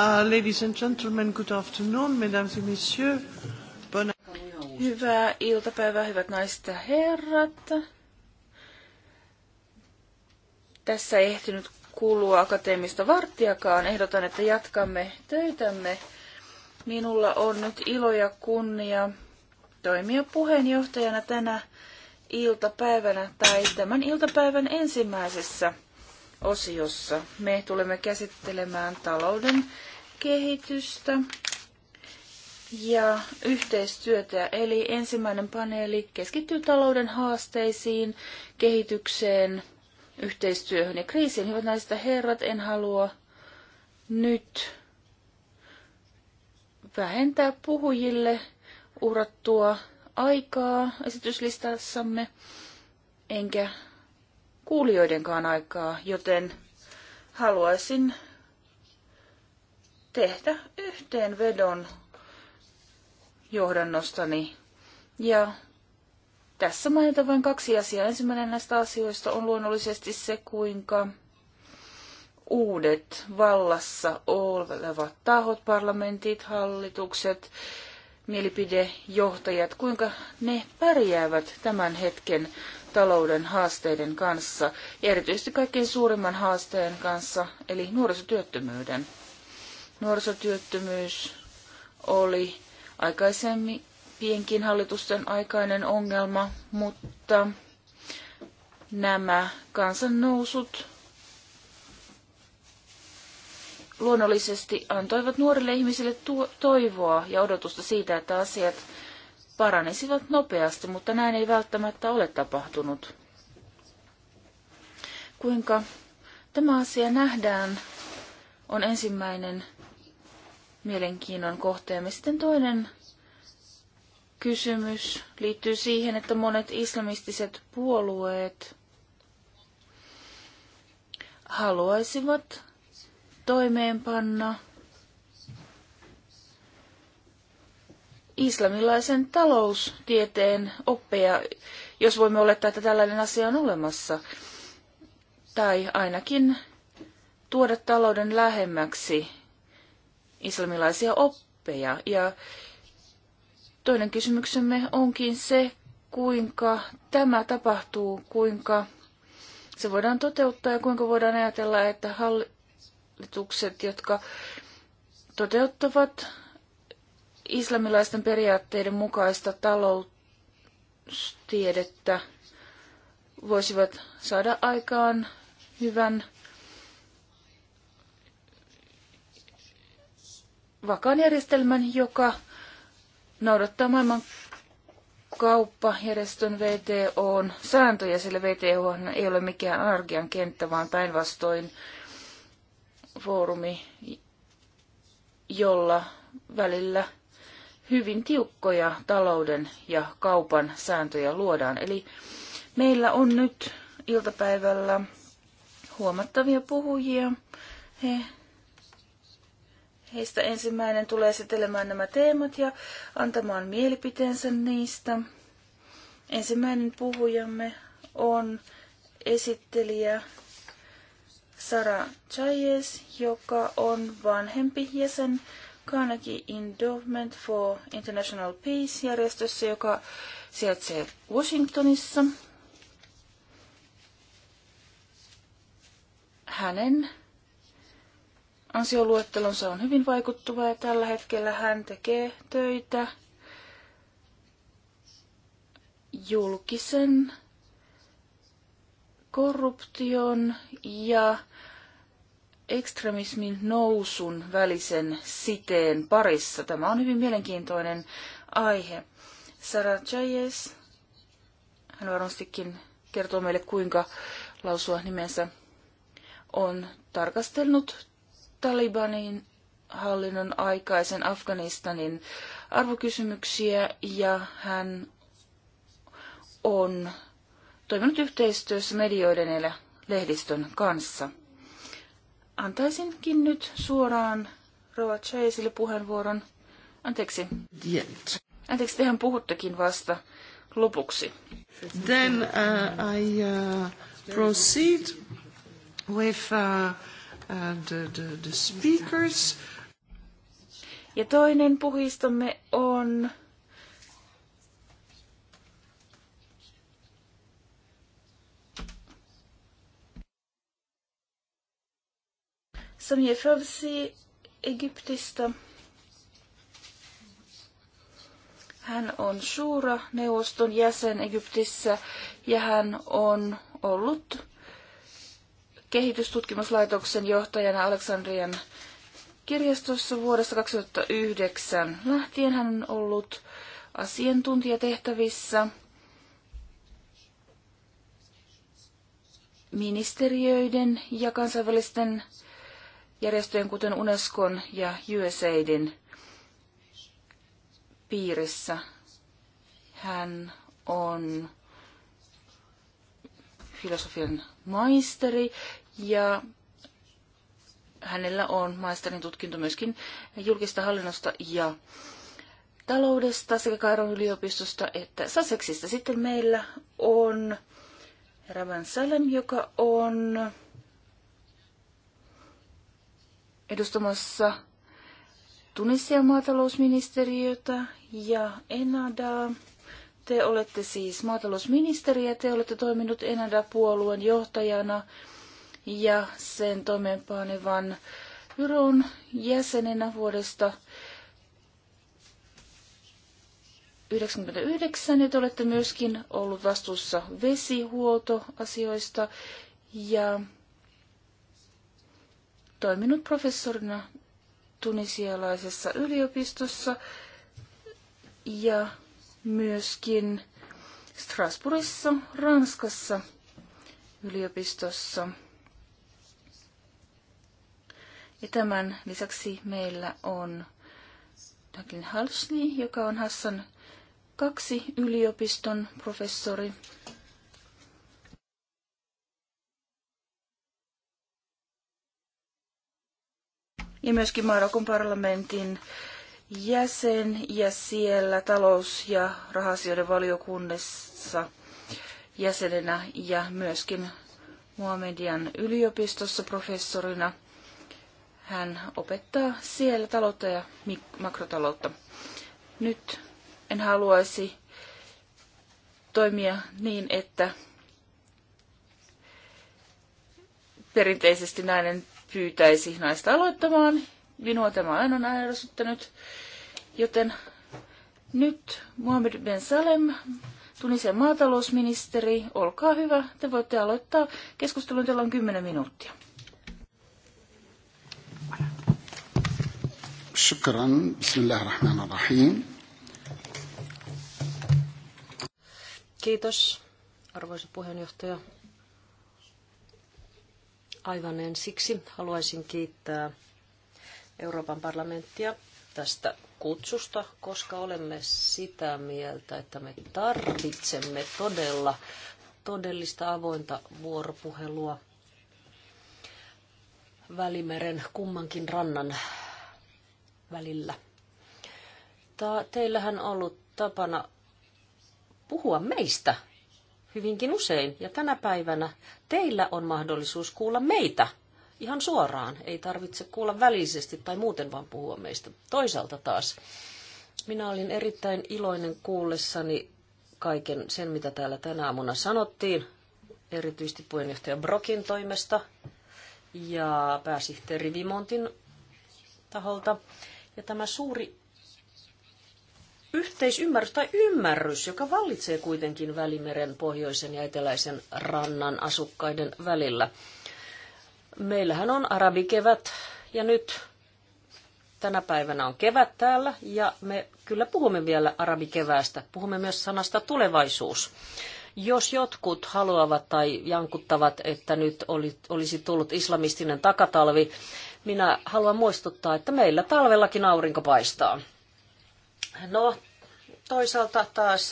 Uh, ladies and gentlemen, good afternoon, mesdames et messieurs. Bon... Hyvää iltapäivää, hyvät naiset ja herrat. Tässä ei ehtinyt kuulua akateemista varttiakaan. Ehdotan, että jatkamme töitämme. Minulla on nyt ilo ja kunnia toimia puheenjohtajana tänä iltapäivänä tai tämän iltapäivän ensimmäisessä osiossa me tulemme käsittelemään talouden kehitystä ja yhteistyötä. Eli ensimmäinen paneeli keskittyy talouden haasteisiin, kehitykseen, yhteistyöhön ja kriisiin. Hyvät naiset ja herrat, en halua nyt vähentää puhujille urattua aikaa esityslistassamme, enkä kuulijoidenkaan aikaa, joten haluaisin tehdä yhteenvedon johdannostani. Ja tässä mainita vain kaksi asiaa. Ensimmäinen näistä asioista on luonnollisesti se, kuinka uudet vallassa olevat tahot, parlamentit, hallitukset, mielipidejohtajat, kuinka ne pärjäävät tämän hetken talouden haasteiden kanssa, ja erityisesti kaikkein suurimman haasteen kanssa, eli nuorisotyöttömyyden. Nuorisotyöttömyys oli aikaisemmin pienkin hallitusten aikainen ongelma, mutta nämä kansannousut luonnollisesti antoivat nuorille ihmisille toivoa ja odotusta siitä, että asiat paranisivat nopeasti, mutta näin ei välttämättä ole tapahtunut. Kuinka tämä asia nähdään, on ensimmäinen mielenkiinnon kohteemme. Sitten toinen kysymys liittyy siihen, että monet islamistiset puolueet haluaisivat toimeenpanna islamilaisen taloustieteen oppeja, jos voimme olettaa, että tällainen asia on olemassa. Tai ainakin tuoda talouden lähemmäksi islamilaisia oppeja. Ja toinen kysymyksemme onkin se, kuinka tämä tapahtuu, kuinka se voidaan toteuttaa ja kuinka voidaan ajatella, että hallitukset, jotka toteuttavat islamilaisten periaatteiden mukaista taloustiedettä voisivat saada aikaan hyvän vakaan järjestelmän, joka noudattaa maailman kauppajärjestön VTOn sääntöjä, sillä VTO ei ole mikään anarkian kenttä, vaan päinvastoin foorumi, jolla välillä hyvin tiukkoja talouden ja kaupan sääntöjä luodaan. Eli meillä on nyt iltapäivällä huomattavia puhujia. He, heistä ensimmäinen tulee setelemään nämä teemat ja antamaan mielipiteensä niistä. Ensimmäinen puhujamme on esittelijä Sara Chayes, joka on vanhempi jäsen Carnegie Endowment for International Peace-järjestössä, joka sijaitsee Washingtonissa. Hänen ansioluettelonsa on hyvin vaikuttava ja tällä hetkellä hän tekee töitä julkisen korruption ja ekstremismin nousun välisen siteen parissa. Tämä on hyvin mielenkiintoinen aihe. Sara Chayes, hän varmastikin kertoo meille, kuinka lausua nimensä, on tarkastellut Talibanin hallinnon aikaisen Afganistanin arvokysymyksiä ja hän on toiminut yhteistyössä medioiden ja lehdistön kanssa – antaisinkin nyt suoraan Rova Chaisille puheenvuoron. Anteeksi. Anteeksi, tehän puhuttekin vasta lopuksi. Then uh, I uh, proceed with uh, uh the, the, the speakers. Ja toinen puhistomme on Samija Fövsi Egyptistä. Hän on suura neuvoston jäsen Egyptissä ja hän on ollut kehitystutkimuslaitoksen johtajana Aleksandrian kirjastossa vuodesta 2009 lähtien. Hän on ollut asiantuntijatehtävissä ministeriöiden ja kansainvälisten järjestöjen, kuten Unescon ja USAIDin piirissä. Hän on filosofian maisteri ja hänellä on maisterin tutkinto myöskin julkista hallinnosta ja taloudesta sekä Kairon yliopistosta että Sussexista. Sitten meillä on Ravan Salem, joka on edustamassa Tunisian maatalousministeriötä ja Enadaa. Te olette siis maatalousministeri ja te olette toiminut Enada-puolueen johtajana ja sen toimeenpanevan Byron jäsenenä vuodesta 1999 ja te olette myöskin ollut vastuussa vesihuoltoasioista ja toiminut professorina tunisialaisessa yliopistossa ja myöskin Strasbourgissa, Ranskassa yliopistossa. Ja tämän lisäksi meillä on Daglin Halsni, joka on Hassan kaksi yliopiston professori ja myöskin Marokon parlamentin jäsen ja siellä talous- ja rahasioiden valiokunnassa jäsenenä ja myöskin Muhamedian yliopistossa professorina. Hän opettaa siellä taloutta ja makrotaloutta. Nyt en haluaisi toimia niin, että perinteisesti nainen pyytäisi naista aloittamaan. Minua tämä aina on ärsyttänyt, joten nyt Mohamed Ben Salem, Tunisian maatalousministeri, olkaa hyvä. Te voitte aloittaa keskustelun, teillä on 10 minuuttia. Shukran, bismillahirrahmanirrahim. Kiitos, arvoisa puheenjohtaja. Aivan ensiksi haluaisin kiittää Euroopan parlamenttia tästä kutsusta, koska olemme sitä mieltä, että me tarvitsemme todella todellista avointa vuoropuhelua Välimeren kummankin rannan välillä. Ta- teillähän on ollut tapana puhua meistä hyvinkin usein. Ja tänä päivänä teillä on mahdollisuus kuulla meitä ihan suoraan. Ei tarvitse kuulla välisesti tai muuten vaan puhua meistä. Toisaalta taas minä olin erittäin iloinen kuullessani kaiken sen, mitä täällä tänä aamuna sanottiin, erityisesti puheenjohtaja Brokin toimesta ja pääsihteeri Vimontin taholta. Ja tämä suuri yhteisymmärrys tai ymmärrys, joka vallitsee kuitenkin Välimeren pohjoisen ja eteläisen rannan asukkaiden välillä. Meillähän on arabikevät ja nyt tänä päivänä on kevät täällä ja me kyllä puhumme vielä arabikeväästä. Puhumme myös sanasta tulevaisuus. Jos jotkut haluavat tai jankuttavat, että nyt olisi tullut islamistinen takatalvi, minä haluan muistuttaa, että meillä talvellakin aurinko paistaa. No, toisaalta taas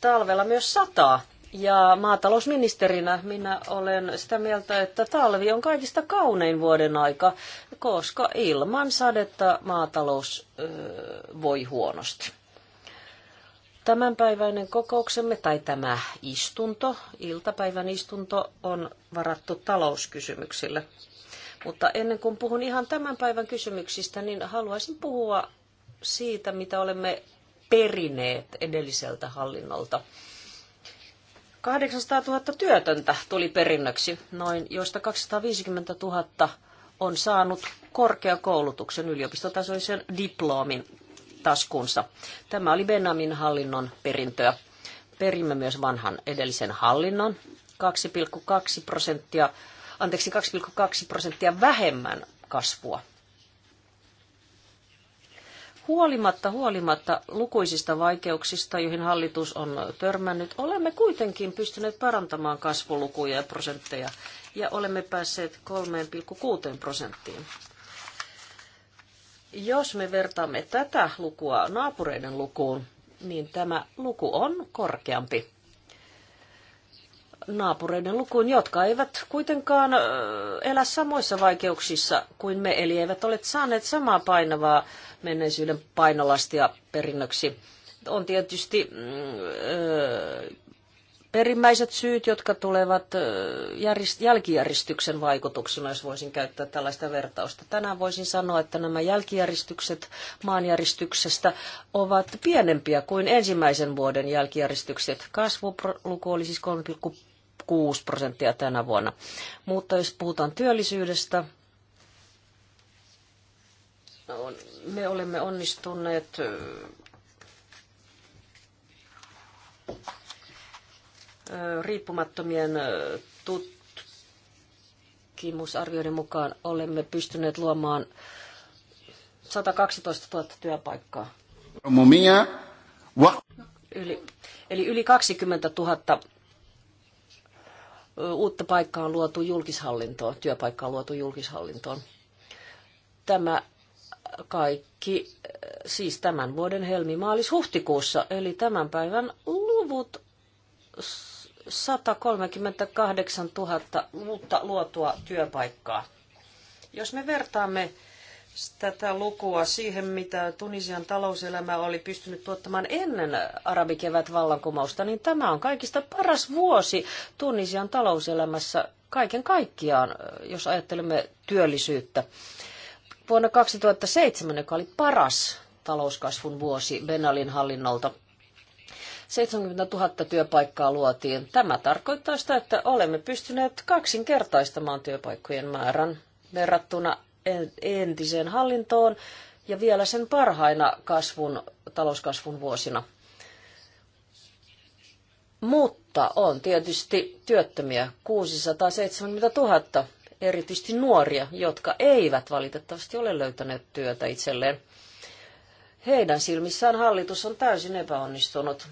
talvella myös sataa. Ja maatalousministerinä minä olen sitä mieltä, että talvi on kaikista kaunein vuoden aika, koska ilman sadetta maatalous voi huonosti. Tämänpäiväinen kokouksemme tai tämä istunto, iltapäivän istunto, on varattu talouskysymyksille. Mutta ennen kuin puhun ihan tämän päivän kysymyksistä, niin haluaisin puhua siitä, mitä olemme perineet edelliseltä hallinnolta. 800 000 työtöntä tuli perinnöksi, noin joista 250 000 on saanut korkeakoulutuksen yliopistotasoisen diplomin taskunsa. Tämä oli Benamin hallinnon perintöä. Perimme myös vanhan edellisen hallinnon 2,2 prosenttia, anteeksi 2,2 prosenttia vähemmän kasvua Huolimatta, huolimatta lukuisista vaikeuksista, joihin hallitus on törmännyt, olemme kuitenkin pystyneet parantamaan kasvulukuja ja prosentteja ja olemme päässeet 3,6 prosenttiin. Jos me vertaamme tätä lukua naapureiden lukuun, niin tämä luku on korkeampi naapureiden lukuun, jotka eivät kuitenkaan elä samoissa vaikeuksissa kuin me, eli eivät ole saaneet samaa painavaa menneisyyden painolastia perinnöksi. On tietysti mm, perimmäiset syyt, jotka tulevat jälkijäristyksen vaikutuksena, jos voisin käyttää tällaista vertausta. Tänään voisin sanoa, että nämä jälkijäristykset maanjäristyksestä ovat pienempiä kuin ensimmäisen vuoden jälkijäristykset. Kasvuluku oli siis 3,6 prosenttia tänä vuonna. Mutta jos puhutaan työllisyydestä, me olemme onnistuneet riippumattomien tutkimusarvioiden mukaan olemme pystyneet luomaan 112 000 työpaikkaa. Yli, eli yli 20 000 uutta paikkaa on luotu julkishallintoon, työpaikkaa on luotu julkishallintoon. Tämä kaikki eh, siis tämän vuoden helmimaalis huhtikuussa eli tämän päivän luvut 138 000 uutta luotua työpaikkaa. Jos me vertaamme tätä lukua siihen, mitä Tunisian talouselämä oli pystynyt tuottamaan ennen arabikevät vallankumousta, niin tämä on kaikista paras vuosi Tunisian talouselämässä kaiken kaikkiaan, eh, jos ajattelemme työllisyyttä vuonna 2007, joka oli paras talouskasvun vuosi Benalin hallinnolta. 70 000 työpaikkaa luotiin. Tämä tarkoittaa sitä, että olemme pystyneet kaksinkertaistamaan työpaikkojen määrän verrattuna entiseen hallintoon ja vielä sen parhaina kasvun, talouskasvun vuosina. Mutta on tietysti työttömiä 670 000 erityisesti nuoria, jotka eivät valitettavasti ole löytäneet työtä itselleen. Heidän silmissään hallitus on täysin epäonnistunut.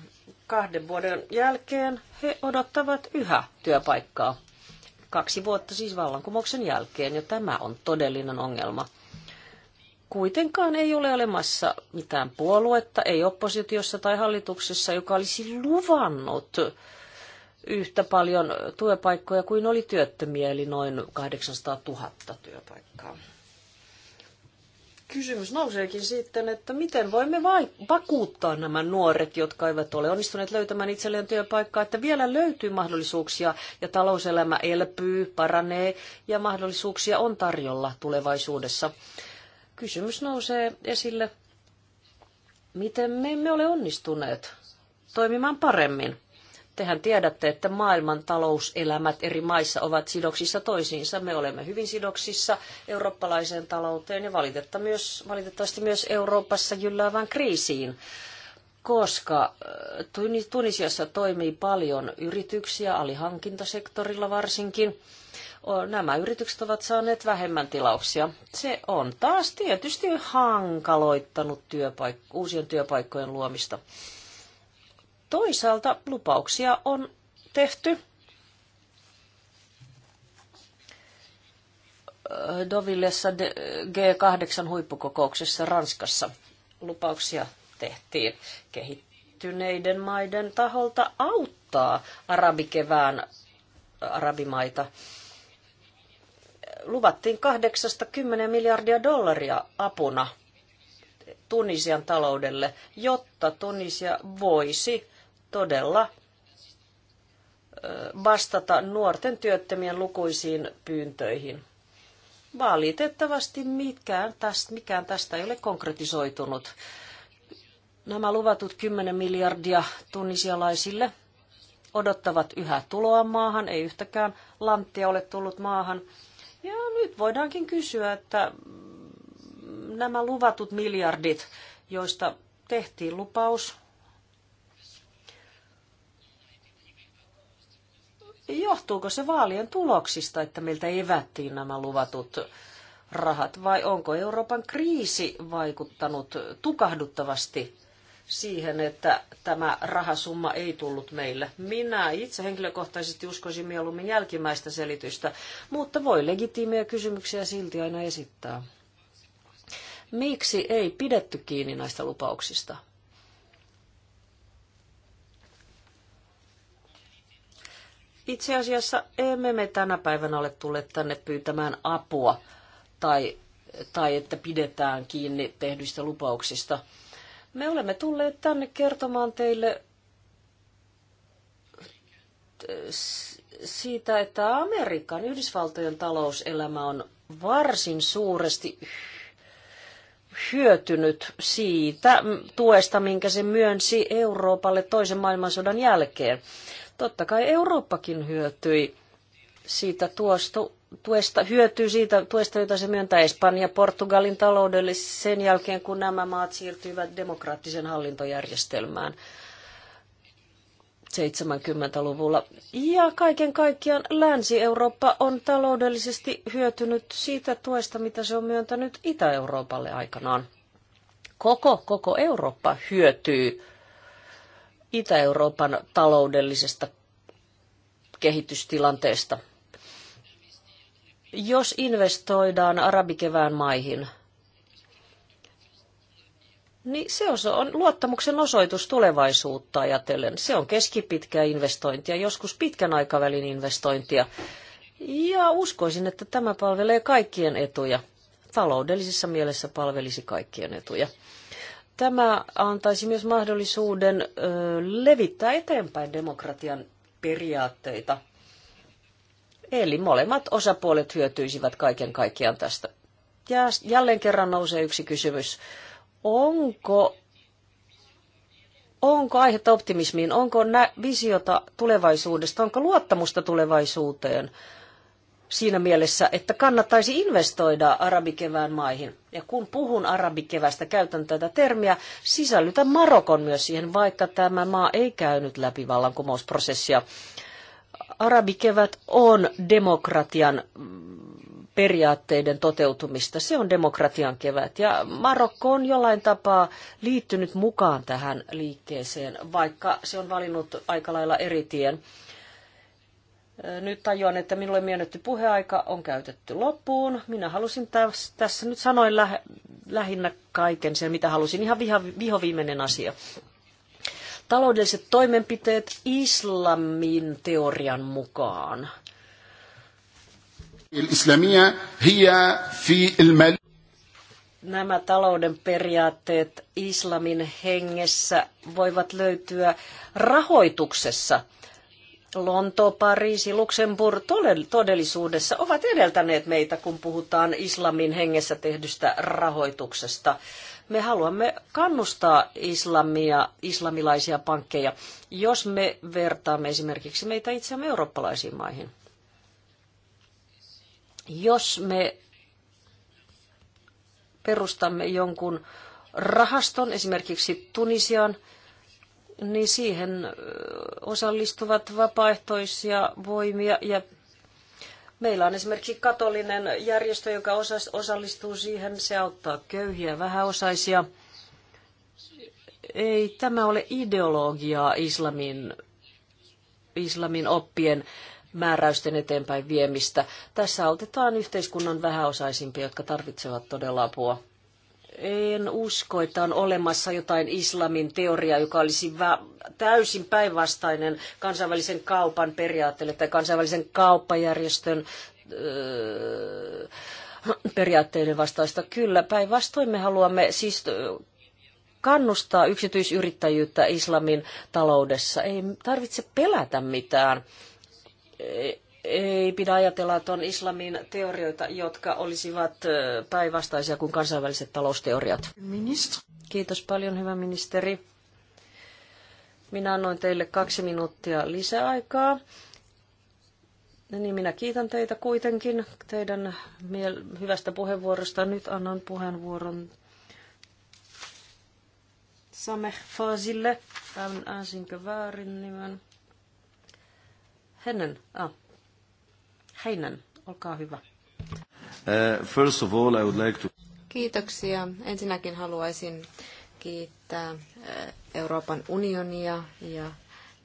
Kahden vuoden jälkeen he odottavat yhä työpaikkaa. Kaksi vuotta siis vallankumouksen jälkeen, ja tämä on todellinen ongelma. Kuitenkaan ei ole olemassa mitään puoluetta, ei oppositiossa tai hallituksessa, joka olisi luvannut yhtä paljon työpaikkoja kuin oli työttömiä, eli noin 800 000 työpaikkaa. Kysymys nouseekin sitten, että miten voimme vakuuttaa nämä nuoret, jotka eivät ole onnistuneet löytämään itselleen työpaikkaa, että vielä löytyy mahdollisuuksia ja talouselämä elpyy, paranee ja mahdollisuuksia on tarjolla tulevaisuudessa. Kysymys nousee esille, miten me emme ole onnistuneet toimimaan paremmin Tehän tiedätte, että maailman talouselämät eri maissa ovat sidoksissa toisiinsa. Me olemme hyvin sidoksissa eurooppalaiseen talouteen ja valitettavasti myös Euroopassa jylläävään kriisiin koska äh, Tunisiassa toimii paljon yrityksiä, alihankintasektorilla varsinkin. Nämä yritykset ovat saaneet vähemmän tilauksia. Se on taas tietysti hankaloittanut työpaik- uusien työpaikkojen luomista. Toisaalta lupauksia on tehty. Dovillessa G8 huippukokouksessa Ranskassa lupauksia tehtiin kehittyneiden maiden taholta auttaa arabikevään arabimaita. Luvattiin 80 miljardia dollaria apuna Tunisian taloudelle, jotta Tunisia voisi todella vastata nuorten työttömien lukuisiin pyyntöihin. Valitettavasti mitkään tästä, mikään tästä ei ole konkretisoitunut. Nämä luvatut 10 miljardia tunnisialaisille odottavat yhä tuloa maahan, ei yhtäkään lanttia ole tullut maahan. Ja nyt voidaankin kysyä, että nämä luvatut miljardit, joista tehtiin lupaus Johtuuko se vaalien tuloksista, että meiltä evättiin nämä luvatut rahat, vai onko Euroopan kriisi vaikuttanut tukahduttavasti siihen, että tämä rahasumma ei tullut meille. Minä itse henkilökohtaisesti uskoisin mieluummin jälkimmäistä selitystä, mutta voi legitiimejä kysymyksiä silti aina esittää. Miksi ei pidetty kiinni näistä lupauksista? Itse asiassa emme me tänä päivänä ole tulleet tänne pyytämään apua tai, tai että pidetään kiinni tehdyistä lupauksista. Me olemme tulleet tänne kertomaan teille äh, siitä, että Amerikan, Yhdysvaltojen talouselämä on varsin suuresti hyötynyt siitä tuesta, minkä se myönsi Euroopalle toisen maailmansodan jälkeen. Totta kai Eurooppakin hyötyi siitä tuosta, tuesta, hyötyy siitä tuesta, jota se myöntää Espanja Portugalin taloudelle sen jälkeen, kun nämä maat siirtyivät demokraattisen hallintojärjestelmään. 70-luvulla. Ja kaiken kaikkiaan Länsi-Eurooppa on taloudellisesti hyötynyt siitä tuesta, mitä se on myöntänyt Itä-Euroopalle aikanaan. Koko, koko Eurooppa hyötyy Itä-Euroopan taloudellisesta kehitystilanteesta. Jos investoidaan arabikevään maihin, niin se on luottamuksen osoitus tulevaisuutta ajatellen. Se on keskipitkää investointia, joskus pitkän aikavälin investointia. Ja uskoisin, että tämä palvelee kaikkien etuja. Taloudellisessa mielessä palvelisi kaikkien etuja. Tämä antaisi myös mahdollisuuden levittää eteenpäin demokratian periaatteita. Eli molemmat osapuolet hyötyisivät kaiken kaikkiaan tästä. Ja jälleen kerran nousee yksi kysymys. Onko, onko aihetta optimismiin? Onko nä- visiota tulevaisuudesta? Onko luottamusta tulevaisuuteen? siinä mielessä, että kannattaisi investoida arabikevään maihin. Ja kun puhun arabikevästä, käytän tätä termiä, sisällytän Marokon myös siihen, vaikka tämä maa ei käynyt läpi vallankumousprosessia. Arabikevät on demokratian mm, periaatteiden toteutumista. Se on demokratian kevät. Ja Marokko on jollain tapaa liittynyt mukaan tähän liikkeeseen, vaikka se on valinnut aika lailla eri tien. Nyt tajuan, että minulle myönnetty puheaika on käytetty loppuun. Minä halusin täs, tässä nyt sanoin lä, lähinnä kaiken sen, mitä halusin. Ihan viha, vihoviimeinen asia. Taloudelliset toimenpiteet islamin teorian mukaan. Nämä talouden periaatteet islamin hengessä voivat löytyä rahoituksessa – Lonto, Pariisi, Luxemburg todellisuudessa ovat edeltäneet meitä, kun puhutaan islamin hengessä tehdystä rahoituksesta. Me haluamme kannustaa islamia, islamilaisia pankkeja, jos me vertaamme esimerkiksi meitä itseämme eurooppalaisiin maihin. Jos me perustamme jonkun rahaston esimerkiksi Tunisian, niin siihen osallistuvat vapaaehtoisia voimia ja Meillä on esimerkiksi katolinen järjestö, joka osallistuu siihen. Se auttaa köyhiä, vähäosaisia. Ei tämä ole ideologiaa islamin, islamin oppien määräysten eteenpäin viemistä. Tässä autetaan yhteiskunnan vähäosaisimpia, jotka tarvitsevat todella apua. En usko, että on olemassa jotain islamin teoriaa, joka olisi täysin päinvastainen kansainvälisen kaupan periaatteelle tai kansainvälisen kauppajärjestön öö, periaatteiden vastaista. Kyllä, päinvastoin me haluamme siis kannustaa yksityisyrittäjyyttä islamin taloudessa. Ei tarvitse pelätä mitään ei pidä ajatella, että on islamin teorioita, jotka olisivat päinvastaisia kuin kansainväliset talousteoriat. Kiitos paljon, hyvä ministeri. Minä annoin teille kaksi minuuttia lisäaikaa. Niin minä kiitän teitä kuitenkin teidän hyvästä puheenvuorosta. Nyt annan puheenvuoron Sameh Fazille. Äänsinkö väärin nimen? Hennen. Ah. Heinän, olkaa hyvä. Uh, first of all, I would like to... Kiitoksia. Ensinnäkin haluaisin kiittää eh, Euroopan unionia ja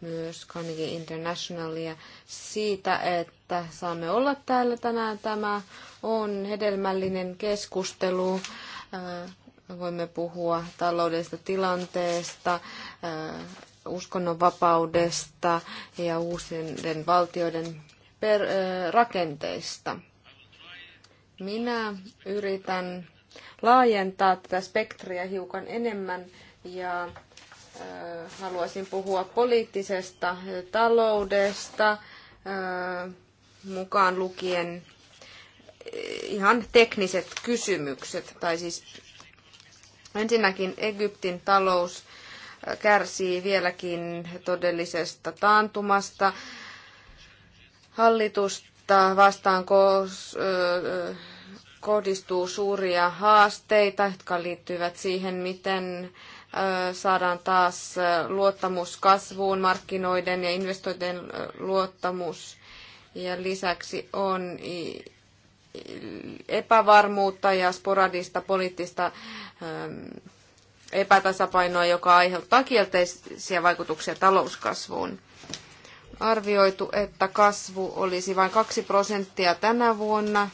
myös Carnegie Internationalia siitä, että saamme olla täällä tänään. Tämä on hedelmällinen keskustelu. Eh, voimme puhua taloudellisesta tilanteesta, uskonnonvapaudesta ja uusien valtioiden per, rakenteista. Minä yritän laajentaa tätä spektriä hiukan enemmän ja haluaisin puhua poliittisesta taloudesta mukaan lukien ihan tekniset kysymykset. Tai siis ensinnäkin Egyptin talous kärsii vieläkin todellisesta taantumasta. Hallitusta vastaan kohdistuu suuria haasteita, jotka liittyvät siihen, miten saadaan taas luottamus kasvuun, markkinoiden ja investointien luottamus. Ja lisäksi on epävarmuutta ja sporadista poliittista epätasapainoa, joka aiheuttaa kielteisiä vaikutuksia talouskasvuun arvioitu, että kasvu olisi vain 2 prosenttia tänä vuonna.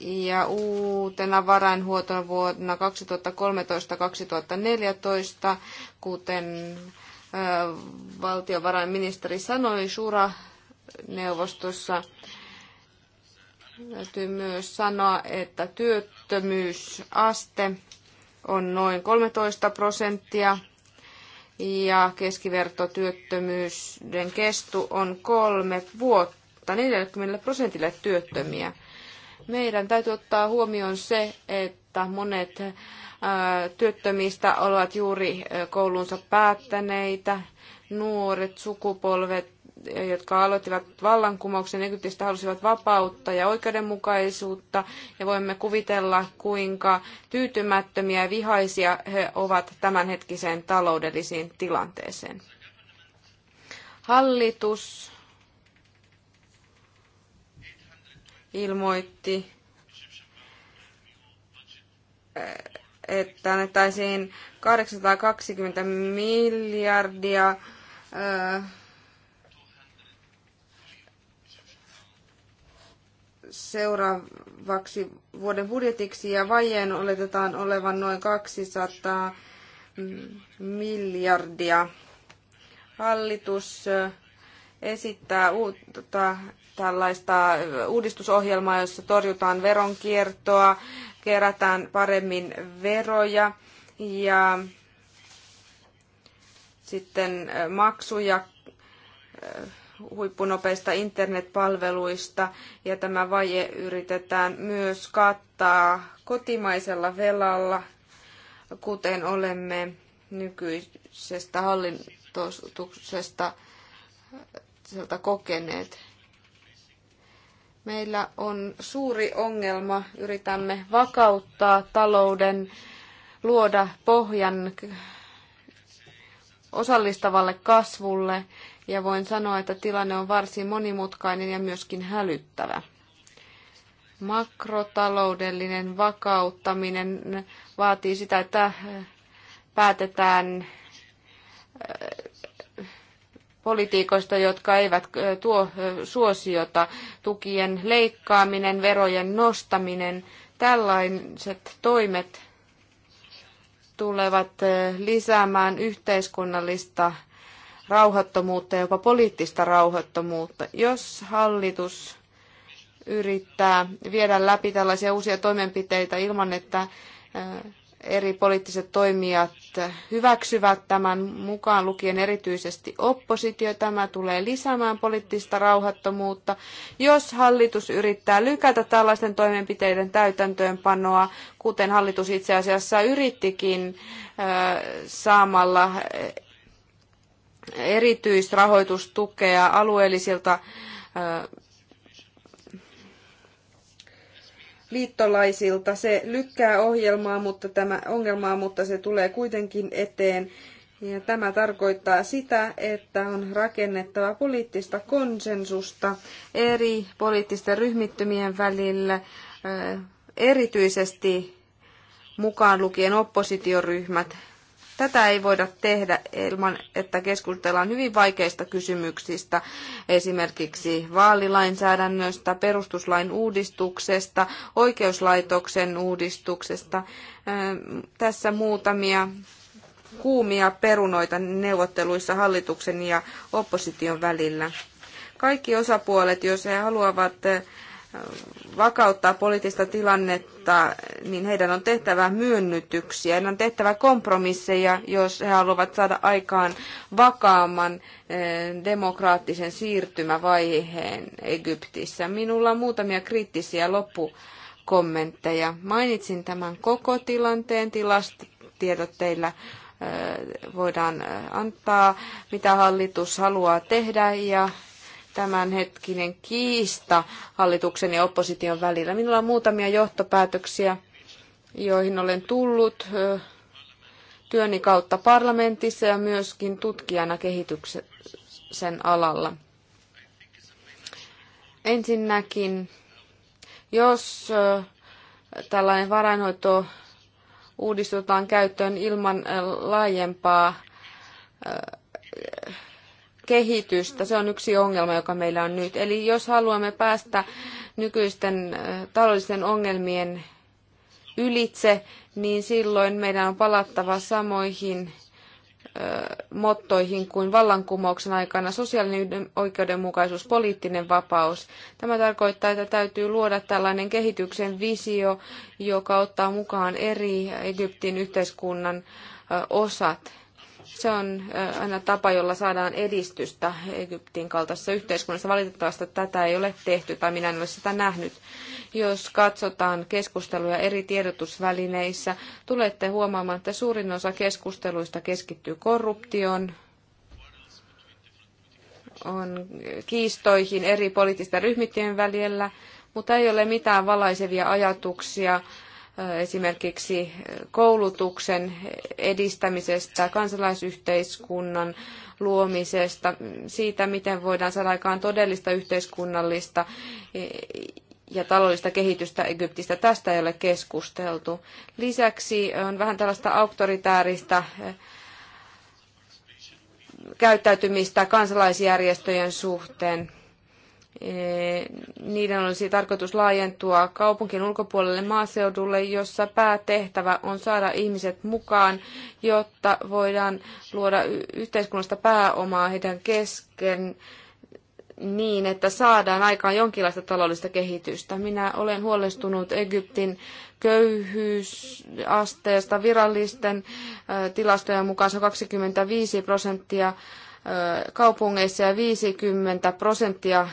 Ja uutena varainhuotona vuonna 2013-2014, kuten valtiovarainministeri sanoi Sura-neuvostossa, täytyy myös sanoa, että työttömyysaste on noin 13 prosenttia ja keskivertotyöttömyyden kesto on kolme vuotta 40 prosentille työttömiä. Meidän täytyy ottaa huomioon se, että monet työttömistä ovat juuri koulunsa päättäneitä, nuoret sukupolvet jotka aloittivat vallankumouksen Egyptistä, halusivat vapautta ja oikeudenmukaisuutta. Ja voimme kuvitella, kuinka tyytymättömiä ja vihaisia he ovat tämänhetkiseen taloudellisiin tilanteeseen. Hallitus ilmoitti, että annettaisiin 820 miljardia seuraavaksi vuoden budjetiksi ja vajeen oletetaan olevan noin 200 miljardia. Hallitus eh, esittää uutta tällaista eh, uudistusohjelmaa, jossa torjutaan veronkiertoa, kerätään paremmin veroja ja sitten eh, maksuja huippunopeista internetpalveluista ja tämä vaje yritetään myös kattaa kotimaisella velalla, kuten olemme nykyisestä hallintotuksesta sieltä kokeneet. Meillä on suuri ongelma, yritämme vakauttaa talouden, luoda pohjan osallistavalle kasvulle ja voin sanoa, että tilanne on varsin monimutkainen ja myöskin hälyttävä. Makrotaloudellinen vakauttaminen vaatii sitä, että äh, päätetään äh, politiikoista, jotka eivät äh, tuo suosiota, tukien leikkaaminen, verojen nostaminen, tällaiset toimet tulevat lisäämään yhteiskunnallista rauhattomuutta, jopa poliittista rauhattomuutta. Jos hallitus yrittää viedä läpi tällaisia uusia toimenpiteitä ilman, että eh, eri poliittiset toimijat hyväksyvät tämän mukaan lukien erityisesti oppositio. Tämä tulee lisäämään poliittista rauhattomuutta. Jos hallitus yrittää lykätä tällaisten toimenpiteiden täytäntöönpanoa, kuten hallitus itse asiassa yrittikin eh, saamalla erityisrahoitustukea alueellisilta liittolaisilta. Se lykkää ohjelmaa, mutta tämä ongelmaa, mutta se tulee kuitenkin eteen. Ja tämä tarkoittaa sitä, että on rakennettava poliittista konsensusta eri poliittisten ryhmittymien välillä, erityisesti mukaan lukien oppositioryhmät. Tätä ei voida tehdä ilman, että keskustellaan hyvin vaikeista kysymyksistä, esimerkiksi vaalilainsäädännöstä, perustuslain uudistuksesta, oikeuslaitoksen uudistuksesta. Ähm, tässä muutamia kuumia perunoita neuvotteluissa hallituksen ja opposition välillä. Kaikki osapuolet, jos he haluavat vakauttaa poliittista tilannetta, niin heidän on tehtävä myönnytyksiä, heidän on tehtävä kompromisseja, jos he haluavat saada aikaan vakaamman eh, demokraattisen siirtymävaiheen Egyptissä. Minulla on muutamia kriittisiä loppukommentteja. Mainitsin tämän koko tilanteen, tilastotiedot teillä eh, voidaan eh, antaa, mitä hallitus haluaa tehdä ja tämänhetkinen kiista hallituksen ja opposition välillä. Minulla on muutamia johtopäätöksiä, joihin olen tullut työni kautta parlamentissa ja myöskin tutkijana kehityksen alalla. Ensinnäkin, jos tällainen varainhoito uudistetaan käyttöön ilman laajempaa kehitystä. Se on yksi ongelma, joka meillä on nyt. Eli jos haluamme päästä nykyisten taloudellisten ongelmien ylitse, niin silloin meidän on palattava samoihin mottoihin kuin vallankumouksen aikana sosiaalinen oikeudenmukaisuus, poliittinen vapaus. Tämä tarkoittaa, että täytyy luoda tällainen kehityksen visio, joka ottaa mukaan eri Egyptin yhteiskunnan osat. Se on aina tapa, jolla saadaan edistystä Egyptin kaltaisessa yhteiskunnassa. Valitettavasti tätä ei ole tehty tai minä en ole sitä nähnyt. Jos katsotaan keskusteluja eri tiedotusvälineissä, tulette huomaamaan, että suurin osa keskusteluista keskittyy korruptioon, on kiistoihin eri poliittisten ryhmittien välillä, mutta ei ole mitään valaisevia ajatuksia esimerkiksi koulutuksen edistämisestä, kansalaisyhteiskunnan luomisesta, siitä, miten voidaan saada aikaan todellista yhteiskunnallista ja taloudellista kehitystä Egyptistä. Tästä ei ole keskusteltu. Lisäksi on vähän tällaista auktoritääristä eh, käyttäytymistä kansalaisjärjestöjen suhteen. Eh, niiden olisi tarkoitus laajentua kaupunkin ulkopuolelle maaseudulle, jossa päätehtävä on saada ihmiset mukaan, jotta voidaan luoda yhteiskunnasta pääomaa heidän kesken niin, että saadaan aikaan jonkinlaista taloudellista kehitystä. Minä olen huolestunut Egyptin köyhyysasteesta virallisten eh, tilastojen mukaan se on 25 prosenttia eh, kaupungeissa ja 50 prosenttia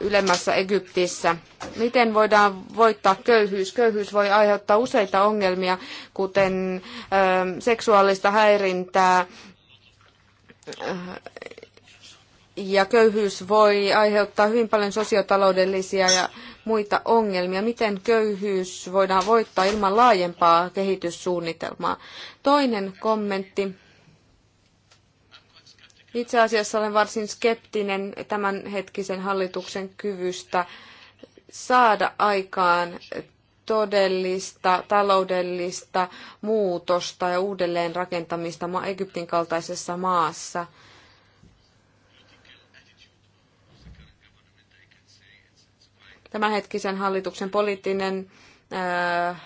ylemmässä Egyptissä. Miten voidaan voittaa köyhyys? Köyhyys voi aiheuttaa useita ongelmia, kuten ähm, seksuaalista häirintää. Äh, ja köyhyys voi aiheuttaa hyvin paljon sosiotaloudellisia ja muita ongelmia. Miten köyhyys voidaan voittaa ilman laajempaa kehityssuunnitelmaa? Toinen kommentti itse asiassa olen varsin skeptinen tämänhetkisen hallituksen kyvystä saada aikaan todellista taloudellista muutosta ja uudelleenrakentamista Egyptin kaltaisessa maassa. Tämänhetkisen hallituksen poliittinen ää,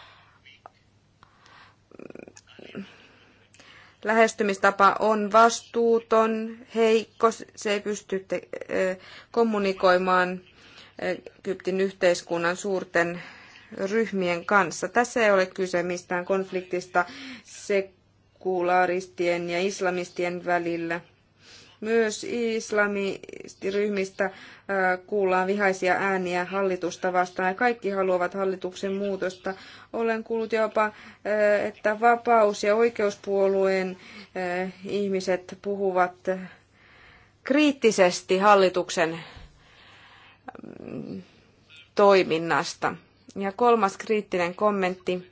lähestymistapa on vastuuton, heikko, se ei pysty te- kommunikoimaan Egyptin yhteiskunnan suurten ryhmien kanssa. Tässä ei ole kyse mistään konfliktista sekulaaristien ja islamistien välillä – myös islamistiryhmistä kuullaan vihaisia ääniä hallitusta vastaan ja kaikki haluavat hallituksen muutosta. Olen kuullut jopa, että vapaus- ja oikeuspuolueen ihmiset puhuvat kriittisesti hallituksen mm, toiminnasta. Ja kolmas kriittinen kommentti.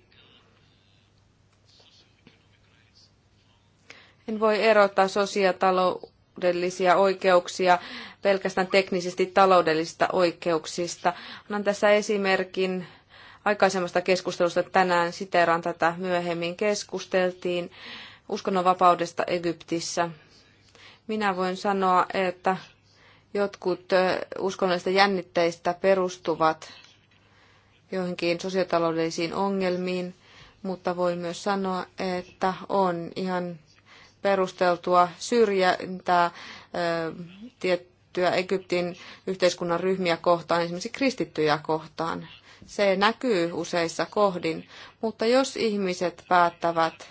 En voi erottaa sosiaalitalo- taloudellisia oikeuksia pelkästään teknisesti taloudellisista oikeuksista. Annan tässä esimerkin aikaisemmasta keskustelusta tänään, siteeraan tätä myöhemmin, keskusteltiin uskonnonvapaudesta Egyptissä. Minä voin sanoa, että jotkut uskonnollisista jännitteistä perustuvat joihinkin sosiotaloudellisiin ongelmiin, mutta voin myös sanoa, että on ihan perusteltua syrjintää tiettyä Egyptin yhteiskunnan ryhmiä kohtaan, esimerkiksi kristittyjä kohtaan. Se näkyy useissa kohdin, mutta jos ihmiset päättävät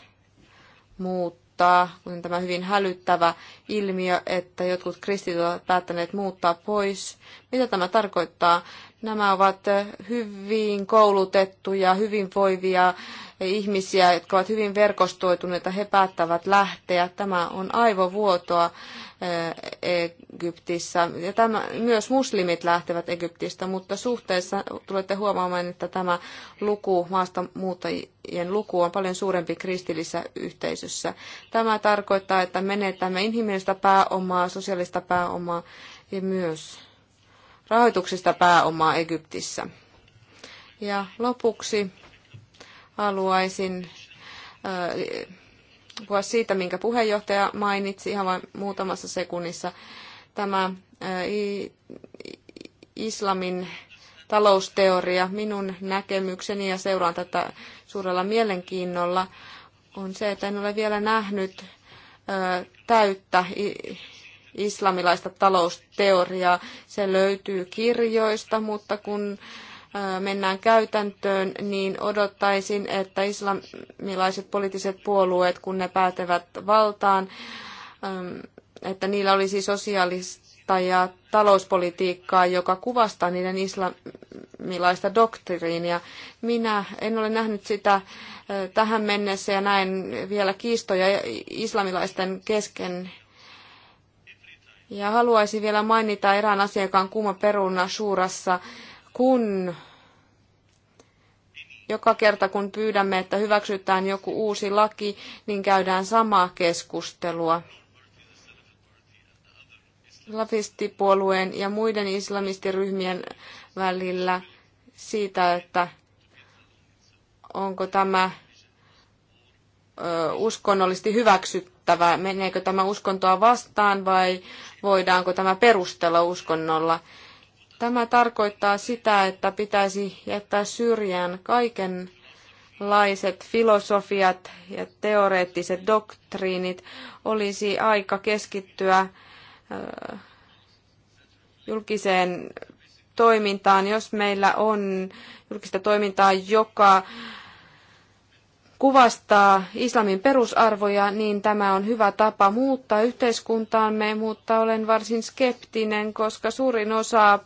muuttaa, kun tämä hyvin hälyttävä ilmiö, että jotkut kristityt ovat päättäneet muuttaa pois, mitä tämä tarkoittaa Nämä ovat hyvin koulutettuja, hyvin voivia ihmisiä, jotka ovat hyvin verkostoituneita. He päättävät lähteä. Tämä on aivovuotoa eh, Egyptissä. Ja tämä, myös muslimit lähtevät Egyptistä, mutta suhteessa tulette huomaamaan, että tämä luku, maastamuuttajien luku on paljon suurempi kristillisessä yhteisössä. Tämä tarkoittaa, että menetämme inhimillistä pääomaa, sosiaalista pääomaa ja myös rahoituksesta pääomaa Egyptissä. Ja lopuksi haluaisin äh, puhua siitä, minkä puheenjohtaja mainitsi ihan vain muutamassa sekunnissa. Tämä äh, islamin talousteoria, minun näkemykseni ja seuraan tätä suurella mielenkiinnolla, on se, että en ole vielä nähnyt äh, täyttä islamilaista talousteoriaa. Se löytyy kirjoista, mutta kun mennään käytäntöön, niin odottaisin, että islamilaiset poliittiset puolueet, kun ne päätevät valtaan, että niillä olisi sosiaalista ja talouspolitiikkaa, joka kuvastaa niiden islamilaista doktriinia. Minä en ole nähnyt sitä tähän mennessä ja näen vielä kiistoja islamilaisten kesken ja haluaisin vielä mainita erään asian, joka on kuuma peruna Suurassa, kun joka kerta kun pyydämme, että hyväksytään joku uusi laki, niin käydään samaa keskustelua. Lafistipuolueen ja muiden islamistiryhmien välillä siitä, että onko tämä uskonnollisesti hyväksyttävä, meneekö tämä uskontoa vastaan vai voidaanko tämä perustella uskonnolla. Tämä tarkoittaa sitä, että pitäisi jättää syrjään kaikenlaiset filosofiat ja teoreettiset doktriinit. Olisi aika keskittyä julkiseen toimintaan, jos meillä on julkista toimintaa, joka kuvastaa islamin perusarvoja, niin tämä on hyvä tapa muuttaa yhteiskuntaamme, mutta olen varsin skeptinen, koska suurin osa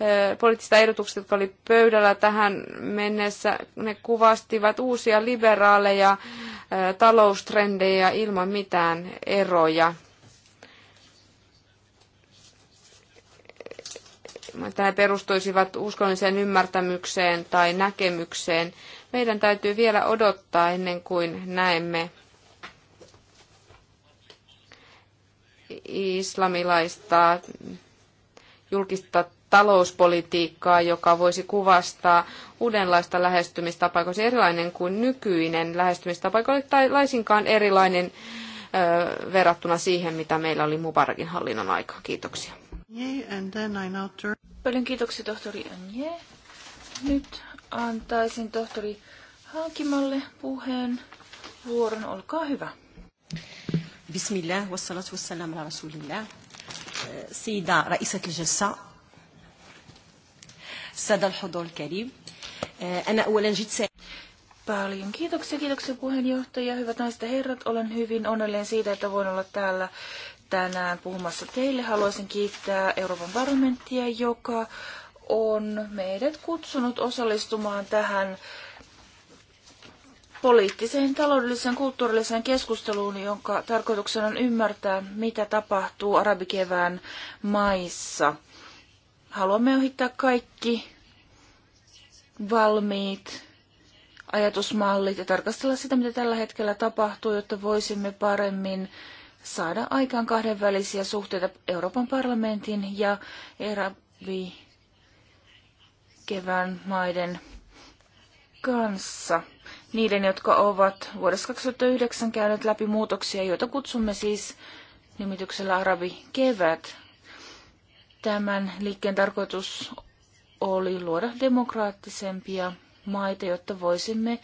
eh, poliittisista ehdotuksista, jotka oli pöydällä tähän mennessä, ne kuvastivat uusia liberaaleja eh, taloustrendejä ilman mitään eroja. Tämä ne perustuisivat uskonnolliseen ymmärtämykseen tai näkemykseen. Meidän täytyy vielä odottaa ennen kuin näemme islamilaista julkista talouspolitiikkaa, joka voisi kuvastaa uudenlaista lähestymistapaa, koska se erilainen kuin nykyinen lähestymistapa, tai laisinkaan erilainen ö, verrattuna siihen, mitä meillä oli Mubarakin hallinnon aikaa. Kiitoksia. Yeah, Paljon kiitoksia, tohtori Anje. Nyt antaisin tohtori Haakimalle puheen vuoron. Olkaa hyvä. Bismillah, wassalatu wassalamu ala rasulillah. Eh, Sida raisat al-jalsa, sada al-hudur Anna, karim eh, Ana awalan jit Paljon kiitoksia, kiitoksia puheenjohtaja. Hyvät naiset ja herrat, olen hyvin onnellinen siitä, että voin olla täällä tänään puhumassa teille. Haluaisin kiittää Euroopan parlamenttia, joka on meidät kutsunut osallistumaan tähän poliittiseen, taloudelliseen, kulttuurilliseen keskusteluun, jonka tarkoituksena on ymmärtää, mitä tapahtuu arabikevään maissa. Haluamme ohittaa kaikki valmiit ajatusmallit ja tarkastella sitä, mitä tällä hetkellä tapahtuu, jotta voisimme paremmin saada aikaan kahdenvälisiä suhteita Euroopan parlamentin ja Arabi kevään maiden kanssa. Niiden, jotka ovat vuodesta 2009 käyneet läpi muutoksia, joita kutsumme siis nimityksellä Arabi Kevät. Tämän liikkeen tarkoitus oli luoda demokraattisempia maita, jotta voisimme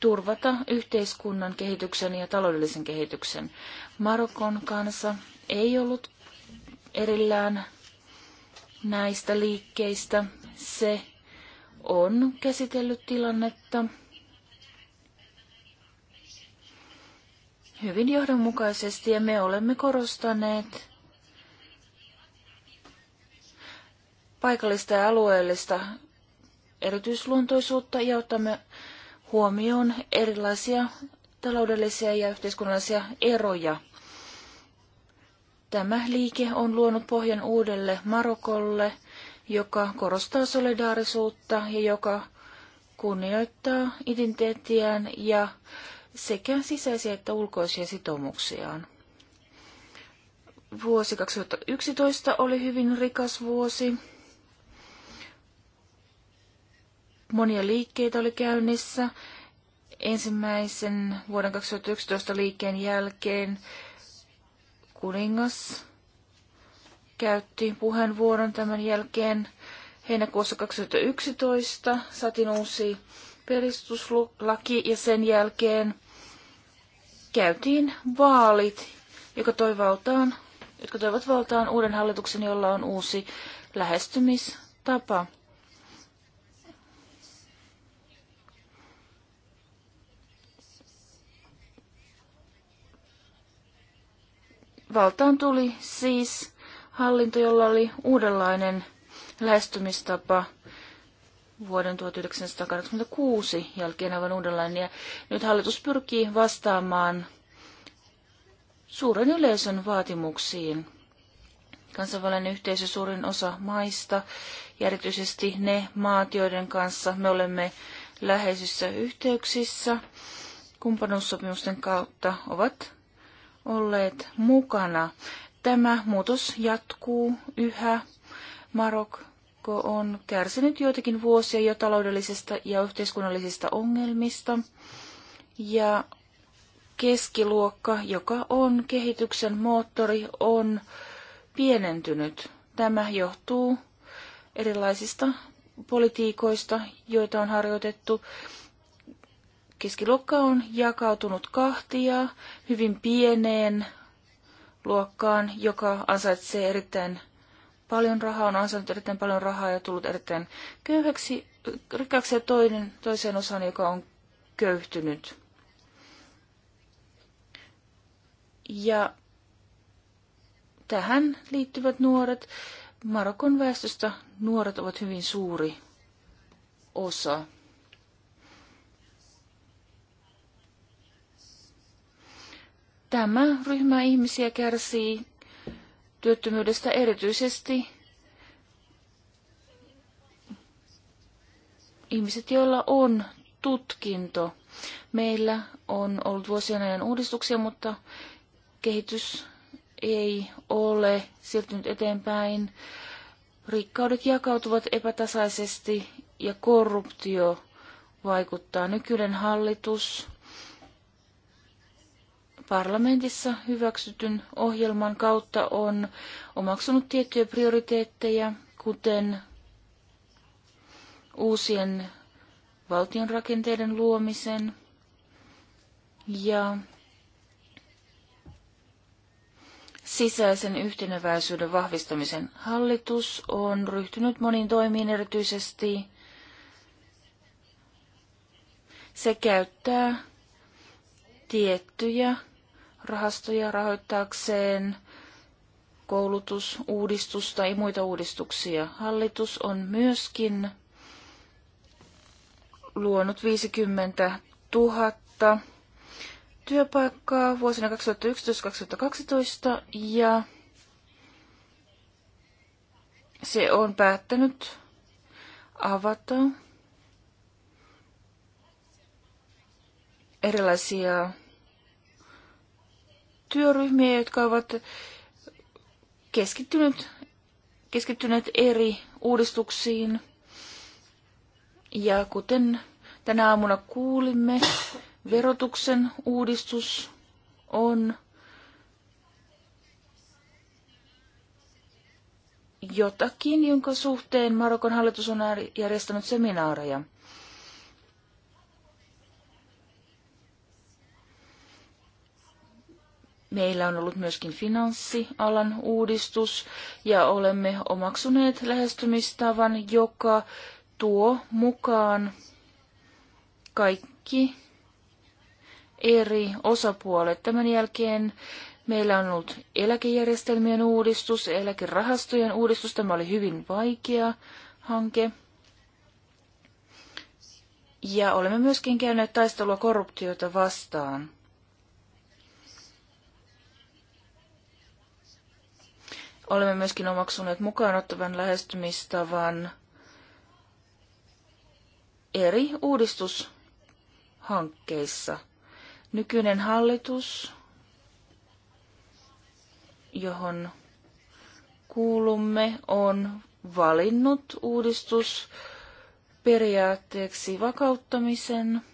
turvata yhteiskunnan kehityksen ja taloudellisen kehityksen. Marokon kanssa ei ollut erillään näistä liikkeistä se on käsitellyt tilannetta hyvin johdonmukaisesti ja me olemme korostaneet paikallista ja alueellista erityisluontoisuutta ja otamme huomioon erilaisia taloudellisia ja yhteiskunnallisia eroja. Tämä liike on luonut pohjan uudelle Marokolle – joka korostaa solidaarisuutta ja joka kunnioittaa identiteettiään ja sekä sisäisiä että ulkoisia sitoumuksiaan. Vuosi 2011 oli hyvin rikas vuosi. Monia liikkeitä oli käynnissä. Ensimmäisen vuoden 2011 liikkeen jälkeen kuningas käytti puheenvuoron tämän jälkeen heinäkuussa 2011. Saatiin uusi peristuslaki ja sen jälkeen käytiin vaalit, joka toivat valtaan, jotka toivat valtaan uuden hallituksen, jolla on uusi lähestymistapa. Valtaan tuli siis hallinto, jolla oli uudenlainen lähestymistapa vuoden 1986 jälkeen aivan uudenlainen. Ja nyt hallitus pyrkii vastaamaan suuren yleisön vaatimuksiin. Kansainvälinen yhteisö suurin osa maista, ja erityisesti ne maat, joiden kanssa me olemme läheisissä yhteyksissä, kumppanuussopimusten kautta ovat olleet mukana Tämä muutos jatkuu yhä. Marokko on kärsinyt joitakin vuosia jo taloudellisista ja yhteiskunnallisista ongelmista. Ja keskiluokka, joka on kehityksen moottori, on pienentynyt. Tämä johtuu erilaisista politiikoista, joita on harjoitettu. Keskiluokka on jakautunut kahtia hyvin pieneen luokkaan, joka ansaitsee erittäin paljon rahaa, on ansainnut erittäin paljon rahaa ja tullut erittäin köyhäksi, rikkaaksi ja toinen, toiseen osaan, joka on köyhtynyt. Ja tähän liittyvät nuoret, Marokon väestöstä nuoret ovat hyvin suuri osa. Tämä ryhmä ihmisiä kärsii työttömyydestä erityisesti ihmiset, joilla on tutkinto. Meillä on ollut vuosien ajan uudistuksia, mutta kehitys ei ole siirtynyt eteenpäin. Rikkaudet jakautuvat epätasaisesti ja korruptio vaikuttaa. Nykyinen hallitus parlamentissa hyväksytyn ohjelman kautta on omaksunut tiettyjä prioriteetteja, kuten uusien valtionrakenteiden luomisen ja sisäisen yhteneväisyyden vahvistamisen. Hallitus on ryhtynyt moniin toimiin erityisesti. Se käyttää tiettyjä rahastoja rahoittaakseen koulutusuudistusta ja muita uudistuksia. Hallitus on myöskin luonut 50 000 työpaikkaa vuosina 2011-2012 ja se on päättänyt avata erilaisia työryhmiä, jotka ovat keskittyneet, keskittyneet eri uudistuksiin. Ja kuten tänä aamuna kuulimme, verotuksen uudistus on jotakin, jonka suhteen Marokon hallitus on järjestänyt seminaareja. Meillä on ollut myöskin finanssialan uudistus ja olemme omaksuneet lähestymistavan, joka tuo mukaan kaikki eri osapuolet. Tämän jälkeen meillä on ollut eläkejärjestelmien uudistus, eläkerahastojen uudistus. Tämä oli hyvin vaikea hanke. Ja olemme myöskin käyneet taistelua korruptiota vastaan. Olemme myöskin omaksuneet mukaanottavan lähestymistavan eri uudistushankkeissa. Nykyinen hallitus, johon kuulumme, on valinnut uudistusperiaatteeksi vakauttamisen –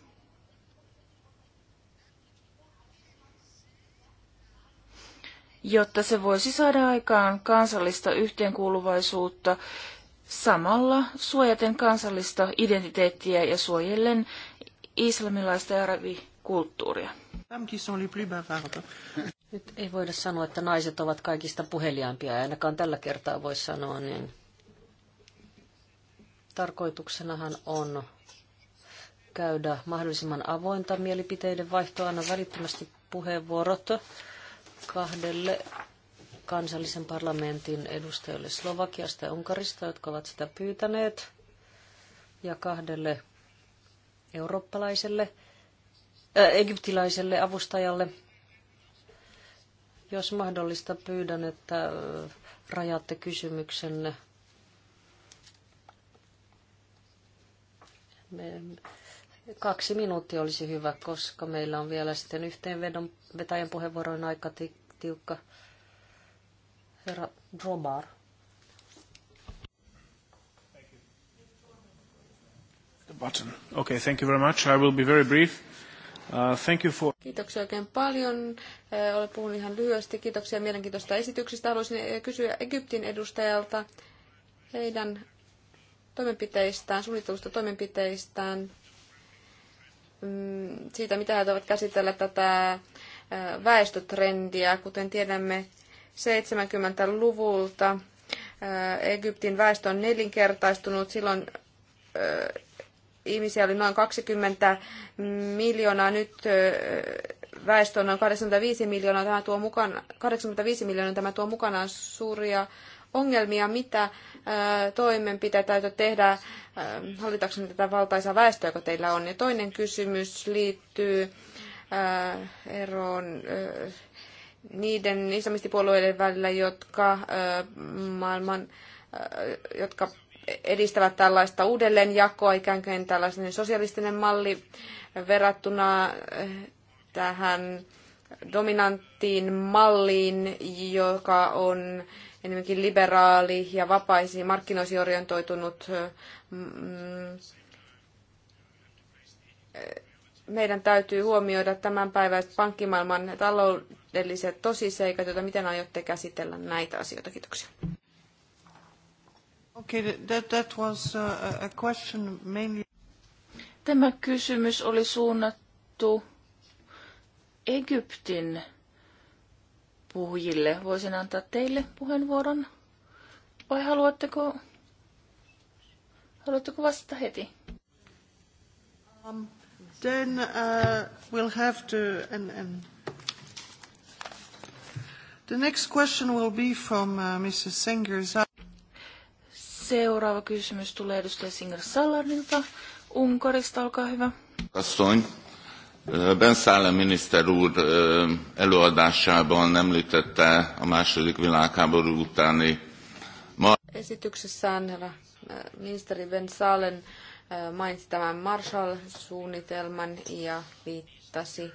jotta se voisi saada aikaan kansallista yhteenkuuluvaisuutta samalla suojaten kansallista identiteettiä ja suojellen islamilaista ja arabikulttuuria. Nyt ei voida sanoa, että naiset ovat kaikista puheliaampia, ainakaan tällä kertaa voi sanoa, niin tarkoituksenahan on käydä mahdollisimman avointa mielipiteiden vaihtoa, aina välittömästi puheenvuorot kahdelle kansallisen parlamentin edustajille Slovakiasta ja Unkarista, jotka ovat sitä pyytäneet, ja kahdelle eurooppalaiselle, äh, egyptiläiselle avustajalle. Jos mahdollista, pyydän, että äh, rajaatte kysymyksenne. Me, Kaksi minuuttia olisi hyvä, koska meillä on vielä sitten yhteenvedon vetäjän puheenvuoron aika tiukka. Herra Drobar. The button. Okay, thank you very much. I will be very brief. Uh, thank you for... Kiitoksia oikein paljon. Eh, olen puhunut ihan lyhyesti. Kiitoksia mielenkiintoista Esityksistä Haluaisin eh, kysyä Egyptin edustajalta heidän toimenpiteistään, suunnittelusta toimenpiteistään Mm, siitä, mitä he ovat käsitellä tätä väestötrendiä. Kuten tiedämme 70-luvulta, Egyptin väestö on nelinkertaistunut. Silloin ihmisiä oli noin 20 miljoonaa, nyt väestö on noin 85 miljoonaa. Tämä tuo mukana, 85 miljoonaa tämä tuo mukanaan suuria ongelmia, mitä toimenpiteitä täytyy tehdä hallitaksen tätä valtaisaa väestöä, joka teillä on. Ja toinen kysymys liittyy eroon niiden islamistipuolueiden välillä, jotka maailman, jotka edistävät tällaista uudelleenjakoa, ikään kuin tällainen sosialistinen malli verrattuna tähän dominanttiin malliin, joka on enemmänkin liberaali ja vapaisiin markkinoisiin orientoitunut. Mm, mm, meidän täytyy huomioida tämänpäiväiset pankkimaailman taloudelliset tosiseikat, joita miten aiotte käsitellä näitä asioita. Kiitoksia. Okay, that, that was uh, a question mainly... Tämä kysymys oli suunnattu Egyptin puhujille. Voisin antaa teille puheenvuoron. Vai haluatteko, haluatteko vastata heti? Um, then uh, we'll have to... And, and the next question will be from uh, Mrs. Singer Seuraava kysymys tulee edustaja Singer Salarnilta. Unkarista, olkaa hyvä. Kastoin. Ben Benszállem miniszter úr előadásában említette a második világháború utáni ma... Esityksessään herra ministeri Ben Saalen mainitsi tämän Marshall-suunnitelman ja viittasi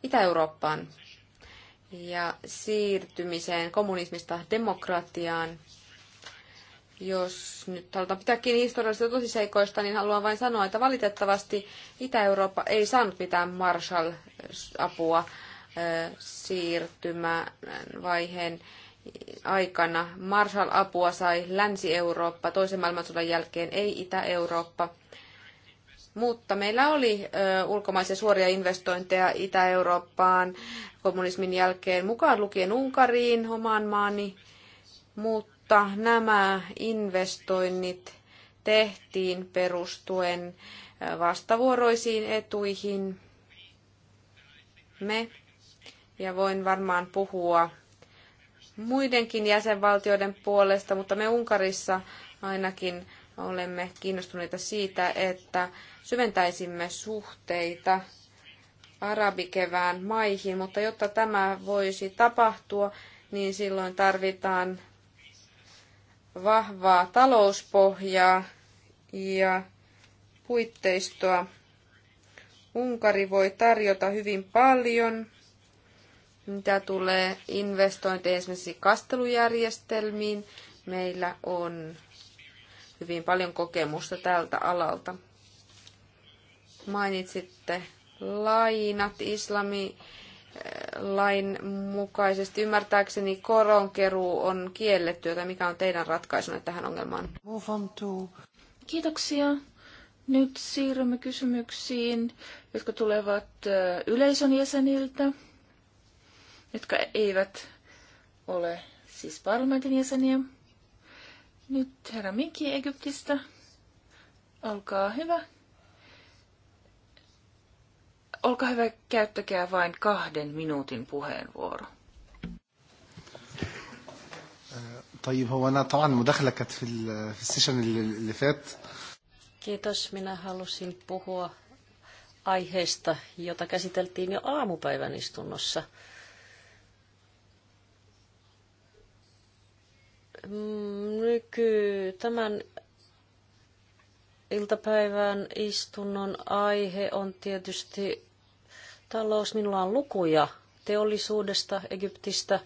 Itä-Eurooppaan ja siirtymiseen kommunismista demokratiaan jos nyt halutaan pitää kiinni historiallisista tosiseikoista, niin haluan vain sanoa, että valitettavasti Itä-Eurooppa ei saanut mitään Marshall-apua äh, siirtymän vaiheen aikana. Marshall-apua sai Länsi-Eurooppa toisen maailmansodan jälkeen, ei Itä-Eurooppa. Mutta meillä oli ö, äh, ulkomaisia suoria investointeja Itä-Eurooppaan kommunismin jälkeen, mukaan lukien Unkariin, oman maani, mutta mutta nämä investoinnit tehtiin perustuen vastavuoroisiin etuihin. Me, ja voin varmaan puhua muidenkin jäsenvaltioiden puolesta, mutta me Unkarissa ainakin olemme kiinnostuneita siitä, että syventäisimme suhteita arabikevään maihin, mutta jotta tämä voisi tapahtua, niin silloin tarvitaan vahvaa talouspohjaa ja puitteistoa. Unkari voi tarjota hyvin paljon, mitä tulee investointeihin esimerkiksi kastelujärjestelmiin. Meillä on hyvin paljon kokemusta tältä alalta. Mainitsitte lainat, islami, lain mukaisesti. Ymmärtääkseni koronkeruu on kielletty, joten mikä on teidän ratkaisunne tähän ongelmaan? Kiitoksia. Nyt siirrymme kysymyksiin, jotka tulevat yleisön jäseniltä, jotka eivät ole siis parlamentin jäseniä. Nyt herra Miki Egyptistä, olkaa hyvä. Olkaa hyvä, käyttäkää vain kahden minuutin puheenvuoro. Eh, Kiitos. Minä halusin puhua aiheesta, jota käsiteltiin jo aamupäivän istunnossa. Mm, nyky, tämän iltapäivän istunnon aihe on tietysti talous, minulla on lukuja teollisuudesta, Egyptistä.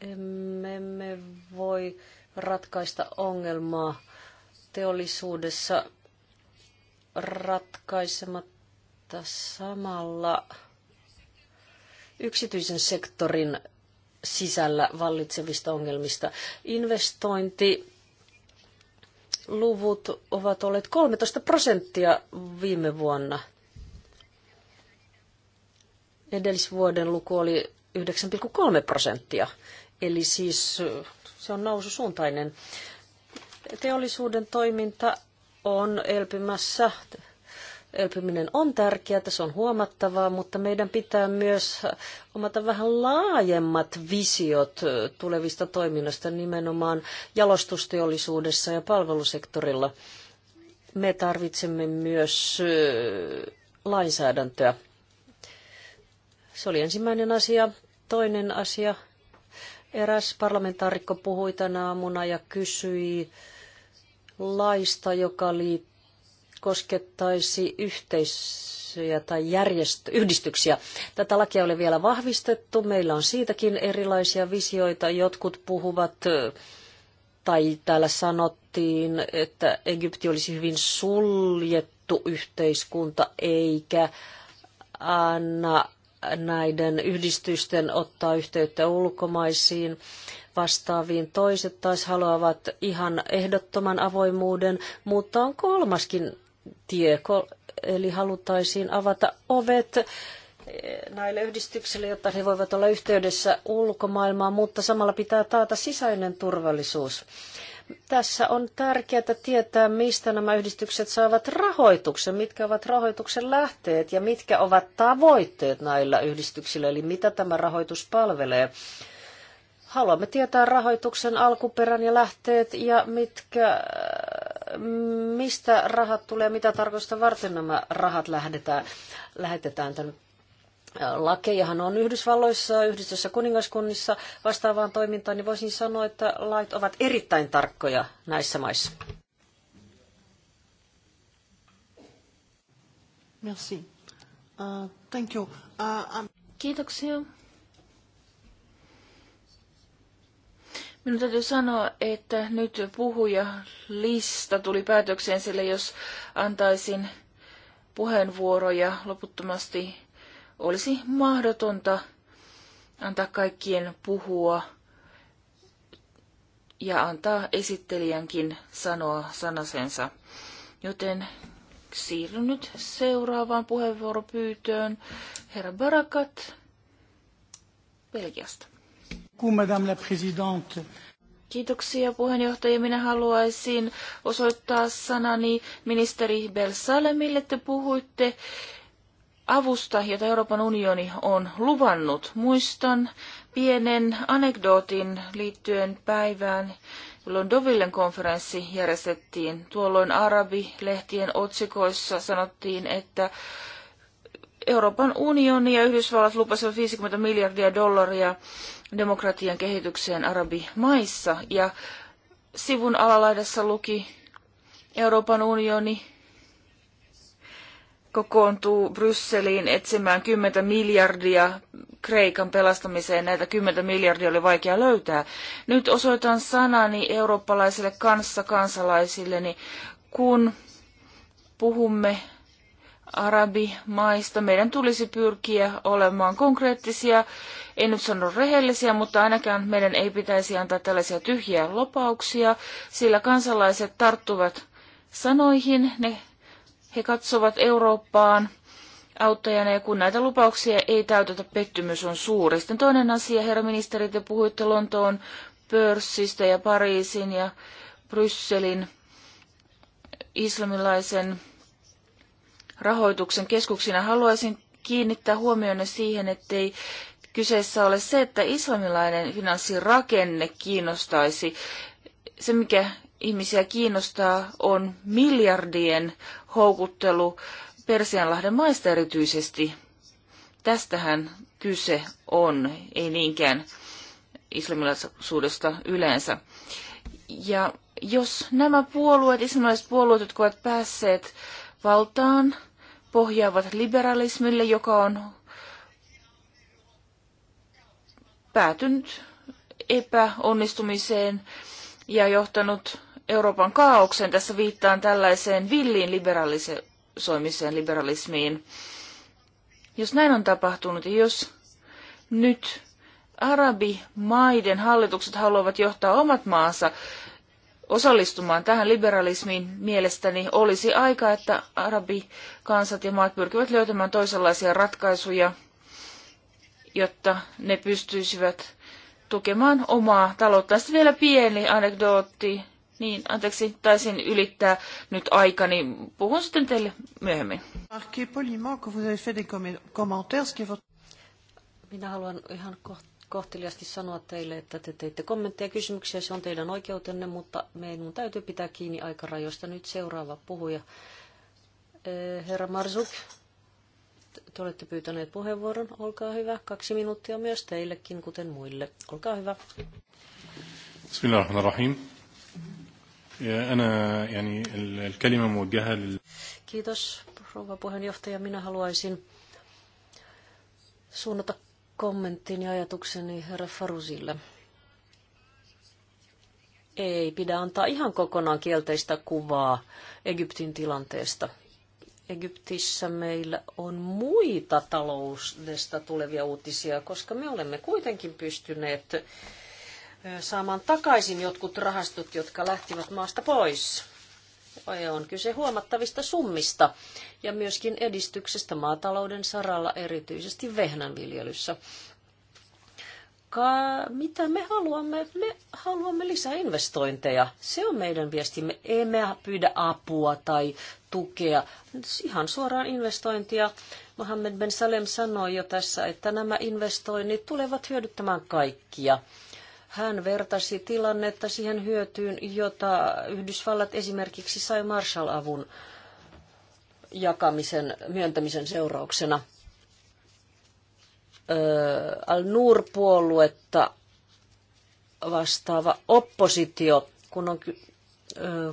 Emme, emme voi ratkaista ongelmaa teollisuudessa ratkaisematta samalla yksityisen sektorin sisällä vallitsevista ongelmista. Investointi luvut ovat olleet 13 prosenttia viime vuonna – Edellisvuoden luku oli 9,3 prosenttia, eli siis se on noususuuntainen. Teollisuuden toiminta on elpymässä. Elpyminen on tärkeää, se on huomattavaa, mutta meidän pitää myös omata vähän laajemmat visiot tulevista toiminnasta nimenomaan jalostusteollisuudessa ja palvelusektorilla. Me tarvitsemme myös lainsäädäntöä se oli ensimmäinen asia. Toinen asia. Eräs parlamentaarikko puhui tänä aamuna ja kysyi laista, joka liittyy koskettaisi yhteisöjä tai järjestö- yhdistyksiä. Tätä lakia oli vielä vahvistettu. Meillä on siitäkin erilaisia visioita. Jotkut puhuvat, tai täällä sanottiin, että Egypti olisi hyvin suljettu yhteiskunta, eikä anna näiden yhdistysten ottaa yhteyttä ulkomaisiin vastaaviin. Toiset taas haluavat ihan ehdottoman avoimuuden, mutta on kolmaskin tie, eli halutaisiin avata ovet eh, näille yhdistyksille, jotta he voivat olla yhteydessä ulkomaailmaan, mutta samalla pitää taata sisäinen turvallisuus. Tässä on tärkeää tietää, mistä nämä yhdistykset saavat rahoituksen, mitkä ovat rahoituksen lähteet ja mitkä ovat tavoitteet näillä yhdistyksillä, eli mitä tämä rahoitus palvelee. Haluamme tietää rahoituksen alkuperän ja lähteet ja mitkä, mistä rahat tulee, mitä tarkoista varten nämä rahat lähdetään, lähetetään tänne Lakejahan on Yhdysvalloissa, yhdistyssä kuningaskunnissa vastaavaan toimintaan, niin voisin sanoa, että lait ovat erittäin tarkkoja näissä maissa. Merci. Uh, thank you. Uh, Kiitoksia. Minun täytyy sanoa, että nyt puhuja lista tuli päätökseen, sillä jos antaisin puheenvuoroja loputtomasti olisi mahdotonta antaa kaikkien puhua ja antaa esittelijänkin sanoa sanasensa. Joten siirryn nyt seuraavaan puheenvuoropyytöön. Herra Barakat, Belgiasta. Kiitoksia puheenjohtaja. Minä haluaisin osoittaa sanani ministeri Belsalemille. Te puhuitte avusta, jota Euroopan unioni on luvannut. Muistan pienen anekdootin liittyen päivään, jolloin Dovillen konferenssi järjestettiin. Tuolloin arabilehtien otsikoissa sanottiin, että Euroopan unioni ja Yhdysvallat lupasivat 50 miljardia dollaria demokratian kehitykseen arabimaissa. Ja sivun alalaidassa luki Euroopan unioni kokoontuu Brysseliin etsimään 10 miljardia Kreikan pelastamiseen. Näitä 10 miljardia oli vaikea löytää. Nyt osoitan sanani eurooppalaisille kanssa kun puhumme arabimaista. Meidän tulisi pyrkiä olemaan konkreettisia, en nyt sano rehellisiä, mutta ainakaan meidän ei pitäisi antaa tällaisia tyhjiä lopauksia, sillä kansalaiset tarttuvat sanoihin, ne he katsovat Eurooppaan auttajana ja kun näitä lupauksia ei täytetä, pettymys on suuri. Sitten toinen asia, herra ministeri, te puhuitte Lontoon pörssistä ja Pariisin ja Brysselin islamilaisen rahoituksen keskuksina. Haluaisin kiinnittää huomionne siihen, ettei kyseessä ole se, että islamilainen finanssirakenne kiinnostaisi. Se, mikä ihmisiä kiinnostaa, on miljardien houkuttelu Persianlahden maista erityisesti. Tästähän kyse on, ei niinkään islamilaisuudesta yleensä. Ja jos nämä puolueet, islamilaiset puolueet, jotka ovat päässeet valtaan, pohjaavat liberalismille, joka on päätynyt epäonnistumiseen ja johtanut Euroopan kaauksen. Tässä viittaan tällaiseen villiin liberalisoimiseen, liberalismiin. Jos näin on tapahtunut, jos nyt arabimaiden hallitukset haluavat johtaa omat maansa osallistumaan tähän liberalismiin, mielestäni olisi aika, että arabikansat ja maat pyrkivät löytämään toisenlaisia ratkaisuja, jotta ne pystyisivät tukemaan omaa talouttaan. Sitten vielä pieni anekdootti niin, anteeksi, taisin ylittää nyt aika, Niin puhun sitten teille myöhemmin. Minä haluan ihan kohteliasti sanoa teille, että te teitte kommentteja ja kysymyksiä, se on teidän oikeutenne, mutta meidän täytyy pitää kiinni aikarajoista. Nyt seuraava puhuja. Eh, herra Marsuk, te olette pyytäneet puheenvuoron. Olkaa hyvä. Kaksi minuuttia myös teillekin, kuten muille. Olkaa hyvä. Bismillahirrahmanirrahim. أنا يعني الكلمة موجهة لل... Kiitos, rouva puheenjohtaja. Minä haluaisin suunnata kommenttiin ja ajatukseni herra Farusille. Ei pidä antaa ihan kokonaan kielteistä kuvaa Egyptin tilanteesta. Egyptissä meillä on muita taloudesta tulevia uutisia, koska me olemme kuitenkin pystyneet saamaan takaisin jotkut rahastot, jotka lähtivät maasta pois. On kyse huomattavista summista ja myöskin edistyksestä maatalouden saralla, erityisesti vehnänviljelyssä. Ka- mitä me haluamme? Me haluamme lisää investointeja. Se on meidän viestimme. Emme pyydä apua tai tukea. Ihan suoraan investointia. Mohammed Ben Salem sanoi jo tässä, että nämä investoinnit tulevat hyödyttämään kaikkia. Hän vertasi tilannetta siihen hyötyyn, jota Yhdysvallat esimerkiksi sai Marshall-avun jakamisen, myöntämisen seurauksena. Al-Nur-puoluetta vastaava oppositio, kun on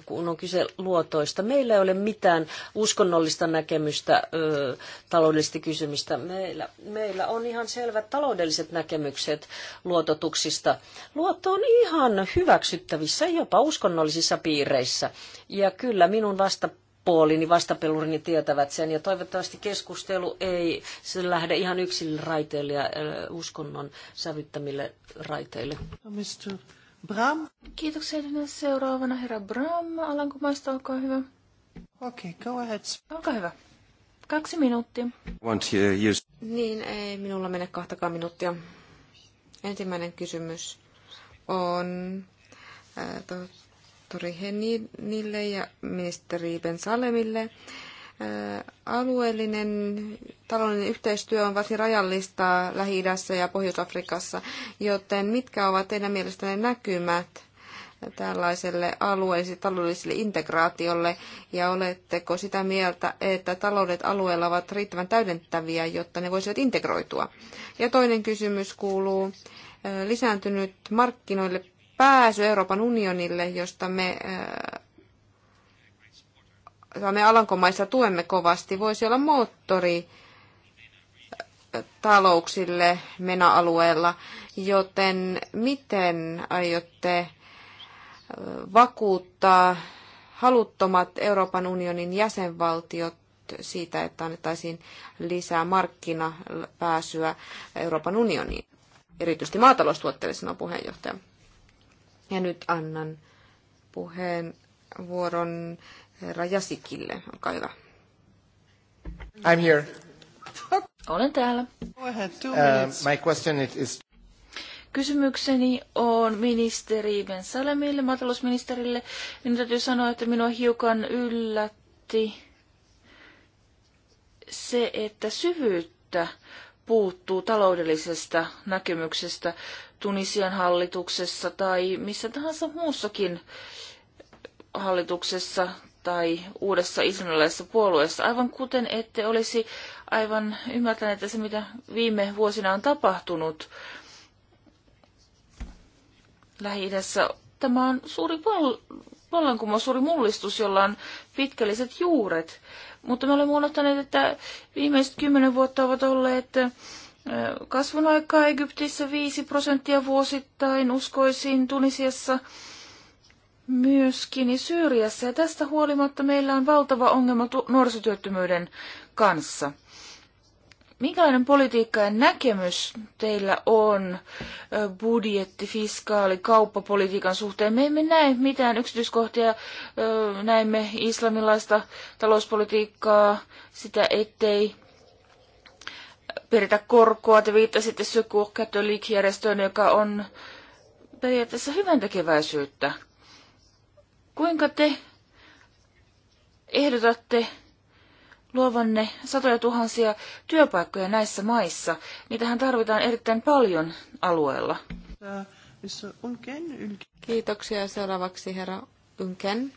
kun on kyse luotoista. Meillä ei ole mitään uskonnollista näkemystä taloudellisista kysymistä. Meillä, meillä on ihan selvät taloudelliset näkemykset luototuksista. Luotto on ihan hyväksyttävissä, jopa uskonnollisissa piireissä. Ja kyllä minun vasta puolini, vastapelurini tietävät sen ja toivottavasti keskustelu ei se lähde ihan yksille raiteille ja uskonnon sävyttämille raiteille. Mr. Bram. Kiitoksia Elina. Seuraavana herra Bram. Alankomaista, olkaa hyvä. Okei, okay, go ahead. Olkaa hyvä. Kaksi minuuttia. Want you use... Niin, ei minulla mene kahtakaan minuuttia. Ensimmäinen kysymys on to äh, tohtori Hennille ja ministeri Ben Salemille. Ää, Alueellinen taloudellinen yhteistyö on varsin rajallista Lähi-idässä ja Pohjois-Afrikassa, joten mitkä ovat teidän mielestänne näkymät tällaiselle alueelliselle taloudelliselle integraatiolle ja oletteko sitä mieltä, että taloudet alueella ovat riittävän täydentäviä, jotta ne voisivat integroitua? Ja toinen kysymys kuuluu, lisääntynyt markkinoille pääsy Euroopan unionille, josta me jota me Alankomaissa tuemme kovasti, voisi olla moottori äh, talouksille MENA-alueella, joten miten aiotte äh, vakuuttaa haluttomat Euroopan unionin jäsenvaltiot siitä, että annettaisiin lisää markkinapääsyä Euroopan unioniin, erityisesti maataloustuotteille, sanoo puheenjohtaja. Ja nyt annan puheenvuoron herra Jasikille. Olkaa hyvä. I'm here. Olen täällä. Uh, my question is... Kysymykseni on ministeri Salemille, maatalousministerille. Minun täytyy sanoa, että minua hiukan yllätti se, että syvyyttä puuttuu taloudellisesta näkemyksestä Tunisian hallituksessa tai missä tahansa muussakin hallituksessa tai uudessa islamilaisessa puolueessa, aivan kuten ette olisi aivan ymmärtäneet se, mitä viime vuosina on tapahtunut lähi -idässä. Tämä on suuri vallankumous, suuri mullistus, jolla on pitkälliset juuret. Mutta me olemme unohtaneet, että viimeiset kymmenen vuotta ovat olleet kasvun aikaa Egyptissä 5 prosenttia vuosittain, uskoisin Tunisiassa myöskin niin Syyriassa. Ja tästä huolimatta meillä on valtava ongelma nuorisotyöttömyyden kanssa. Minkälainen politiikka ja näkemys teillä on budjetti, fiskaali, kauppapolitiikan suhteen? Me emme näe mitään yksityiskohtia. Näemme islamilaista talouspolitiikkaa, sitä ettei peritä korkoa. Te viittasitte Sykur Catholic-järjestöön, joka on periaatteessa hyvän tekeväisyyttä Kuinka te ehdotatte luovanne satoja tuhansia työpaikkoja näissä maissa? Niitähän tarvitaan erittäin paljon alueella. Äh, Kiitoksia. Seuraavaksi herra Unken.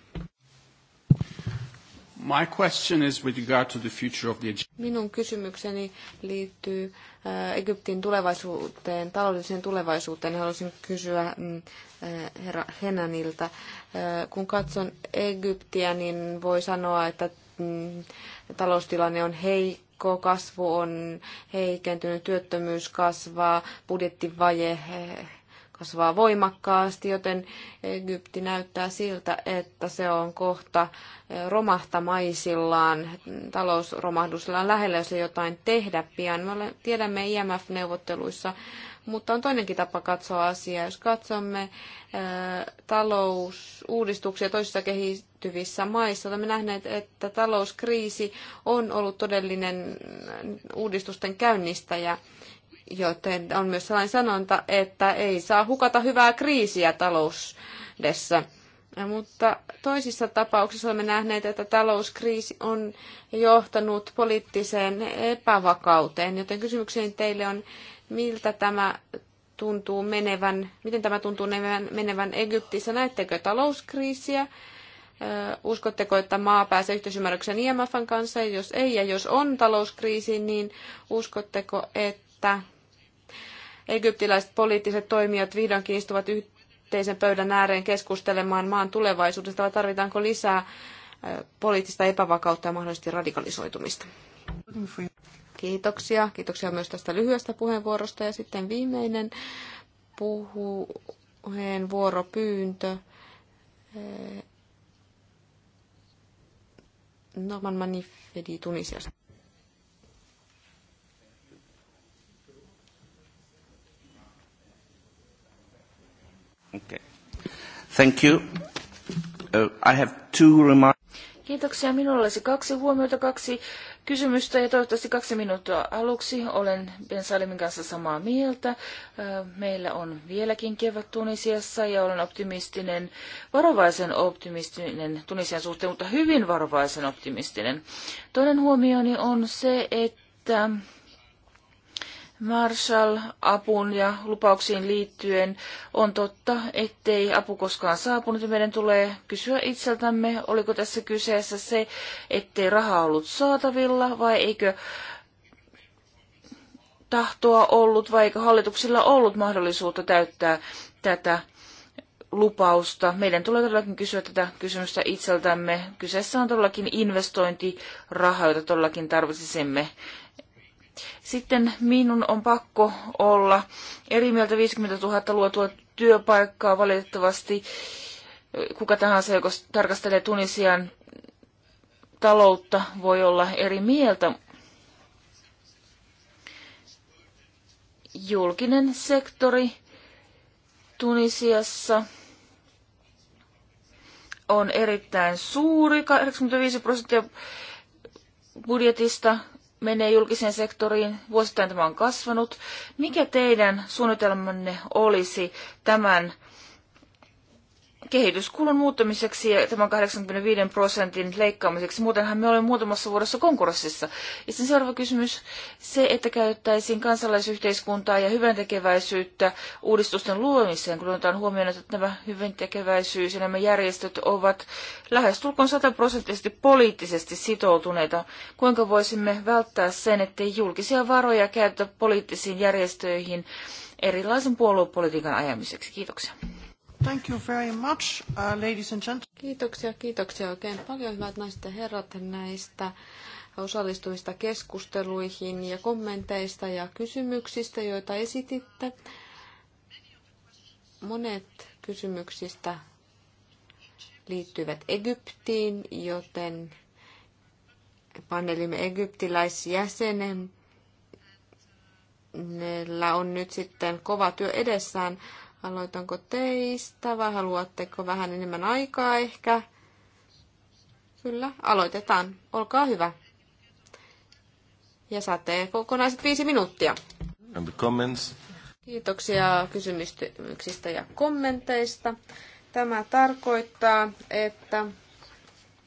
My question is with regard to the future of the... Minun kysymykseni liittyy äh, Egyptin tulevaisuuteen, taloudelliseen tulevaisuuteen. Haluaisin kysyä mm, äh, herra Henanilta. Äh, kun katson Egyptiä, niin voi sanoa, että mm, taloustilanne on heikko, kasvu on heikentynyt, työttömyys kasvaa, budjettivaje kasvaa voimakkaasti, joten Egypti näyttää siltä, että se on kohta romahtamaisillaan, talousromahduksellaan lähellä, jos ei jotain tehdä pian. Me tiedämme IMF-neuvotteluissa, mutta on toinenkin tapa katsoa asiaa. Jos katsomme talousuudistuksia toisissa kehittyvissä maissa, olemme nähneet, että talouskriisi on ollut todellinen uudistusten käynnistäjä Joten on myös sellainen sanonta, että ei saa hukata hyvää kriisiä taloudessa. Mutta toisissa tapauksissa olemme nähneet, että talouskriisi on johtanut poliittiseen epävakauteen, joten kysymykseen teille on, miltä tämä tuntuu menevän, miten tämä tuntuu menevän Egyptissä? Näettekö talouskriisiä? Uskotteko, että maa pääsee yhteisymmärryksen IMFn kanssa? Jos ei ja jos on talouskriisi, niin uskotteko, että egyptiläiset poliittiset toimijat vihdoinkin istuvat yhteisen pöydän ääreen keskustelemaan maan tulevaisuudesta vai tarvitaanko lisää poliittista epävakautta ja mahdollisesti radikalisoitumista? Kiitoksia. Kiitoksia myös tästä lyhyestä puheenvuorosta. Ja sitten viimeinen puheenvuoropyyntö. Norman Manifedi Tunisiasta. Okay. Thank you. Uh, I have two remarks. Kiitoksia. Minulla olisi kaksi huomiota, kaksi kysymystä ja toivottavasti kaksi minuuttia aluksi. Olen Ben Salimin kanssa samaa mieltä. Äh, meillä on vieläkin kevät Tunisiassa ja olen optimistinen, varovaisen optimistinen Tunisian suhteen, mutta hyvin varovaisen optimistinen. Toinen huomioni on se, että Marshall-apun ja lupauksiin liittyen on totta, ettei apu koskaan saapunut ja meidän tulee kysyä itseltämme, oliko tässä kyseessä se, ettei rahaa ollut saatavilla vai eikö tahtoa ollut vai eikö hallituksilla ollut mahdollisuutta täyttää tätä lupausta. Meidän tulee todellakin kysyä tätä kysymystä itseltämme. Kyseessä on todellakin investointiraha, jota todellakin tarvitsisimme sitten minun on pakko olla eri mieltä 50 000 luotua työpaikkaa valitettavasti. Eh, kuka tahansa, joka tarkastelee Tunisian taloutta, voi olla eri mieltä. Julkinen sektori Tunisiassa on erittäin suuri, 85 prosenttia budjetista menee julkiseen sektoriin. Vuosittain tämä on kasvanut. Mikä teidän suunnitelmanne olisi tämän kehityskulun muuttamiseksi ja tämän 85 prosentin leikkaamiseksi. Muutenhan me olemme muutamassa vuodessa konkurssissa. Ja sitten seuraava kysymys, se, että käyttäisiin kansalaisyhteiskuntaa ja hyväntekeväisyyttä uudistusten luomiseen, kun otetaan huomioon, että nämä hyväntekeväisyys ja nämä järjestöt ovat lähestulkoon sataprosenttisesti poliittisesti sitoutuneita. Kuinka voisimme välttää sen, ettei julkisia varoja käytetä poliittisiin järjestöihin erilaisen puoluepolitiikan ajamiseksi? Kiitoksia. Thank you very much, uh, ladies and gentlemen. Kiitoksia, kiitoksia oikein paljon hyvät naiset ja herrat näistä osallistuvista keskusteluihin ja kommenteista ja kysymyksistä, joita esititte. Monet kysymyksistä liittyvät Egyptiin, joten paneelimme egyptiläisjäsenellä on nyt sitten kova työ edessään Aloitanko teistä vai haluatteko vähän enemmän aikaa ehkä? Kyllä, aloitetaan. Olkaa hyvä. Ja saatte kokonaiset viisi minuuttia. And the comments. Kiitoksia kysymyksistä ja kommenteista. Tämä tarkoittaa, että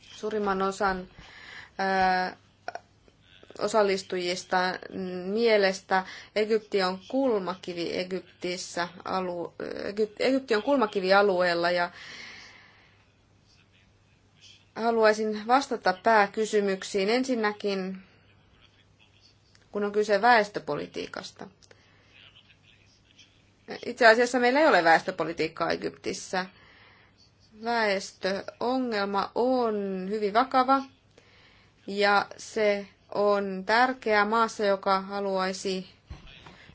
suurimman osan ää, osallistujista mielestä Egypti on kulmakivi Egyptissä, alu, Egypti on kulmakivi alueella ja haluaisin vastata pääkysymyksiin. Ensinnäkin, kun on kyse väestöpolitiikasta. Itse asiassa meillä ei ole väestöpolitiikkaa Egyptissä. Väestöongelma on hyvin vakava ja se on tärkeää maassa, joka haluaisi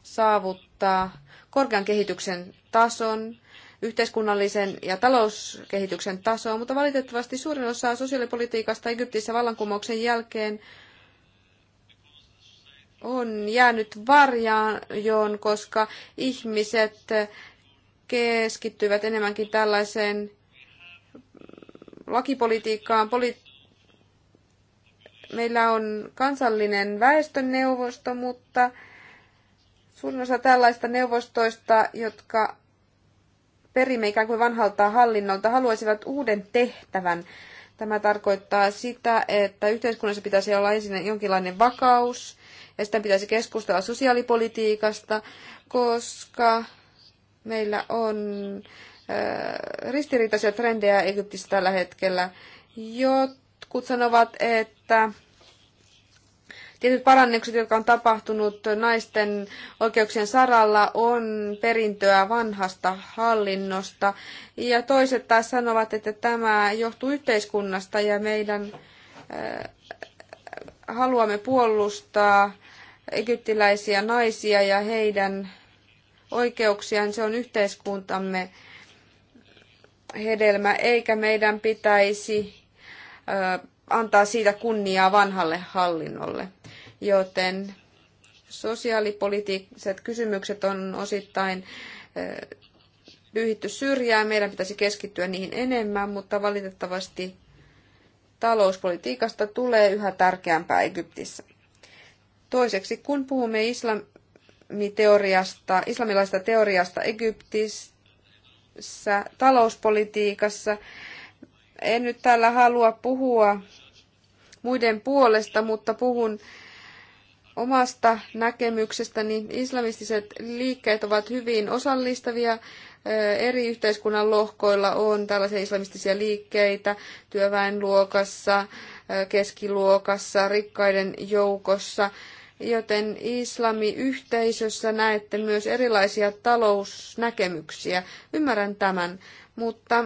saavuttaa korkean kehityksen tason, yhteiskunnallisen ja talouskehityksen tason, mutta valitettavasti suurin osa sosiaalipolitiikasta Egyptissä vallankumouksen jälkeen on jäänyt varjaanjoon, koska ihmiset keskittyvät enemmänkin tällaiseen lakipolitiikkaan, poli- Meillä on kansallinen väestöneuvosto, mutta suurin osa tällaista neuvostoista, jotka perimme ikään kuin vanhalta hallinnolta, haluaisivat uuden tehtävän. Tämä tarkoittaa sitä, että yhteiskunnassa pitäisi olla ensin jonkinlainen vakaus, ja sitten pitäisi keskustella sosiaalipolitiikasta, koska meillä on ristiriitaisia trendejä Egyptissä tällä hetkellä. Jotkut sanovat, että että tietyt parannukset, jotka on tapahtunut naisten oikeuksien saralla, on perintöä vanhasta hallinnosta. Ja toiset taas sanovat, että tämä johtuu yhteiskunnasta ja meidän äh, haluamme puolustaa egyptiläisiä naisia ja heidän oikeuksiaan. Se on yhteiskuntamme hedelmä, eikä meidän pitäisi äh, antaa siitä kunniaa vanhalle hallinnolle. Joten sosiaalipoliittiset kysymykset on osittain eh, pyyhitty syrjään. Meidän pitäisi keskittyä niihin enemmän, mutta valitettavasti talouspolitiikasta tulee yhä tärkeämpää Egyptissä. Toiseksi, kun puhumme islamiteoriasta, islamilaista teoriasta Egyptissä, talouspolitiikassa, en nyt täällä halua puhua muiden puolesta, mutta puhun omasta näkemyksestäni. Islamistiset liikkeet ovat hyvin osallistavia. Eri yhteiskunnan lohkoilla on tällaisia islamistisia liikkeitä työväenluokassa, keskiluokassa, rikkaiden joukossa joten islamiyhteisössä näette myös erilaisia talousnäkemyksiä. Ymmärrän tämän, mutta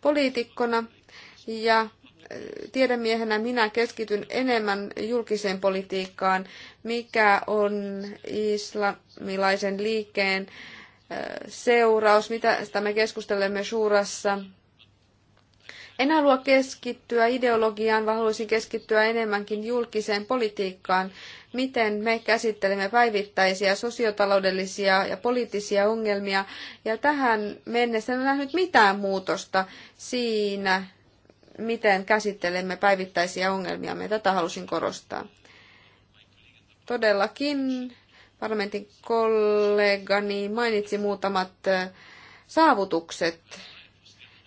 poliitikkona ja tiedemiehenä minä keskityn enemmän julkiseen politiikkaan, mikä on islamilaisen liikkeen seuraus, mitä sitä me keskustelemme suurassa. En halua keskittyä ideologiaan, vaan haluaisin keskittyä enemmänkin julkiseen politiikkaan, miten me käsittelemme päivittäisiä sosiotaloudellisia ja poliittisia ongelmia. Ja tähän mennessä en ole nähnyt mitään muutosta siinä, miten käsittelemme päivittäisiä ongelmia. Me tätä halusin korostaa. Todellakin parlamentin kollegani mainitsi muutamat saavutukset.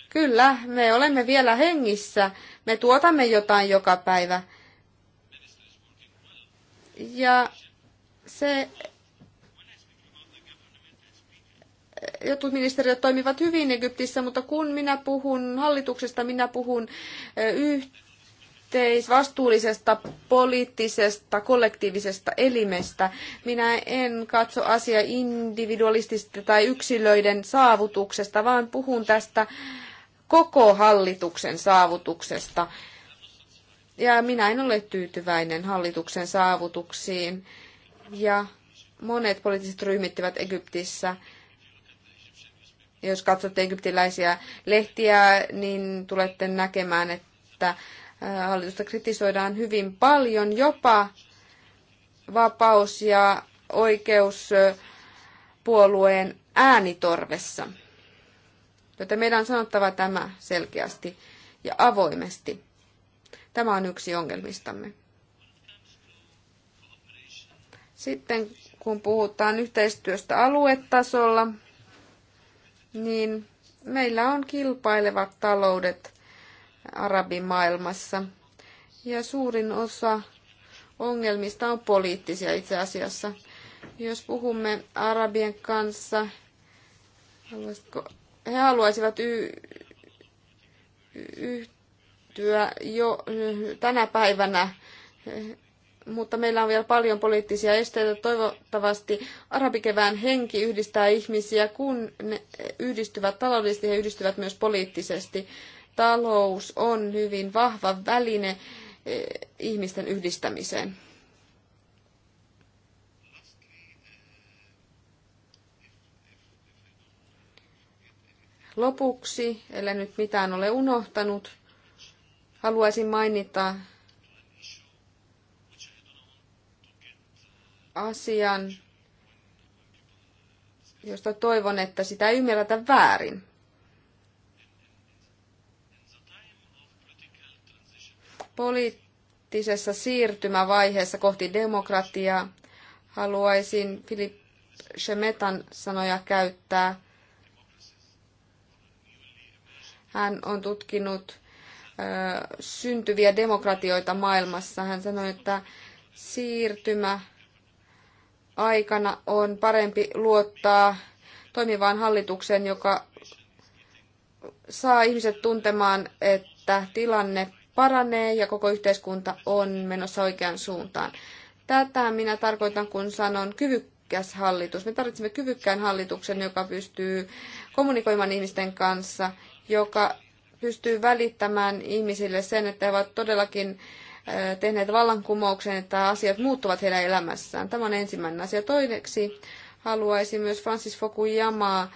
Kyllä, me olemme vielä hengissä. Me tuotamme jotain joka päivä. Ja se, jotkut ministeriöt toimivat hyvin Egyptissä, mutta kun minä puhun hallituksesta, minä puhun yhteisvastuullisesta poliittisesta kollektiivisesta elimestä. Minä en katso asiaa individualistista tai yksilöiden saavutuksesta, vaan puhun tästä koko hallituksen saavutuksesta. Ja minä en ole tyytyväinen hallituksen saavutuksiin. Ja monet poliittiset ryhmittivät Egyptissä jos katsotte egyptiläisiä lehtiä, niin tulette näkemään, että äh, hallitusta kritisoidaan hyvin paljon, jopa vapaus- ja oikeuspuolueen äh, äänitorvessa. Joten meidän on sanottava tämä selkeästi ja avoimesti. Tämä on yksi ongelmistamme. Sitten kun puhutaan yhteistyöstä aluetasolla, niin meillä on kilpailevat taloudet arabimaailmassa. Ja suurin osa ongelmista on poliittisia itse asiassa. Jos puhumme arabien kanssa, he haluaisivat y- yhtyä jo tänä päivänä mutta meillä on vielä paljon poliittisia esteitä. Toivottavasti arabikevään henki yhdistää ihmisiä, kun ne yhdistyvät taloudellisesti ja yhdistyvät myös poliittisesti. Talous on hyvin vahva väline eh, ihmisten yhdistämiseen. Lopuksi, ellei nyt mitään ole unohtanut, haluaisin mainita asian, josta toivon, että sitä ei ymmärretä väärin. Poliittisessa siirtymävaiheessa kohti demokratiaa haluaisin Filip Shemetan sanoja käyttää. Hän on tutkinut syntyviä demokratioita maailmassa. Hän sanoi, että siirtymä aikana on parempi luottaa toimivaan hallitukseen, joka saa ihmiset tuntemaan, että tilanne paranee ja koko yhteiskunta on menossa oikeaan suuntaan. Tätä minä tarkoitan, kun sanon kyvykkäs hallitus. Me tarvitsemme kyvykkään hallituksen, joka pystyy kommunikoimaan ihmisten kanssa, joka pystyy välittämään ihmisille sen, että he ovat todellakin tehneet vallankumouksen, että asiat muuttuvat heidän elämässään. Tämä on ensimmäinen asia. Toiseksi haluaisin myös Francis Fukuyamaa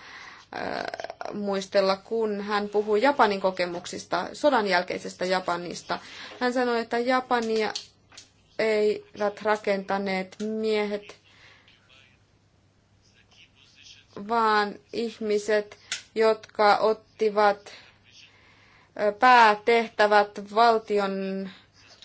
muistella, kun hän puhui Japanin kokemuksista, sodan jälkeisestä Japanista. Hän sanoi, että Japania eivät rakentaneet miehet, vaan ihmiset, jotka ottivat päätehtävät valtion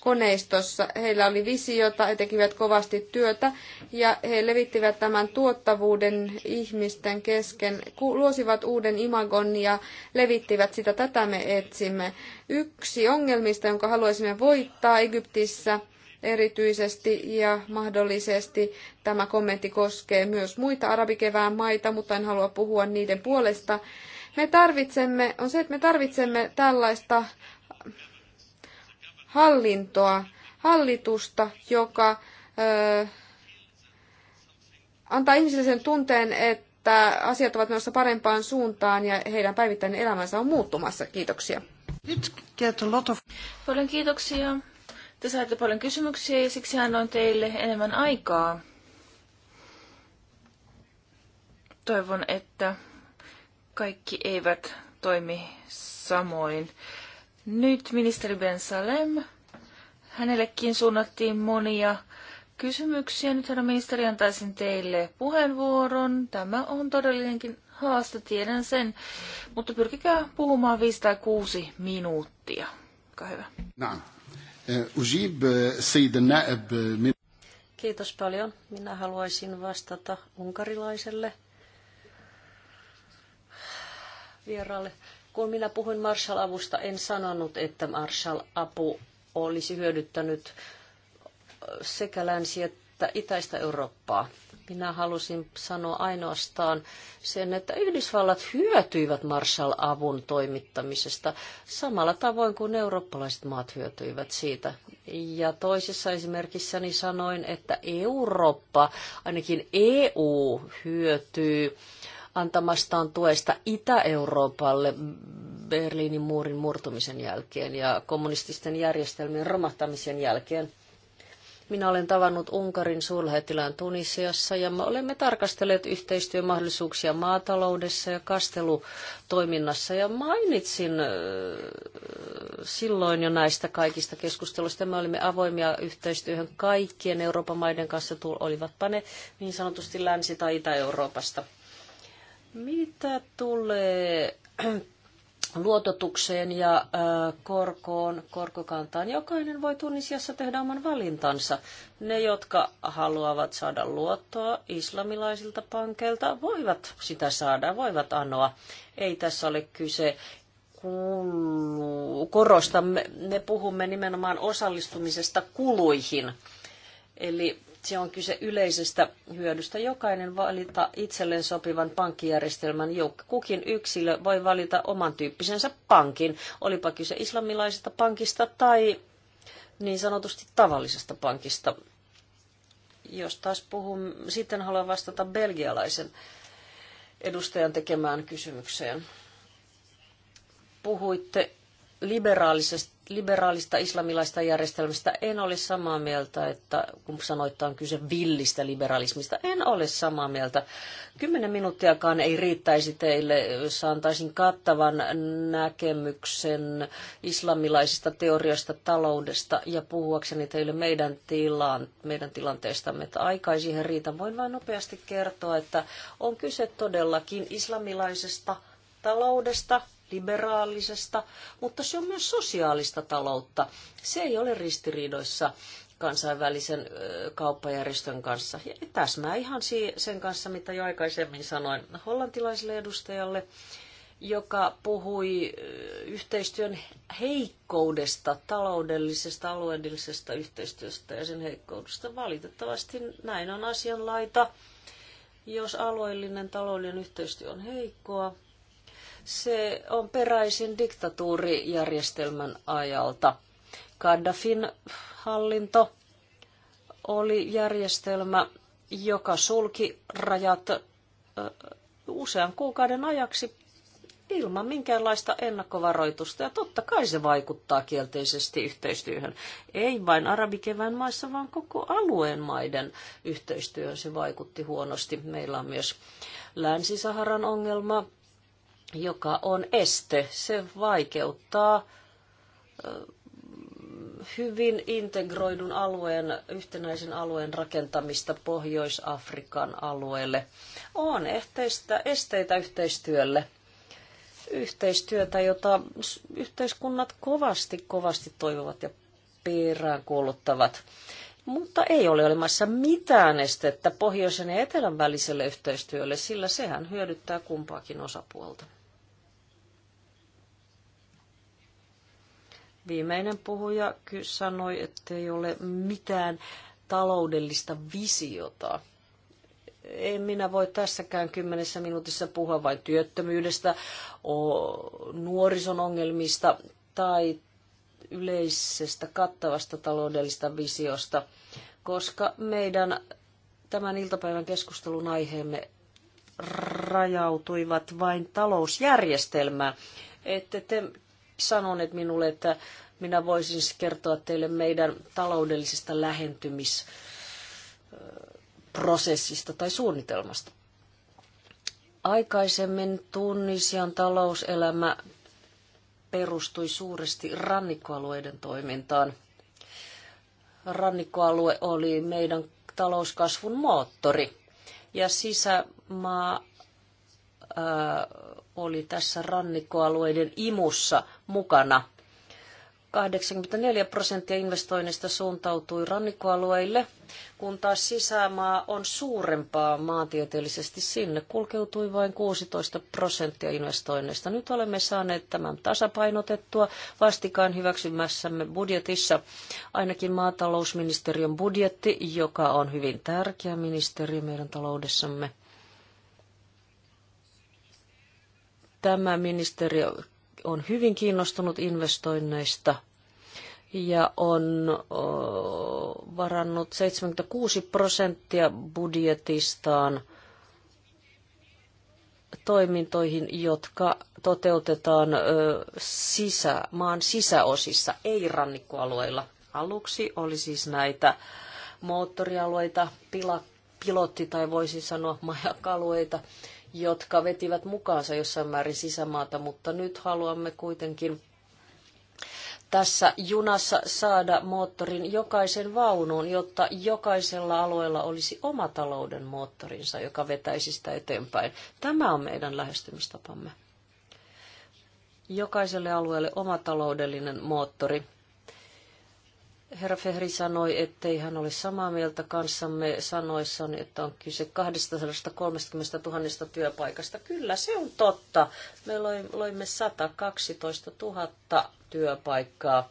koneistossa. Heillä oli visiota, he tekivät kovasti työtä ja he levittivät tämän tuottavuuden ihmisten kesken, luosivat uuden imagon ja levittivät sitä. Tätä me etsimme. Yksi ongelmista, jonka haluaisimme voittaa Egyptissä, erityisesti ja mahdollisesti tämä kommentti koskee myös muita arabikevään maita, mutta en halua puhua niiden puolesta. Me tarvitsemme, on se, että me tarvitsemme tällaista hallintoa, hallitusta, joka ö, antaa ihmisille sen tunteen, että asiat ovat menossa parempaan suuntaan ja heidän päivittäinen elämänsä on muuttumassa. Kiitoksia. Paljon kiitoksia. Te saitte paljon kysymyksiä ja siksi annoin teille enemmän aikaa. Toivon, että kaikki eivät toimi samoin. Nyt ministeri Ben Salem. Hänellekin suunnattiin monia kysymyksiä. Nyt herra ministeri antaisin teille puheenvuoron. Tämä on todellinenkin haaste, tiedän sen. Mutta pyrkikää puhumaan 5 tai 6 minuuttia. Olkaa hyvä. Eh, eh, eh, Kiitos paljon. Minä haluaisin vastata unkarilaiselle vieraalle. Kun minä puhuin Marshall-avusta, en sanonut, että Marshall-apu olisi hyödyttänyt sekä länsi- että itäistä Eurooppaa. Minä halusin sanoa ainoastaan sen, että Yhdysvallat hyötyivät Marshall-avun toimittamisesta samalla tavoin kuin eurooppalaiset maat hyötyivät siitä. Ja toisessa esimerkissäni niin sanoin, että Eurooppa, ainakin EU, hyötyy äh, antamastaan tuesta Itä-Euroopalle Berliinin muurin murtumisen jälkeen ja kommunististen järjestelmien romahtamisen jälkeen. Minä olen tavannut Unkarin suurlähettilään Tunisiassa ja me olemme tarkastelleet yhteistyömahdollisuuksia maataloudessa ja kastelutoiminnassa ja mainitsin silloin jo näistä kaikista keskusteluista. Me olimme avoimia yhteistyöhön kaikkien Euroopan maiden kanssa, olivatpa ne niin sanotusti Länsi- tai Itä-Euroopasta. Mitä tulee luototukseen ja äh, korkoon, korkokantaan. Jokainen voi tunnisiassa tehdä oman valintansa. Ne, jotka haluavat saada luottoa islamilaisilta pankeilta, voivat sitä saada, voivat anoa. Ei tässä ole kyse kulu, korostamme, me puhumme nimenomaan osallistumisesta kuluihin. Eli se on kyse yleisestä hyödystä. Jokainen valita itselleen sopivan pankkijärjestelmän. Kukin yksilö voi valita oman tyyppisensä pankin, olipa kyse islamilaisesta pankista tai niin sanotusti tavallisesta pankista. Jos taas puhun, sitten haluan vastata belgialaisen edustajan tekemään kysymykseen. Puhuitte liberaalisesta liberaalista islamilaista järjestelmästä en ole samaa mieltä, että kun sanoit, että on kyse villistä liberalismista, en ole samaa mieltä. Kymmenen minuuttiakaan ei riittäisi teille, jos antaisin kattavan näkemyksen islamilaisista teorioista taloudesta ja puhuakseni teille meidän, tilan, meidän tilanteestamme, että aika ei siihen riitä. Voin vain nopeasti kertoa, että on kyse todellakin islamilaisesta taloudesta, liberaalisesta, mutta se on myös sosiaalista taloutta. Se ei ole ristiriidoissa kansainvälisen kauppajärjestön kanssa. Ja täsmää ihan sen kanssa, mitä jo aikaisemmin sanoin hollantilaiselle edustajalle, joka puhui yhteistyön heikkoudesta, taloudellisesta, alueellisesta yhteistyöstä ja sen heikkoudesta. Valitettavasti näin on asianlaita. Jos alueellinen taloudellinen yhteistyö on heikkoa, se on peräisin diktatuurijärjestelmän ajalta. Gaddafin hallinto oli järjestelmä, joka sulki rajat usean kuukauden ajaksi ilman minkäänlaista ennakkovaroitusta. Ja totta kai se vaikuttaa kielteisesti yhteistyöhön. Ei vain arabikevään maissa, vaan koko alueen maiden yhteistyöhön se vaikutti huonosti. Meillä on myös Länsi-Saharan ongelma, joka on este. Se vaikeuttaa hyvin integroidun alueen, yhtenäisen alueen rakentamista Pohjois-Afrikan alueelle. On ehteistä, esteitä yhteistyölle. Yhteistyötä, jota yhteiskunnat kovasti, kovasti toivovat ja peräänkuuluttavat. Mutta ei ole olemassa mitään estettä pohjoisen ja etelän väliselle yhteistyölle, sillä sehän hyödyttää kumpaakin osapuolta. Viimeinen puhuja sanoi, että ei ole mitään taloudellista visiota. En minä voi tässäkään kymmenessä minuutissa puhua vain työttömyydestä, nuorison ongelmista tai yleisestä kattavasta taloudellista visiosta, koska meidän tämän iltapäivän keskustelun aiheemme rajautuivat vain talousjärjestelmään. Ette te sanoneet minulle, että minä voisin siis kertoa teille meidän taloudellisesta lähentymisprosessista tai suunnitelmasta. Aikaisemmin Tunisian talouselämä perustui suuresti rannikkoalueiden toimintaan. Rannikkoalue oli meidän talouskasvun moottori ja sisämaa ää, oli tässä rannikkoalueiden imussa mukana. 84 prosenttia investoinnista suuntautui rannikkoalueille, kun taas sisämaa on suurempaa maantieteellisesti sinne. Kulkeutui vain 16 prosenttia investoinneista. Nyt olemme saaneet tämän tasapainotettua vastikaan hyväksymässämme budjetissa. Ainakin maatalousministeriön budjetti, joka on hyvin tärkeä ministeriö meidän taloudessamme. Tämä ministeriö on hyvin kiinnostunut investoinneista ja on varannut 76 prosenttia budjetistaan toimintoihin, jotka toteutetaan sisä, maan sisäosissa, ei rannikkoalueilla. Aluksi oli siis näitä moottorialueita, pilotti tai voisi sanoa majakalueita, jotka vetivät mukaansa jossain määrin sisämaata, mutta nyt haluamme kuitenkin tässä junassa saada moottorin jokaisen vaunuun, jotta jokaisella alueella olisi oma talouden moottorinsa, joka vetäisi sitä eteenpäin. Tämä on meidän lähestymistapamme. Jokaiselle alueelle oma taloudellinen moottori Herra Fehri sanoi, ettei hän ole samaa mieltä kanssamme sanoissaan, että on kyse 230 000 työpaikasta. Kyllä, se on totta. Me loimme 112 000 työpaikkaa.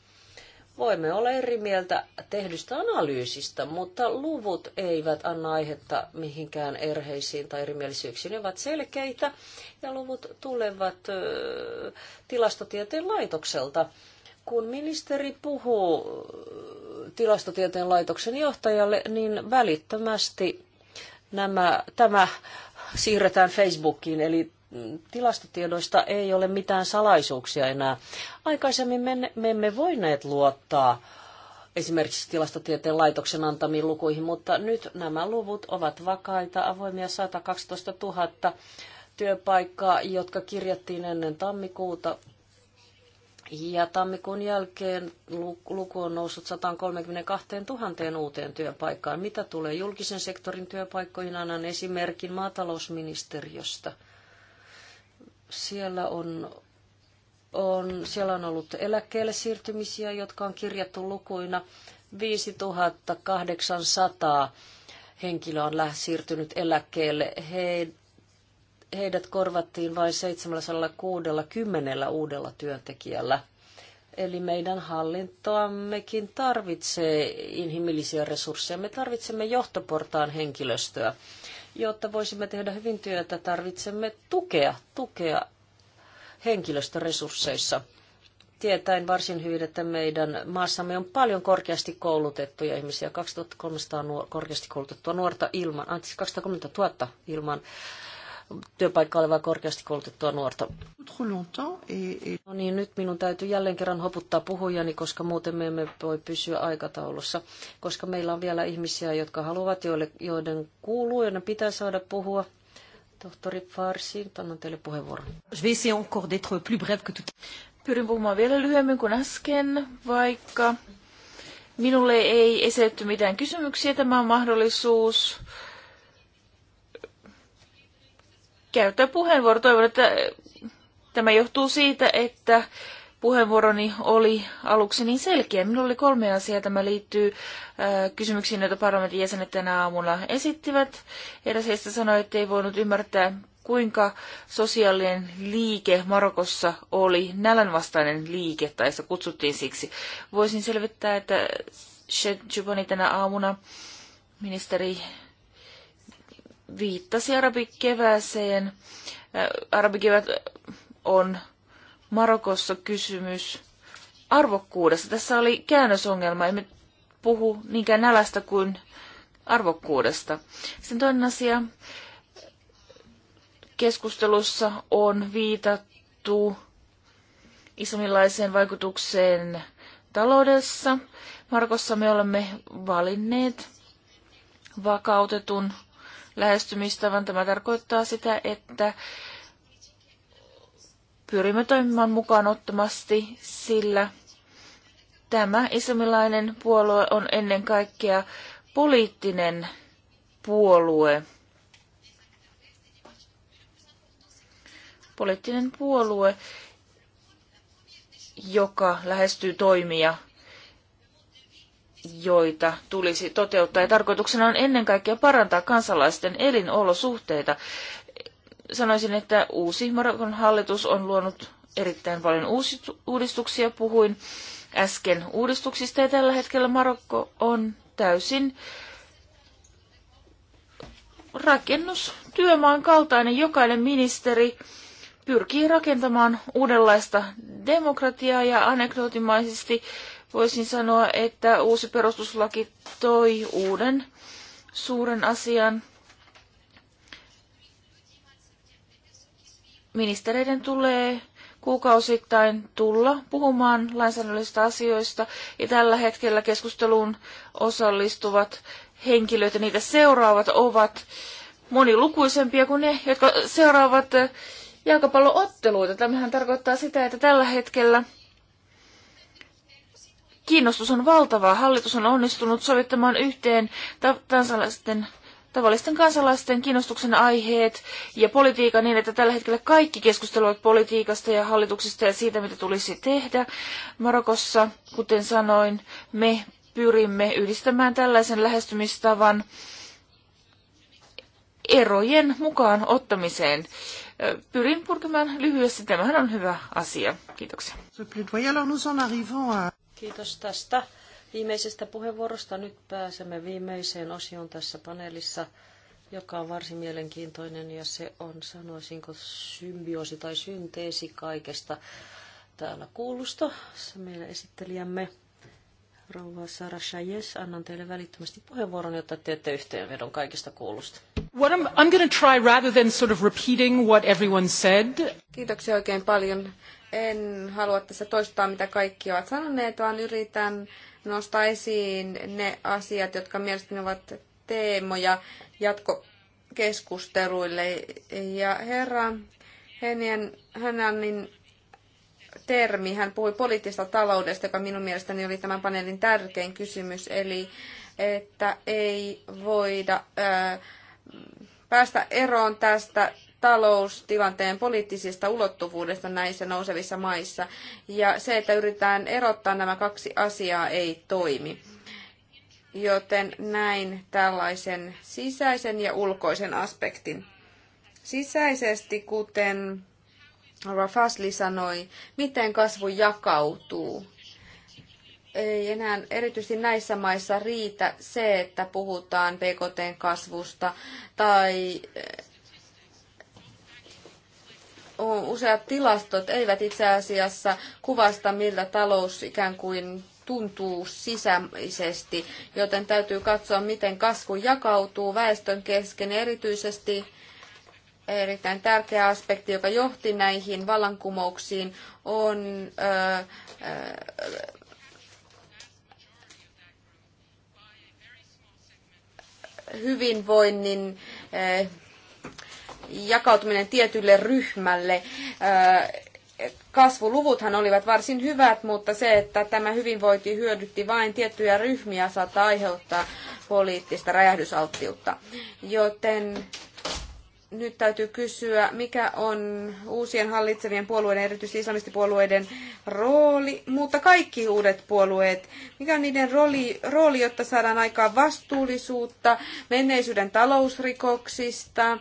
Voimme olla eri mieltä tehdystä analyysistä, mutta luvut eivät anna aihetta mihinkään erheisiin tai erimielisyyksiin. Ne ovat selkeitä ja luvut tulevat tilastotieteen laitokselta kun ministeri puhuu tilastotieteen laitoksen johtajalle, niin välittömästi nämä, tämä siirretään Facebookiin, eli tilastotiedoista ei ole mitään salaisuuksia enää. Aikaisemmin me, me emme voineet luottaa esimerkiksi tilastotieteen laitoksen antamiin lukuihin, mutta nyt nämä luvut ovat vakaita, avoimia 112 000 työpaikkaa, jotka kirjattiin ennen tammikuuta ja tammikuun jälkeen luku on noussut 132 000 uuteen työpaikkaan. Mitä tulee julkisen sektorin työpaikkoihin, annan esimerkin maatalousministeriöstä. Siellä on, on, siellä on ollut eläkkeelle siirtymisiä, jotka on kirjattu lukuina 5800 henkilöä on siirtynyt eläkkeelle. He, heidät korvattiin vain 760 uudella työntekijällä. Eli meidän hallintoammekin tarvitsee inhimillisiä resursseja. Me tarvitsemme johtoportaan henkilöstöä. Jotta voisimme tehdä hyvin työtä, tarvitsemme tukea, tukea henkilöstöresursseissa. Tietäen varsin hyvin, että meidän maassamme on paljon korkeasti koulutettuja ihmisiä, 2300 nuor- korkeasti koulutettua nuorta ilman, anteeksi, 230 000 ilman työpaikkaa olevaa korkeasti koulutettua nuorta. No niin, nyt minun täytyy jälleen kerran hoputtaa puhujani, koska muuten me emme voi pysyä aikataulussa, koska meillä on vielä ihmisiä, jotka haluavat, joille, joiden kuuluu, joiden pitää saada puhua. Tohtori Farsi, annan teille puheenvuoron. Pyrin puhumaan vielä lyhyemmin kuin äsken, vaikka minulle ei esitetty mitään kysymyksiä. Tämä on mahdollisuus käyttää puheenvuoro. Toivon, että tämä johtuu siitä, että puheenvuoroni oli aluksi niin selkeä. Minulla oli kolme asiaa. Tämä liittyy äh, kysymyksiin, joita parlamentin jäsenet tänä aamuna esittivät. Eräs heistä sanoi, että ei voinut ymmärtää, kuinka sosiaalinen liike Marokossa oli nälänvastainen liike, tai se kutsuttiin siksi. Voisin selvittää, että Shed Jubani tänä aamuna ministeri viittasi arabikevääseen. Arabikevät on Marokossa kysymys arvokkuudesta. Tässä oli käännösongelma. Emme puhu niinkään nälästä kuin arvokkuudesta. Sen toinen asia. Keskustelussa on viitattu islamilaiseen vaikutukseen taloudessa. Markossa me olemme valinneet vakautetun lähestymistavan. Tämä tarkoittaa sitä, että pyrimme toimimaan mukaan ottamasti, sillä tämä islamilainen puolue on ennen kaikkea poliittinen puolue. Poliittinen puolue, joka lähestyy toimia joita tulisi toteuttaa. Ja tarkoituksena on ennen kaikkea parantaa kansalaisten elinolosuhteita. Sanoisin, että uusi Marokon hallitus on luonut erittäin paljon uudistuksia. Puhuin äsken uudistuksista ja tällä hetkellä Marokko on täysin rakennustyömaan kaltainen. Jokainen ministeri pyrkii rakentamaan uudenlaista demokratiaa ja anekdootimaisesti voisin sanoa, että uusi perustuslaki toi uuden suuren asian. Ministereiden tulee kuukausittain tulla puhumaan lainsäädännöllisistä asioista ja tällä hetkellä keskusteluun osallistuvat henkilöt ja niitä seuraavat ovat monilukuisempia kuin ne, jotka seuraavat jalkapallootteluita. Tämähän tarkoittaa sitä, että tällä hetkellä – kiinnostus on valtava. Hallitus on onnistunut sovittamaan yhteen tansalaisten tavallisten kansalaisten kiinnostuksen aiheet ja politiikan niin, että tällä hetkellä kaikki keskustelevat politiikasta ja hallituksesta ja siitä, mitä tulisi tehdä. Marokossa, kuten sanoin, me pyrimme yhdistämään tällaisen lähestymistavan erojen mukaan ottamiseen. Pyrin purkamaan lyhyesti. Tämähän on hyvä asia. Kiitoksia. Kiitos tästä viimeisestä puheenvuorosta. Nyt pääsemme viimeiseen osioon tässä paneelissa, joka on varsin mielenkiintoinen ja se on, sanoisinko, symbioosi tai synteesi kaikesta täällä kuulusta. Se meidän esittelijämme rouva Sara Shajes, annan teille välittömästi puheenvuoron, jotta teette yhteenvedon kaikista kuulusta. What I'm, I'm going to try rather than sort of repeating what everyone said. Kiitoksia oikein paljon en halua tässä toistaa, mitä kaikki ovat sanoneet, vaan yritän nostaa esiin ne asiat, jotka mielestäni ovat teemoja jatkokeskusteluille. Ja herra Henien, Hänänin termi, hän puhui poliittista taloudesta, joka minun mielestäni oli tämän paneelin tärkein kysymys, eli että ei voida ää, päästä eroon tästä taloustilanteen poliittisesta ulottuvuudesta näissä nousevissa maissa. Ja se, että yritetään erottaa nämä kaksi asiaa, ei toimi. Joten näin tällaisen sisäisen ja ulkoisen aspektin. Sisäisesti, kuten Rafasli sanoi, miten kasvu jakautuu. Ei enää erityisesti näissä maissa riitä se, että puhutaan BKTn kasvusta tai useat tilastot eivät itse asiassa kuvasta, miltä talous ikään kuin tuntuu sisäisesti, joten täytyy katsoa, miten kasvu jakautuu väestön kesken, erityisesti erittäin tärkeä aspekti, joka johti näihin vallankumouksiin, on ö, ö, hyvinvoinnin jakautuminen tietylle ryhmälle. Kasvuluvuthan olivat varsin hyvät, mutta se, että tämä hyvinvointi hyödytti vain tiettyjä ryhmiä, saattaa aiheuttaa poliittista räjähdysalttiutta. Joten nyt täytyy kysyä, mikä on uusien hallitsevien puolueiden, erityisesti islamistipuolueiden rooli, mutta kaikki uudet puolueet, mikä on niiden rooli, rooli jotta saadaan aikaan vastuullisuutta menneisyyden talousrikoksista,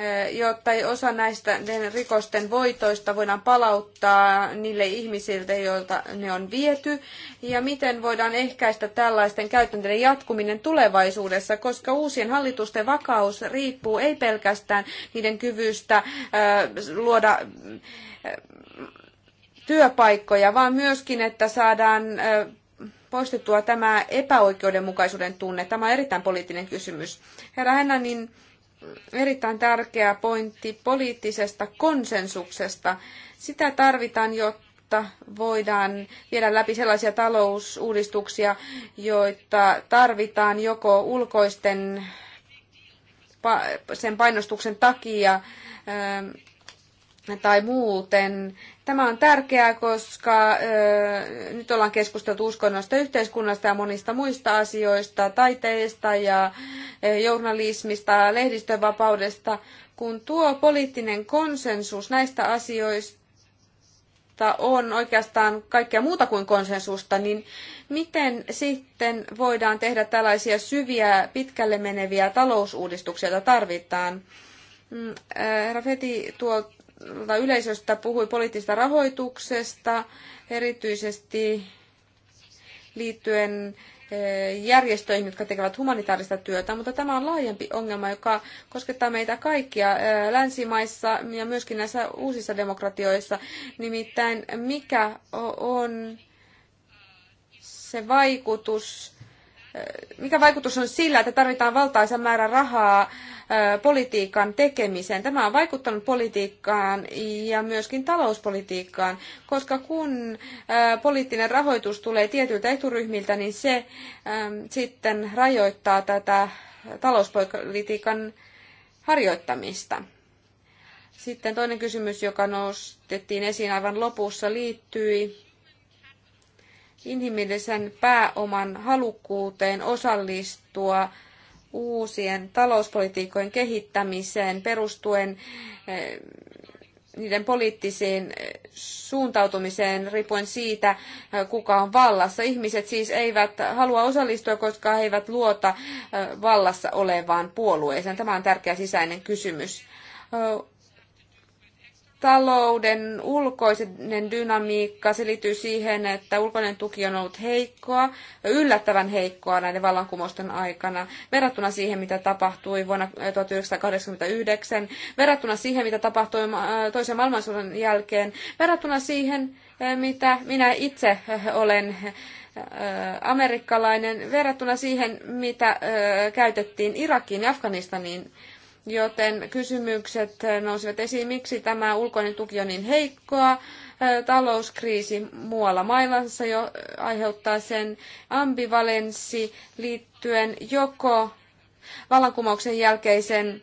Eh, jotta osa näistä rikosten voitoista voidaan palauttaa niille ihmisille, joilta ne on viety, ja miten voidaan ehkäistä tällaisten käytäntöjen jatkuminen tulevaisuudessa, koska uusien hallitusten vakaus riippuu ei pelkästään niiden kyvystä eh, luoda eh, työpaikkoja, vaan myöskin, että saadaan poistettua tämä epäoikeudenmukaisuuden tunne. Tämä on erittäin poliittinen kysymys. Herra Hennanin erittäin tärkeä pointti poliittisesta konsensuksesta. Sitä tarvitaan, jotta voidaan viedä läpi sellaisia talousuudistuksia, joita tarvitaan joko ulkoisten sen painostuksen takia tai muuten. Tämä on tärkeää, koska ö, nyt ollaan keskusteltu uskonnosta, yhteiskunnasta ja monista muista asioista, taiteesta ja ö, journalismista, lehdistönvapaudesta. Kun tuo poliittinen konsensus näistä asioista on oikeastaan kaikkea muuta kuin konsensusta, niin miten sitten voidaan tehdä tällaisia syviä, pitkälle meneviä talousuudistuksia, joita tarvitaan? Herra mm, Feti tuo yleisöstä puhui poliittisesta rahoituksesta, erityisesti liittyen järjestöihin, jotka tekevät humanitaarista työtä, mutta tämä on laajempi ongelma, joka koskettaa meitä kaikkia länsimaissa ja myöskin näissä uusissa demokratioissa. Nimittäin mikä on se vaikutus, mikä vaikutus on sillä, että tarvitaan valtaisa määrä rahaa politiikan tekemiseen. Tämä on vaikuttanut politiikkaan ja myöskin talouspolitiikkaan, koska kun poliittinen rahoitus tulee tietyiltä eturyhmiltä, niin se sitten rajoittaa tätä talouspolitiikan harjoittamista. Sitten toinen kysymys, joka nostettiin esiin aivan lopussa, liittyi inhimillisen pääoman halukkuuteen osallistua uusien talouspolitiikkojen kehittämiseen perustuen eh, niiden poliittiseen eh, suuntautumiseen riippuen siitä, eh, kuka on vallassa. Ihmiset siis eivät halua osallistua, koska he eivät luota vallassa olevaan puolueeseen. Tämä on tärkeä sisäinen kysymys talouden ulkoinen dynamiikka selittyy siihen, että ulkoinen tuki on ollut heikkoa, yllättävän heikkoa näiden vallankumousten aikana, verrattuna siihen, mitä tapahtui vuonna 1989, äh, verrattuna siihen, mitä tapahtui äh, toisen maailmansodan jälkeen, verrattuna siihen, äh, mitä minä itse olen amerikkalainen, verrattuna siihen, mitä käytettiin Irakiin ja Afganistaniin Joten kysymykset nousivat esiin, miksi tämä ulkoinen tuki on niin heikkoa. Talouskriisi muualla maailmassa jo aiheuttaa sen ambivalenssi liittyen joko vallankumouksen jälkeisen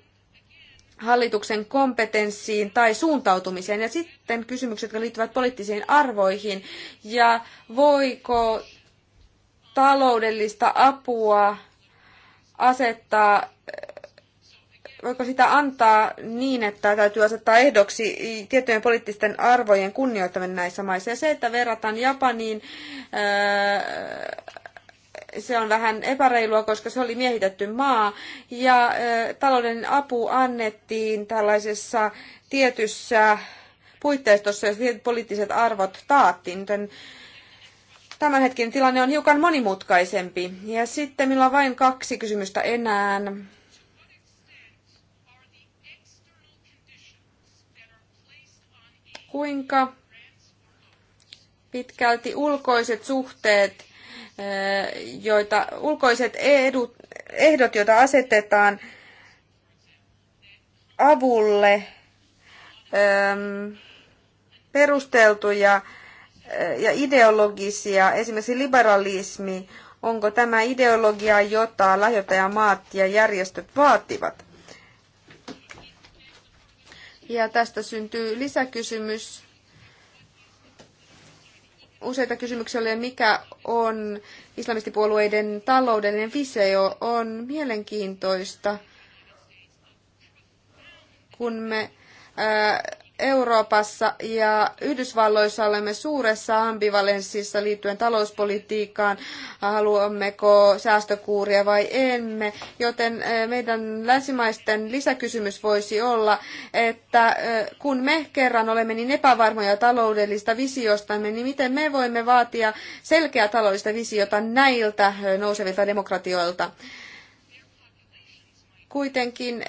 hallituksen kompetenssiin tai suuntautumiseen ja sitten kysymykset, jotka liittyvät poliittisiin arvoihin ja voiko taloudellista apua asettaa voiko sitä antaa niin, että täytyy asettaa ehdoksi tiettyjen poliittisten arvojen kunnioittaminen näissä maissa. Ja se, että verrataan Japaniin, äh, se on vähän epäreilua, koska se oli miehitetty maa ja äh, talouden apu annettiin tällaisessa tietyssä puitteistossa, jos poliittiset arvot taattiin. Joten tämän hetken tilanne on hiukan monimutkaisempi. Ja sitten meillä on vain kaksi kysymystä enää. kuinka pitkälti ulkoiset suhteet, eh, joita, ulkoiset edut, ehdot, joita asetetaan avulle, ehm, perusteltuja eh, ja ideologisia, esimerkiksi liberalismi, onko tämä ideologia, jota lahjoittajamaat ja järjestöt vaativat? Ja tästä syntyy lisäkysymys. Useita kysymyksiä oli, mikä on islamistipuolueiden taloudellinen visio, on mielenkiintoista, kun me ää, Euroopassa ja Yhdysvalloissa olemme suuressa ambivalenssissa liittyen talouspolitiikkaan, haluammeko säästökuuria vai emme, joten eh, meidän länsimaisten lisäkysymys voisi olla, että eh, kun me kerran olemme niin epävarmoja taloudellista visiostamme, niin miten me voimme vaatia selkeää taloudellista visiota näiltä eh, nousevilta demokratioilta. Kuitenkin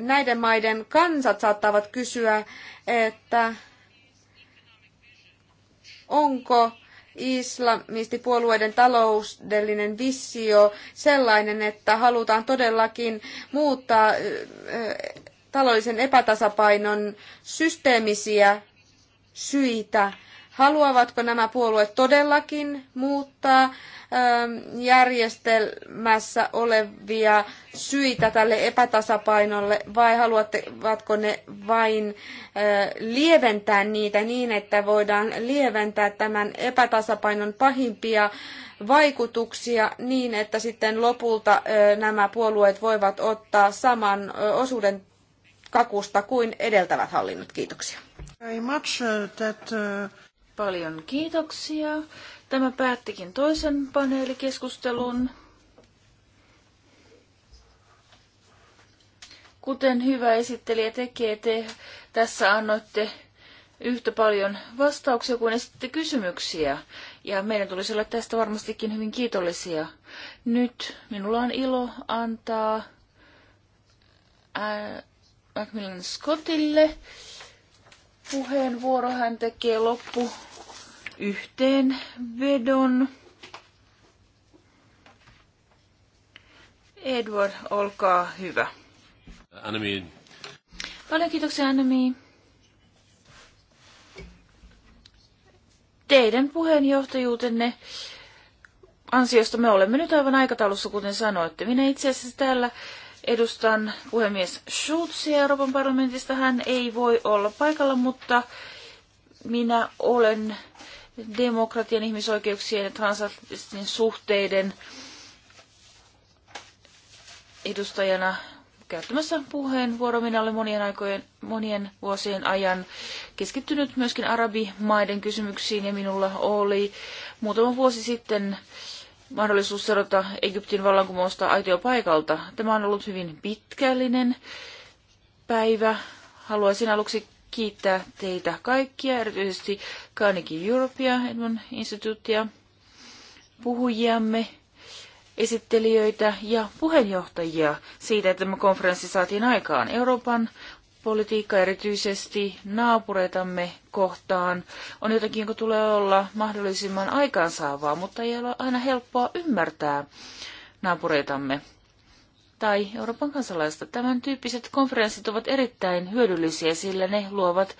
näiden maiden kansat saattavat kysyä, että onko islamistipuolueiden taloudellinen visio sellainen, että halutaan todellakin muuttaa taloudellisen epätasapainon systeemisiä syitä Haluavatko nämä puolueet todellakin muuttaa ähm, järjestelmässä olevia syitä tälle epätasapainolle vai haluavatko ne vain äh, lieventää niitä niin, että voidaan lieventää tämän epätasapainon pahimpia vaikutuksia niin, että sitten lopulta äh, nämä puolueet voivat ottaa saman äh, osuuden kakusta kuin edeltävät hallinnot. Kiitoksia. Very much uh, that, uh... Paljon kiitoksia. Tämä päättikin toisen paneelikeskustelun. Kuten hyvä esittelijä tekee, te tässä annoitte yhtä paljon vastauksia kuin esitte kysymyksiä. Ja meidän tulisi olla tästä varmastikin hyvin kiitollisia. Nyt minulla on ilo antaa Macmillan Scottille puheenvuoro. Hän tekee loppu yhteenvedon. Edward, olkaa hyvä. Anami. Paljon kiitoksia, Anami. Teidän puheenjohtajuutenne ansiosta me olemme nyt aivan aikataulussa, kuten sanoitte. Minä itse asiassa täällä edustan puhemies Schulzia Euroopan parlamentista. Hän ei voi olla paikalla, mutta minä olen demokratian, ihmisoikeuksien ja transatlanttisten suhteiden edustajana käyttämässä puheenvuoro. Minä olen monien, aikojen, monien vuosien ajan keskittynyt myöskin arabimaiden kysymyksiin ja minulla oli muutama vuosi sitten mahdollisuus seurata Egyptin vallankumousta aitiopaikalta. Tämä on ollut hyvin pitkällinen päivä. Haluaisin aluksi kiittää teitä kaikkia, erityisesti Carnegie Europea, Edmund Instituuttia, puhujiamme, esittelijöitä ja puheenjohtajia siitä, että tämä konferenssi saatiin aikaan. Euroopan politiikka erityisesti naapureitamme kohtaan on jotakin, joka tulee olla mahdollisimman aikaansaavaa, mutta ei ole aina helppoa ymmärtää naapureitamme tai Euroopan kansalaista. Tämän tyyppiset konferenssit ovat erittäin hyödyllisiä, sillä ne luovat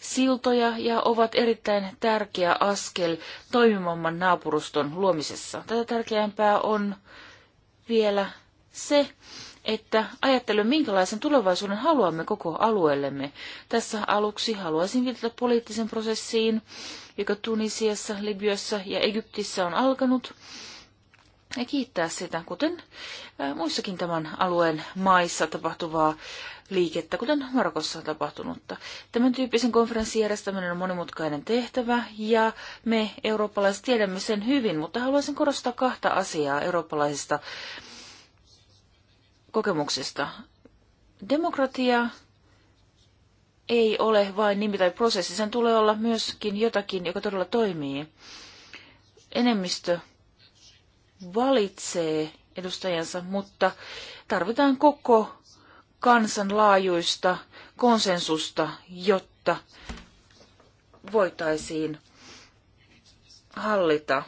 siltoja ja ovat erittäin tärkeä askel toimivamman naapuruston luomisessa. Tätä tärkeämpää on vielä se, että ajattelemme minkälaisen tulevaisuuden haluamme koko alueellemme. Tässä aluksi haluaisin viitata poliittisen prosessiin, joka Tunisiassa, Libyassa ja Egyptissä on alkanut – ja kiittää sitä, kuten muissakin tämän alueen maissa tapahtuvaa liikettä, kuten Marokossa on tapahtunutta. Tämän tyyppisen konferenssin järjestäminen on monimutkainen tehtävä ja me eurooppalaiset tiedämme sen hyvin, mutta haluaisin korostaa kahta asiaa eurooppalaisista kokemuksista. Demokratia ei ole vain nimi tai prosessi, sen tulee olla myöskin jotakin, joka todella toimii. Enemmistö valitsee edustajansa, mutta tarvitaan koko kansanlaajuista konsensusta, jotta voitaisiin hallita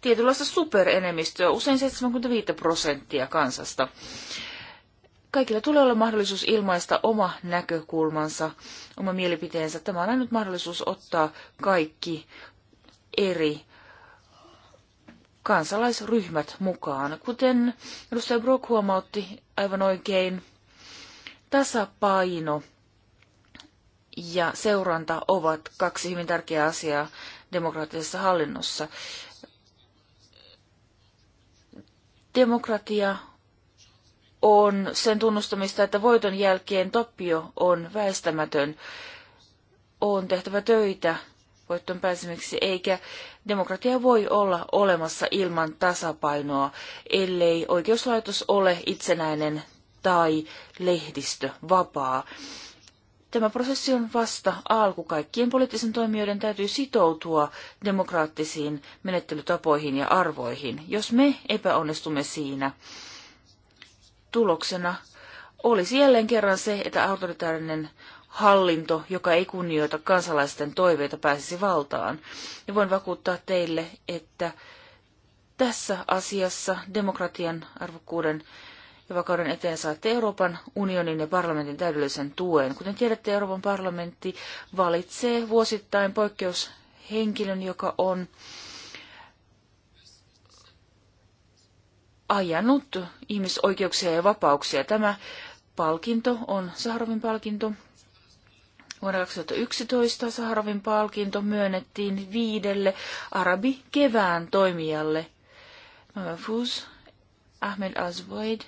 tietynlaista superenemmistöä, usein 75 prosenttia kansasta. Kaikilla tulee olla mahdollisuus ilmaista oma näkökulmansa, oma mielipiteensä. Tämä on ainut mahdollisuus ottaa kaikki eri kansalaisryhmät mukaan. Kuten edustaja Brock huomautti aivan oikein, tasapaino ja seuranta ovat kaksi hyvin tärkeää asiaa demokraattisessa hallinnossa. Demokratia on sen tunnustamista, että voiton jälkeen toppio on väistämätön. On tehtävä töitä voiton pääsemiksi, eikä Demokratia voi olla olemassa ilman tasapainoa, ellei oikeuslaitos ole itsenäinen tai lehdistö vapaa. Tämä prosessi on vasta alku. Kaikkien poliittisen toimijoiden täytyy sitoutua demokraattisiin menettelytapoihin ja arvoihin. Jos me epäonnistumme siinä, tuloksena olisi jälleen kerran se, että autoritaarinen hallinto, joka ei kunnioita kansalaisten toiveita, pääsisi valtaan. Ja voin vakuuttaa teille, että tässä asiassa demokratian arvokkuuden ja vakauden eteen saatte Euroopan unionin ja parlamentin täydellisen tuen. Kuten tiedätte, Euroopan parlamentti valitsee vuosittain poikkeushenkilön, joka on ajanut ihmisoikeuksia ja vapauksia. Tämä palkinto on Saharovin palkinto, Vuonna 2011 Saharovin palkinto myönnettiin viidelle arabi kevään toimijalle. Mahfouz, Ahmed Azwaid,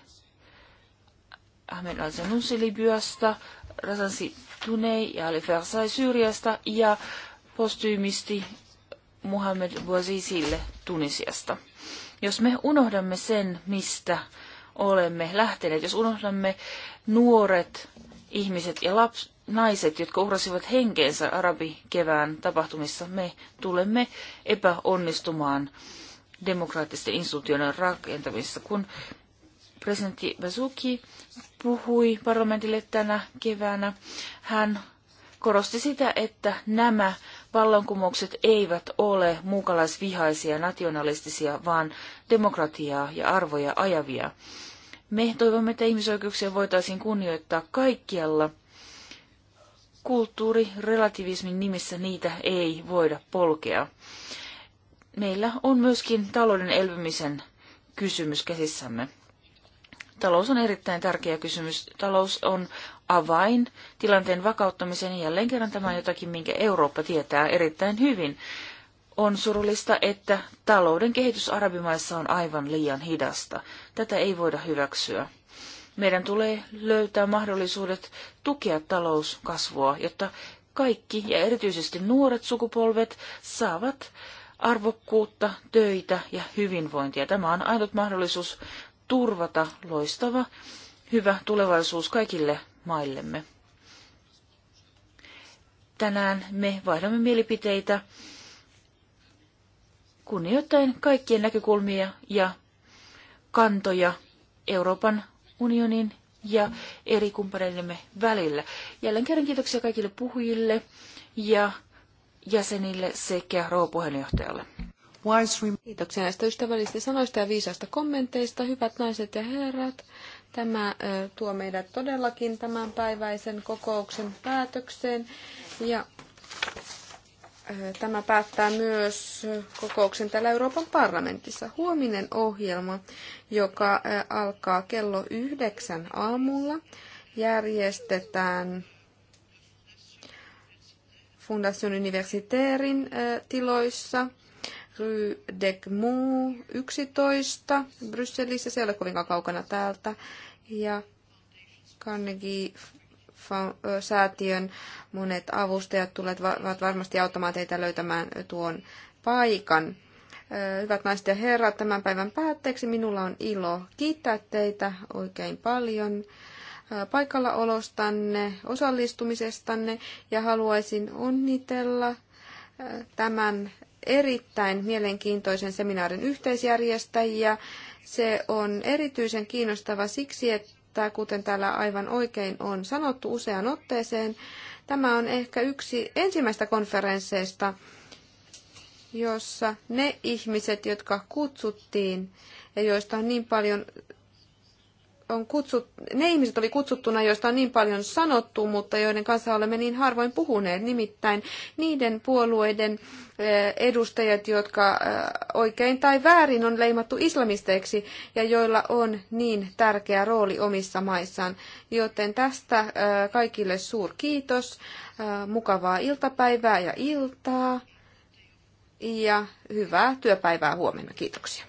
Ahmed Al-Zanussi Libyasta, Razansi Tunei ja Ali Fersai Syyriasta ja postyymisti Muhammed Bouazizille Tunisiasta. Jos me unohdamme sen, mistä olemme lähteneet, jos unohdamme nuoret ihmiset ja lapset, naiset, jotka uhrasivat henkeensä arabikevään tapahtumissa, me tulemme epäonnistumaan demokraattisten instituutioiden rakentamisessa. Kun presidentti Bazuki puhui parlamentille tänä keväänä, hän korosti sitä, että nämä vallankumoukset eivät ole muukalaisvihaisia, nationalistisia, vaan demokratiaa ja arvoja ajavia. Me toivomme, että ihmisoikeuksia voitaisiin kunnioittaa kaikkialla – kulttuurirelativismin nimissä niitä ei voida polkea. Meillä on myöskin talouden elpymisen kysymys käsissämme. Talous on erittäin tärkeä kysymys. Talous on avain tilanteen vakauttamiseen ja jälleen kerran tämä on jotakin, minkä Eurooppa tietää erittäin hyvin. On surullista, että talouden kehitys arabimaissa on aivan liian hidasta. Tätä ei voida hyväksyä. Meidän tulee löytää mahdollisuudet tukea talouskasvua, jotta kaikki ja erityisesti nuoret sukupolvet saavat arvokkuutta, töitä ja hyvinvointia. Tämä on ainut mahdollisuus turvata loistava, hyvä tulevaisuus kaikille maillemme. Tänään me vaihdamme mielipiteitä kunnioittain kaikkien näkökulmia ja kantoja Euroopan unionin ja eri kumppaneidemme välillä. Jälleen kerran kiitoksia kaikille puhujille ja jäsenille sekä rouva-puheenjohtajalle. Kiitoksia näistä ystävällisistä sanoista ja viisaista kommenteista, hyvät naiset ja herrat. Tämä tuo meidät todellakin tämänpäiväisen kokouksen päätökseen ja Tämä päättää myös kokouksen täällä Euroopan parlamentissa. Huominen ohjelma, joka alkaa kello yhdeksän aamulla, järjestetään Fundation universitärin tiloissa Rue d'Egmont 11 Brysselissä. Se ei ole kovinkaan kaukana täältä. Ja Carnegie säätiön monet avustajat tulevat varmasti auttamaan teitä löytämään tuon paikan. Hyvät naiset ja herrat, tämän päivän päätteeksi minulla on ilo kiittää teitä oikein paljon paikallaolostanne, osallistumisestanne ja haluaisin onnitella tämän erittäin mielenkiintoisen seminaarin yhteisjärjestäjiä. Se on erityisen kiinnostava siksi, että että, kuten täällä aivan oikein on sanottu useaan otteeseen, tämä on ehkä yksi ensimmäistä konferensseista, jossa ne ihmiset, jotka kutsuttiin ja joista on niin paljon on kutsut, ne ihmiset oli kutsuttuna, joista on niin paljon sanottu, mutta joiden kanssa olemme niin harvoin puhuneet, nimittäin niiden puolueiden eh, edustajat, jotka eh, oikein tai väärin on leimattu islamisteiksi ja joilla on niin tärkeä rooli omissa maissaan. Joten tästä eh, kaikille suurkiitos, mukavaa iltapäivää ja iltaa ja hyvää työpäivää huomenna. Kiitoksia.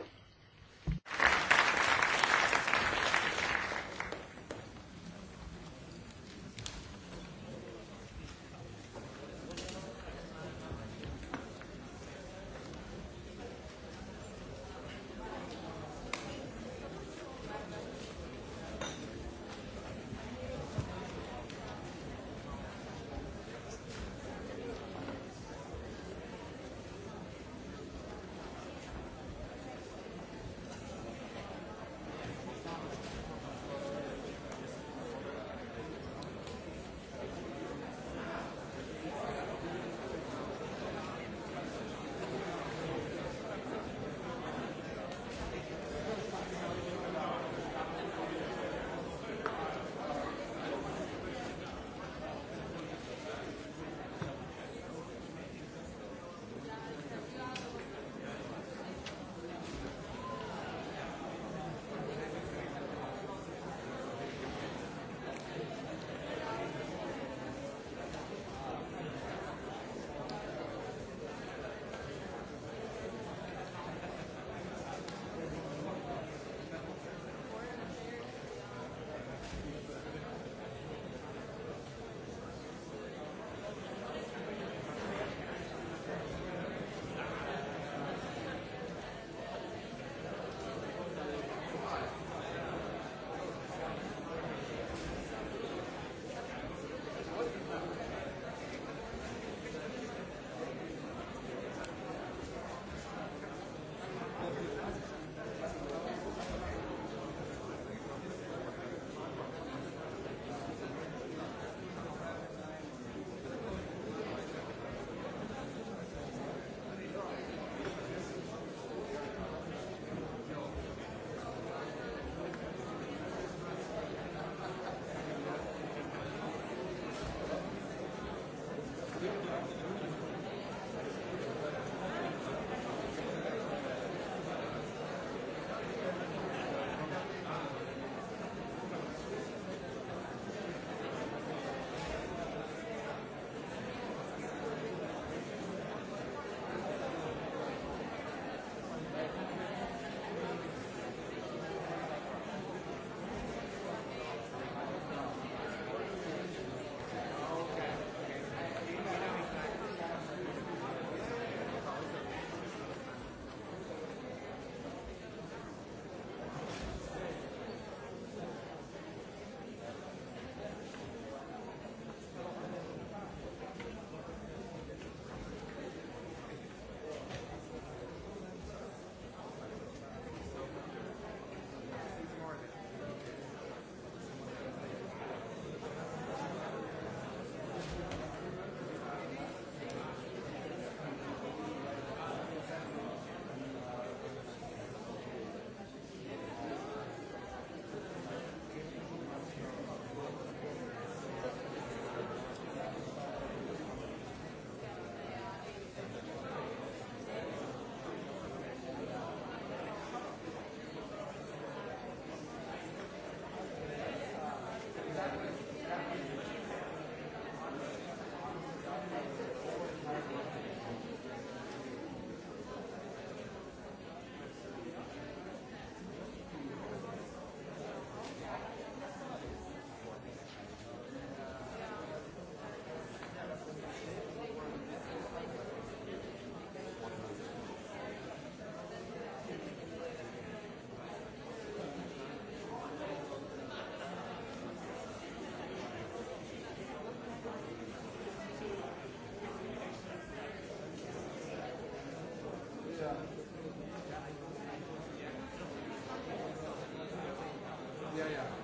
ja, ja.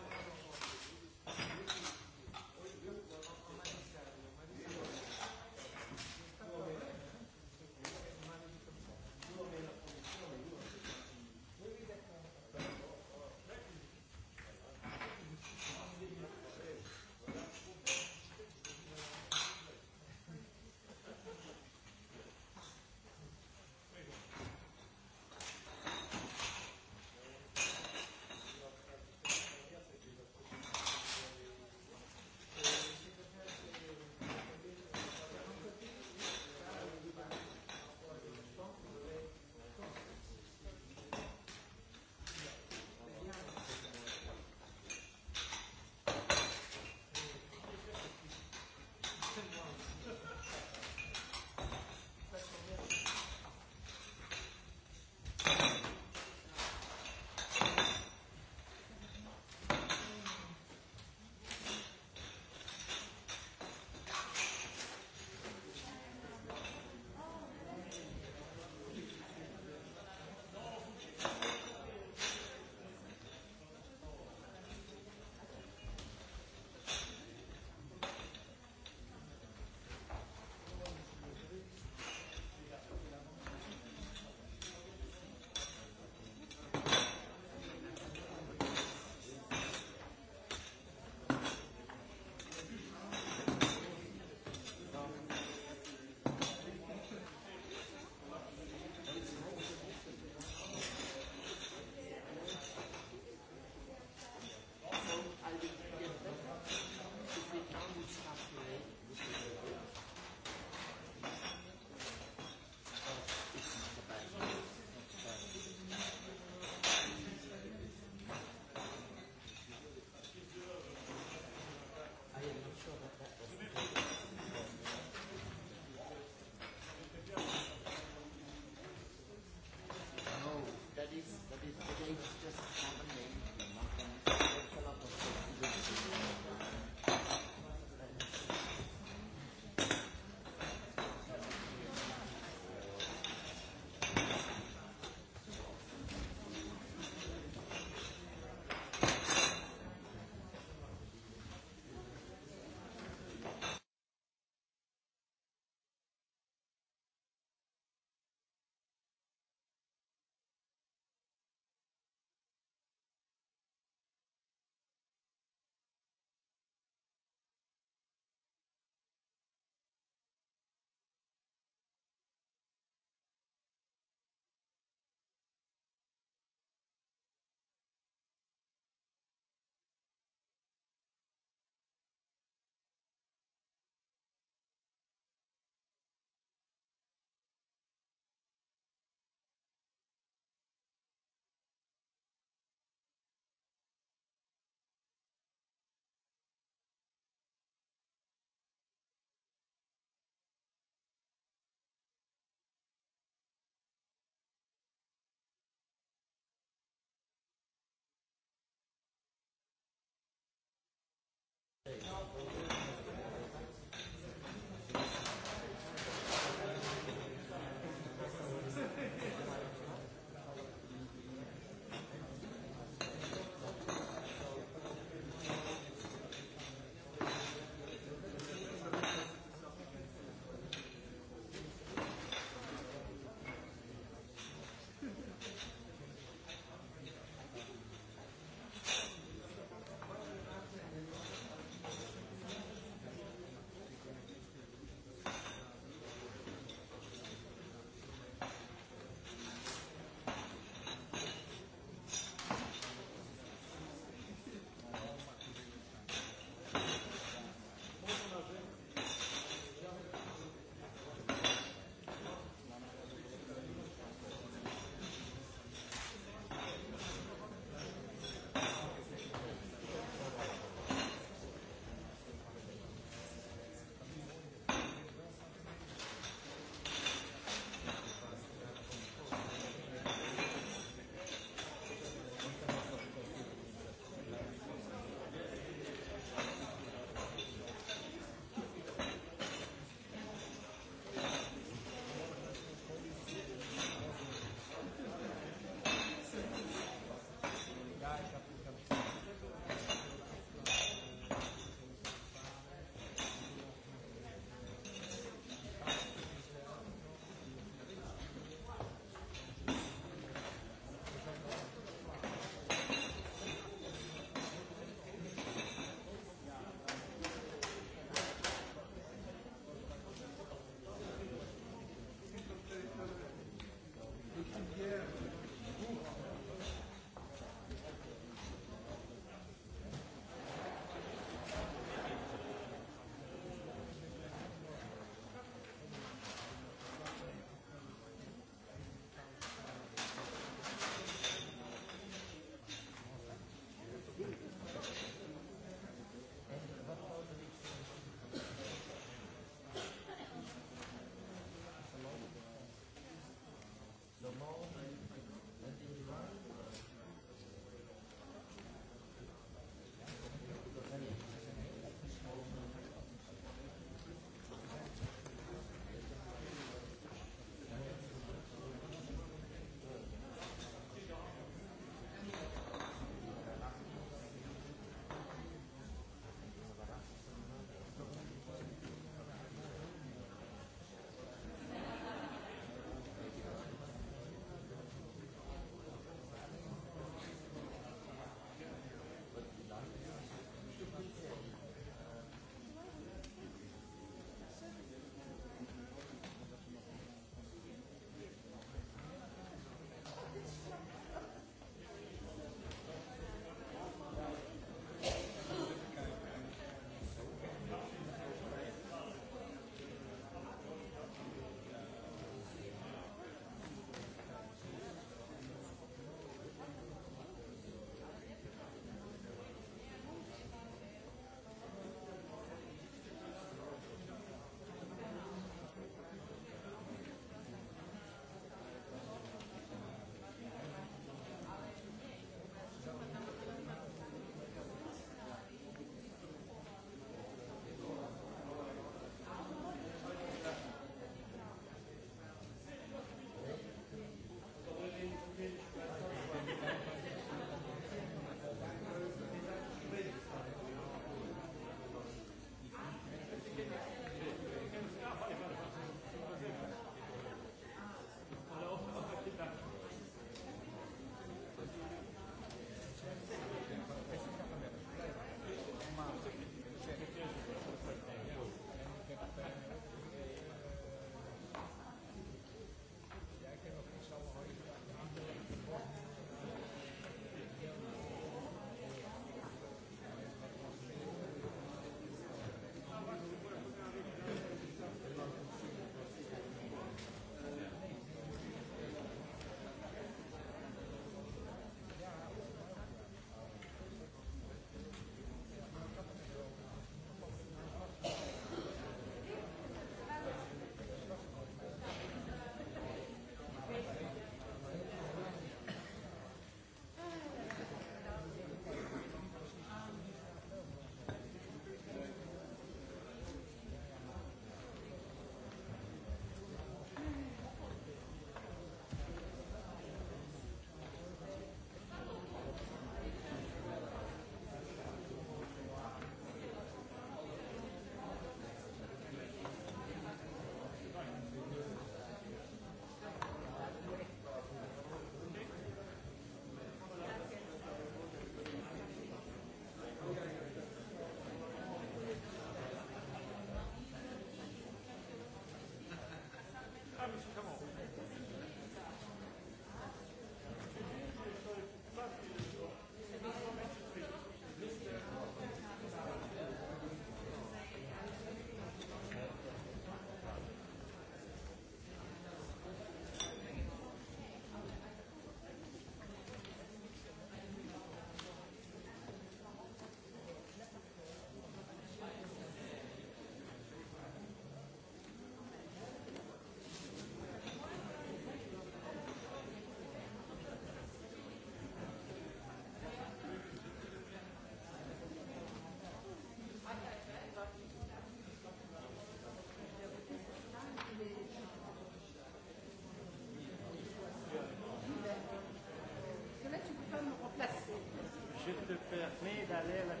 Meidän niin,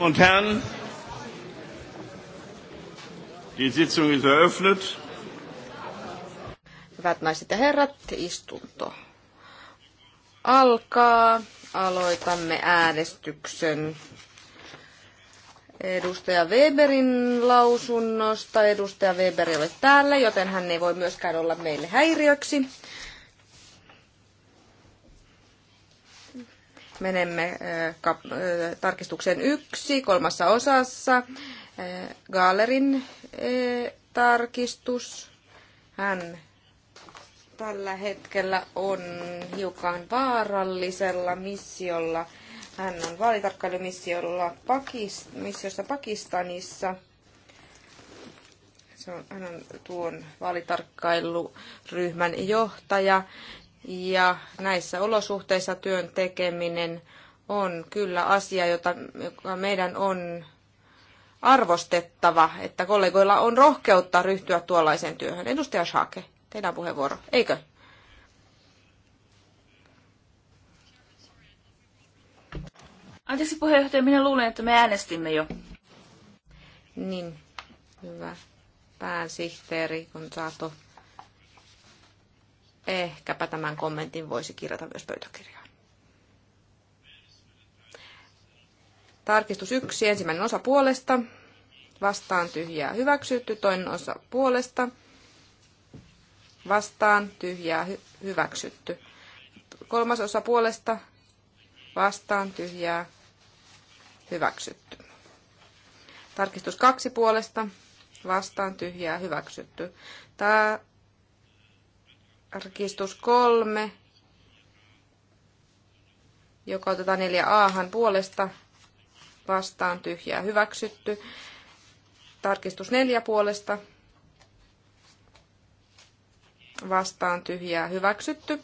und Herren, die Sitzung ist eröffnet. Hyvät naiset ja herrat, istunto alkaa. Aloitamme äänestyksen edustaja Weberin lausunnosta. Edustaja Weber ei ole täällä, joten hän ei voi myöskään olla meille häiriöksi. menemme äh, äh, tarkistukseen yksi kolmassa osassa. Äh, Gallerin tarkistus. Hän tällä hetkellä on hiukan vaarallisella missiolla. Hän on vaalitarkkailumissiolla Pakist- missiossa Pakistanissa. Se on, hän on tuon vaalitarkkailuryhmän johtaja ja näissä olosuhteissa työn tekeminen on kyllä asia, jota, joka meidän on arvostettava, että kollegoilla on rohkeutta ryhtyä tuollaiseen työhön. Edustaja Schake, teidän puheenvuoro, eikö? Anteeksi puheenjohtaja, minä luulen, että me äänestimme jo. Niin, hyvä pääsihteeri Gonzato Ehkäpä tämän kommentin voisi kirjata myös pöytäkirjaan. Tarkistus yksi, ensimmäinen osa puolesta. Vastaan tyhjää hyväksytty, toinen osa puolesta. Vastaan tyhjää hy- hyväksytty. Kolmas osa puolesta. Vastaan tyhjää hyväksytty. Tarkistus kaksi puolesta. Vastaan tyhjää hyväksytty. Tää Tarkistus kolme, joka otetaan 4a puolesta vastaan tyhjää hyväksytty. Tarkistus neljä puolesta vastaan tyhjää hyväksytty.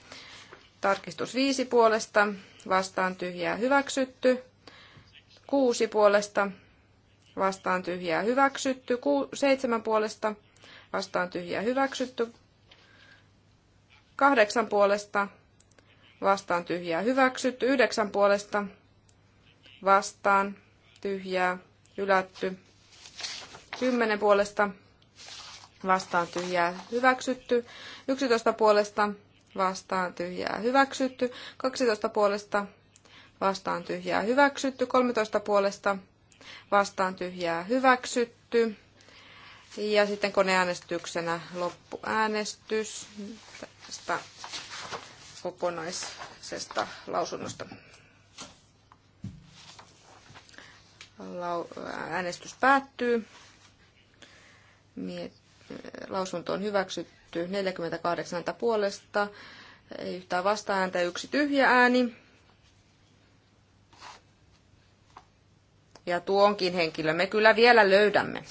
Tarkistus viisi puolesta vastaan tyhjää hyväksytty. kuusi puolesta vastaan tyhjää hyväksytty. Ku, 7 puolesta vastaan tyhjää hyväksytty. Kahdeksan puolesta vastaan tyhjää hyväksytty. Yhdeksän puolesta vastaan tyhjää hylätty. Kymmenen puolesta vastaan tyhjää hyväksytty. Yksitoista puolesta vastaan tyhjää hyväksytty. Kaksitoista puolesta vastaan tyhjää hyväksytty. Kolmetoista puolesta vastaan tyhjää hyväksytty. Ja sitten koneäänestyksenä loppuäänestys tästä kokonaisesta lausunnosta. Äänestys päättyy. Lausunto on hyväksytty 48 puolesta, ei yhtään vastaääntä ja yksi tyhjä ääni. Ja tuonkin henkilö me kyllä vielä löydämme.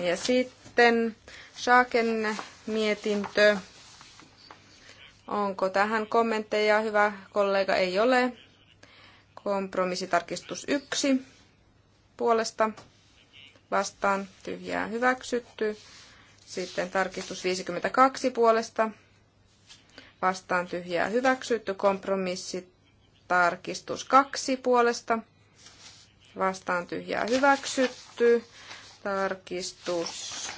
Ja sitten Schaken mietintö. Onko tähän kommentteja? Hyvä kollega, ei ole. Kompromissitarkistus 1 puolesta vastaan tyhjää hyväksytty. Sitten tarkistus 52 puolesta vastaan tyhjää hyväksytty. Kompromissitarkistus 2 puolesta vastaan tyhjää hyväksytty. Tarkistus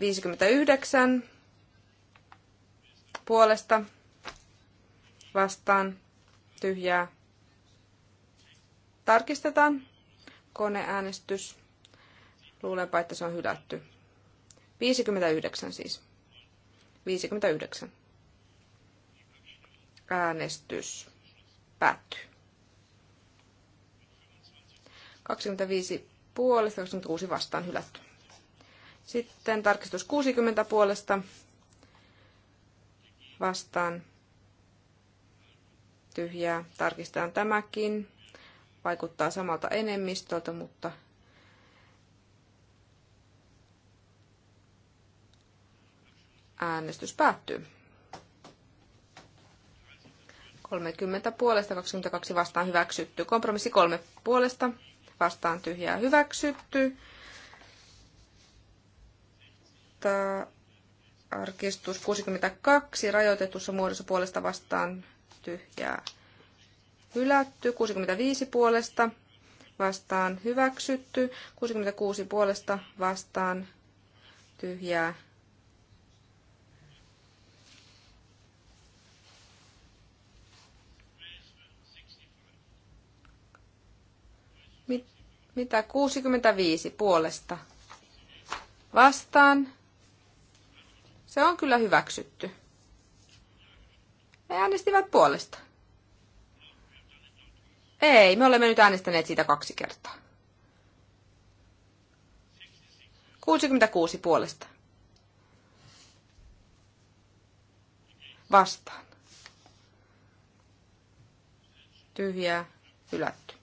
59 puolesta vastaan tyhjää. Tarkistetaan koneäänestys. Luulenpa, että se on hylätty. 59 siis. 59. Äänestys päättyy. 25 puolesta, 26 vastaan hylätty. Sitten tarkistus 60 puolesta vastaan tyhjää. Tarkistetaan tämäkin. Vaikuttaa samalta enemmistöltä, mutta äänestys päättyy. 30 puolesta, 22 vastaan hyväksytty. Kompromissi 3 puolesta, vastaan tyhjää hyväksytty arkistus 62 rajoitetussa muodossa puolesta vastaan tyhjää hylätty. 65 puolesta vastaan hyväksytty. 66 puolesta vastaan tyhjää mitä 65 puolesta? Vastaan. Se on kyllä hyväksytty. He äänestivät puolesta. Ei, me olemme nyt äänestäneet siitä kaksi kertaa. 66 puolesta. Vastaan. Tyhjää, hylätty.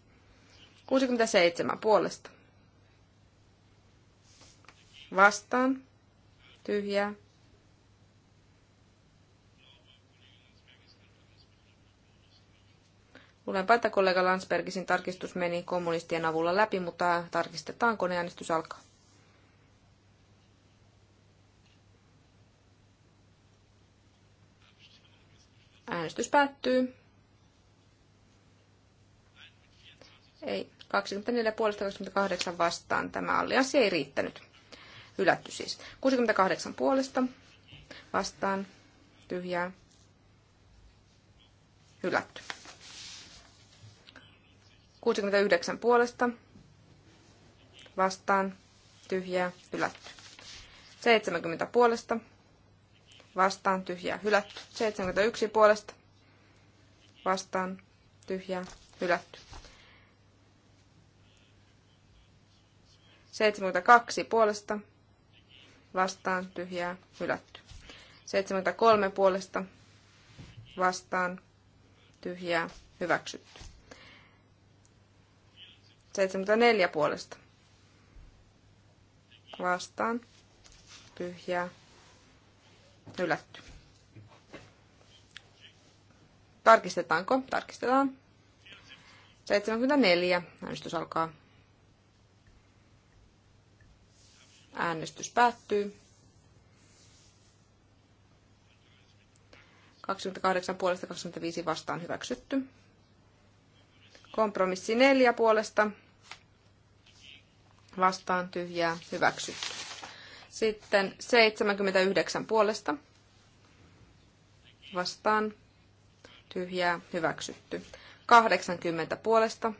67 puolesta. Vastaan. Tyhjää, Luulenpa, että kollega Landsbergisin tarkistus meni kommunistien avulla läpi, mutta tarkistetaan, koneäänestys alkaa. Äänestys päättyy. Ei, 24 puolesta 28 vastaan tämä allianssi ei riittänyt. Ylätty siis. 68 puolesta vastaan tyhjää. Hylätty. 69 puolesta vastaan tyhjää hylätty. 70 puolesta vastaan tyhjää hylätty. 71 puolesta vastaan tyhjää hylätty. 72 puolesta vastaan tyhjää hylätty. 73 puolesta vastaan tyhjää hyväksytty. 74 puolesta. Vastaan. Tyhjää. Hylätty. Tarkistetaanko? Tarkistetaan. 74. Äänestys alkaa. Äänestys päättyy. 28 puolesta 25 vastaan hyväksytty. Kompromissi neljä puolesta vastaan tyhjää hyväksytty. Sitten 79 puolesta vastaan tyhjää hyväksytty. 80 puolesta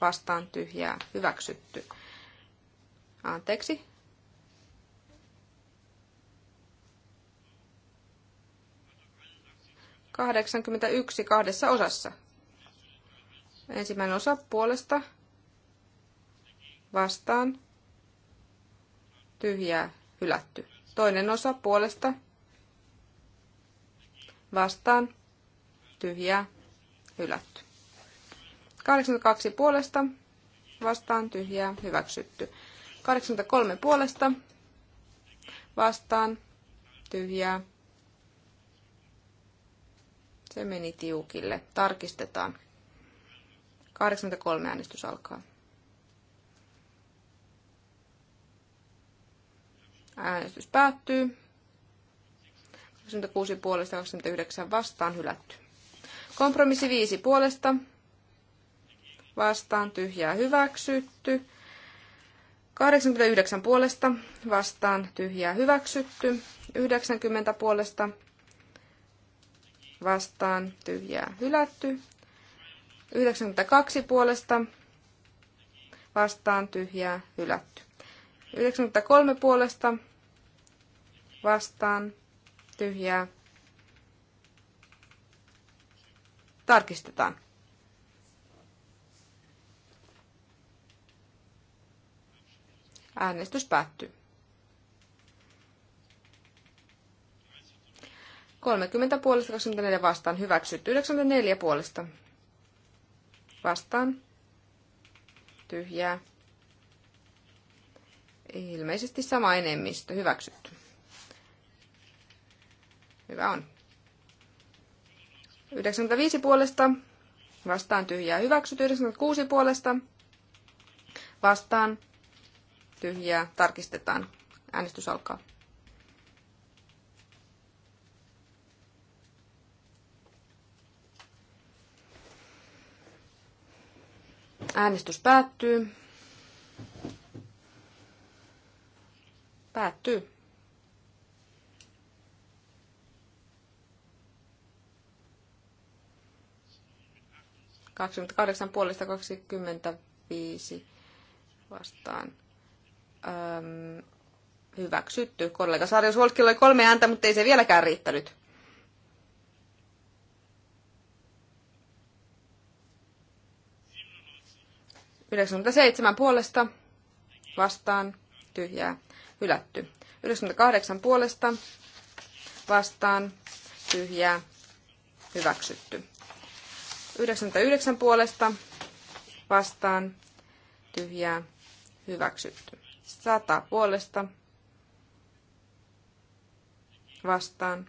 vastaan tyhjää hyväksytty. Anteeksi. Kahdeksankymmentäyksi kahdessa osassa. Ensimmäinen osa puolesta vastaan tyhjää hylätty. Toinen osa puolesta vastaan tyhjää hylätty. 82 puolesta vastaan tyhjää hyväksytty. 83 puolesta vastaan tyhjää. Se meni tiukille. Tarkistetaan. 83 äänestys alkaa. Äänestys päättyy. 26 puolesta 29 vastaan hylätty. Kompromissi 5 puolesta vastaan tyhjää hyväksytty. 89 puolesta vastaan tyhjää hyväksytty. 90 puolesta vastaan tyhjää hylätty. 92 puolesta vastaan tyhjää hylätty. 93 puolesta vastaan tyhjää. Tarkistetaan. Äänestys päättyy. 30 puolesta, 24 vastaan hyväksytty, 94 puolesta Vastaan. Tyhjää. Ilmeisesti sama enemmistö. Hyväksytty. Hyvä on. 95 puolesta. Vastaan tyhjää. Hyväksytty. 96 puolesta. Vastaan tyhjää. Tarkistetaan. Äänestys alkaa. Äänestys päättyy. Päättyy. Kaksikymmentäkahdeksan puolesta 25 vastaan. Öm, hyväksytty. Kollega Sarja Suolkilla oli kolme ääntä, mutta ei se vieläkään riittänyt. 97 puolesta vastaan tyhjää hylätty. 98 puolesta vastaan tyhjää hyväksytty. 99 puolesta vastaan tyhjää hyväksytty. 100 puolesta vastaan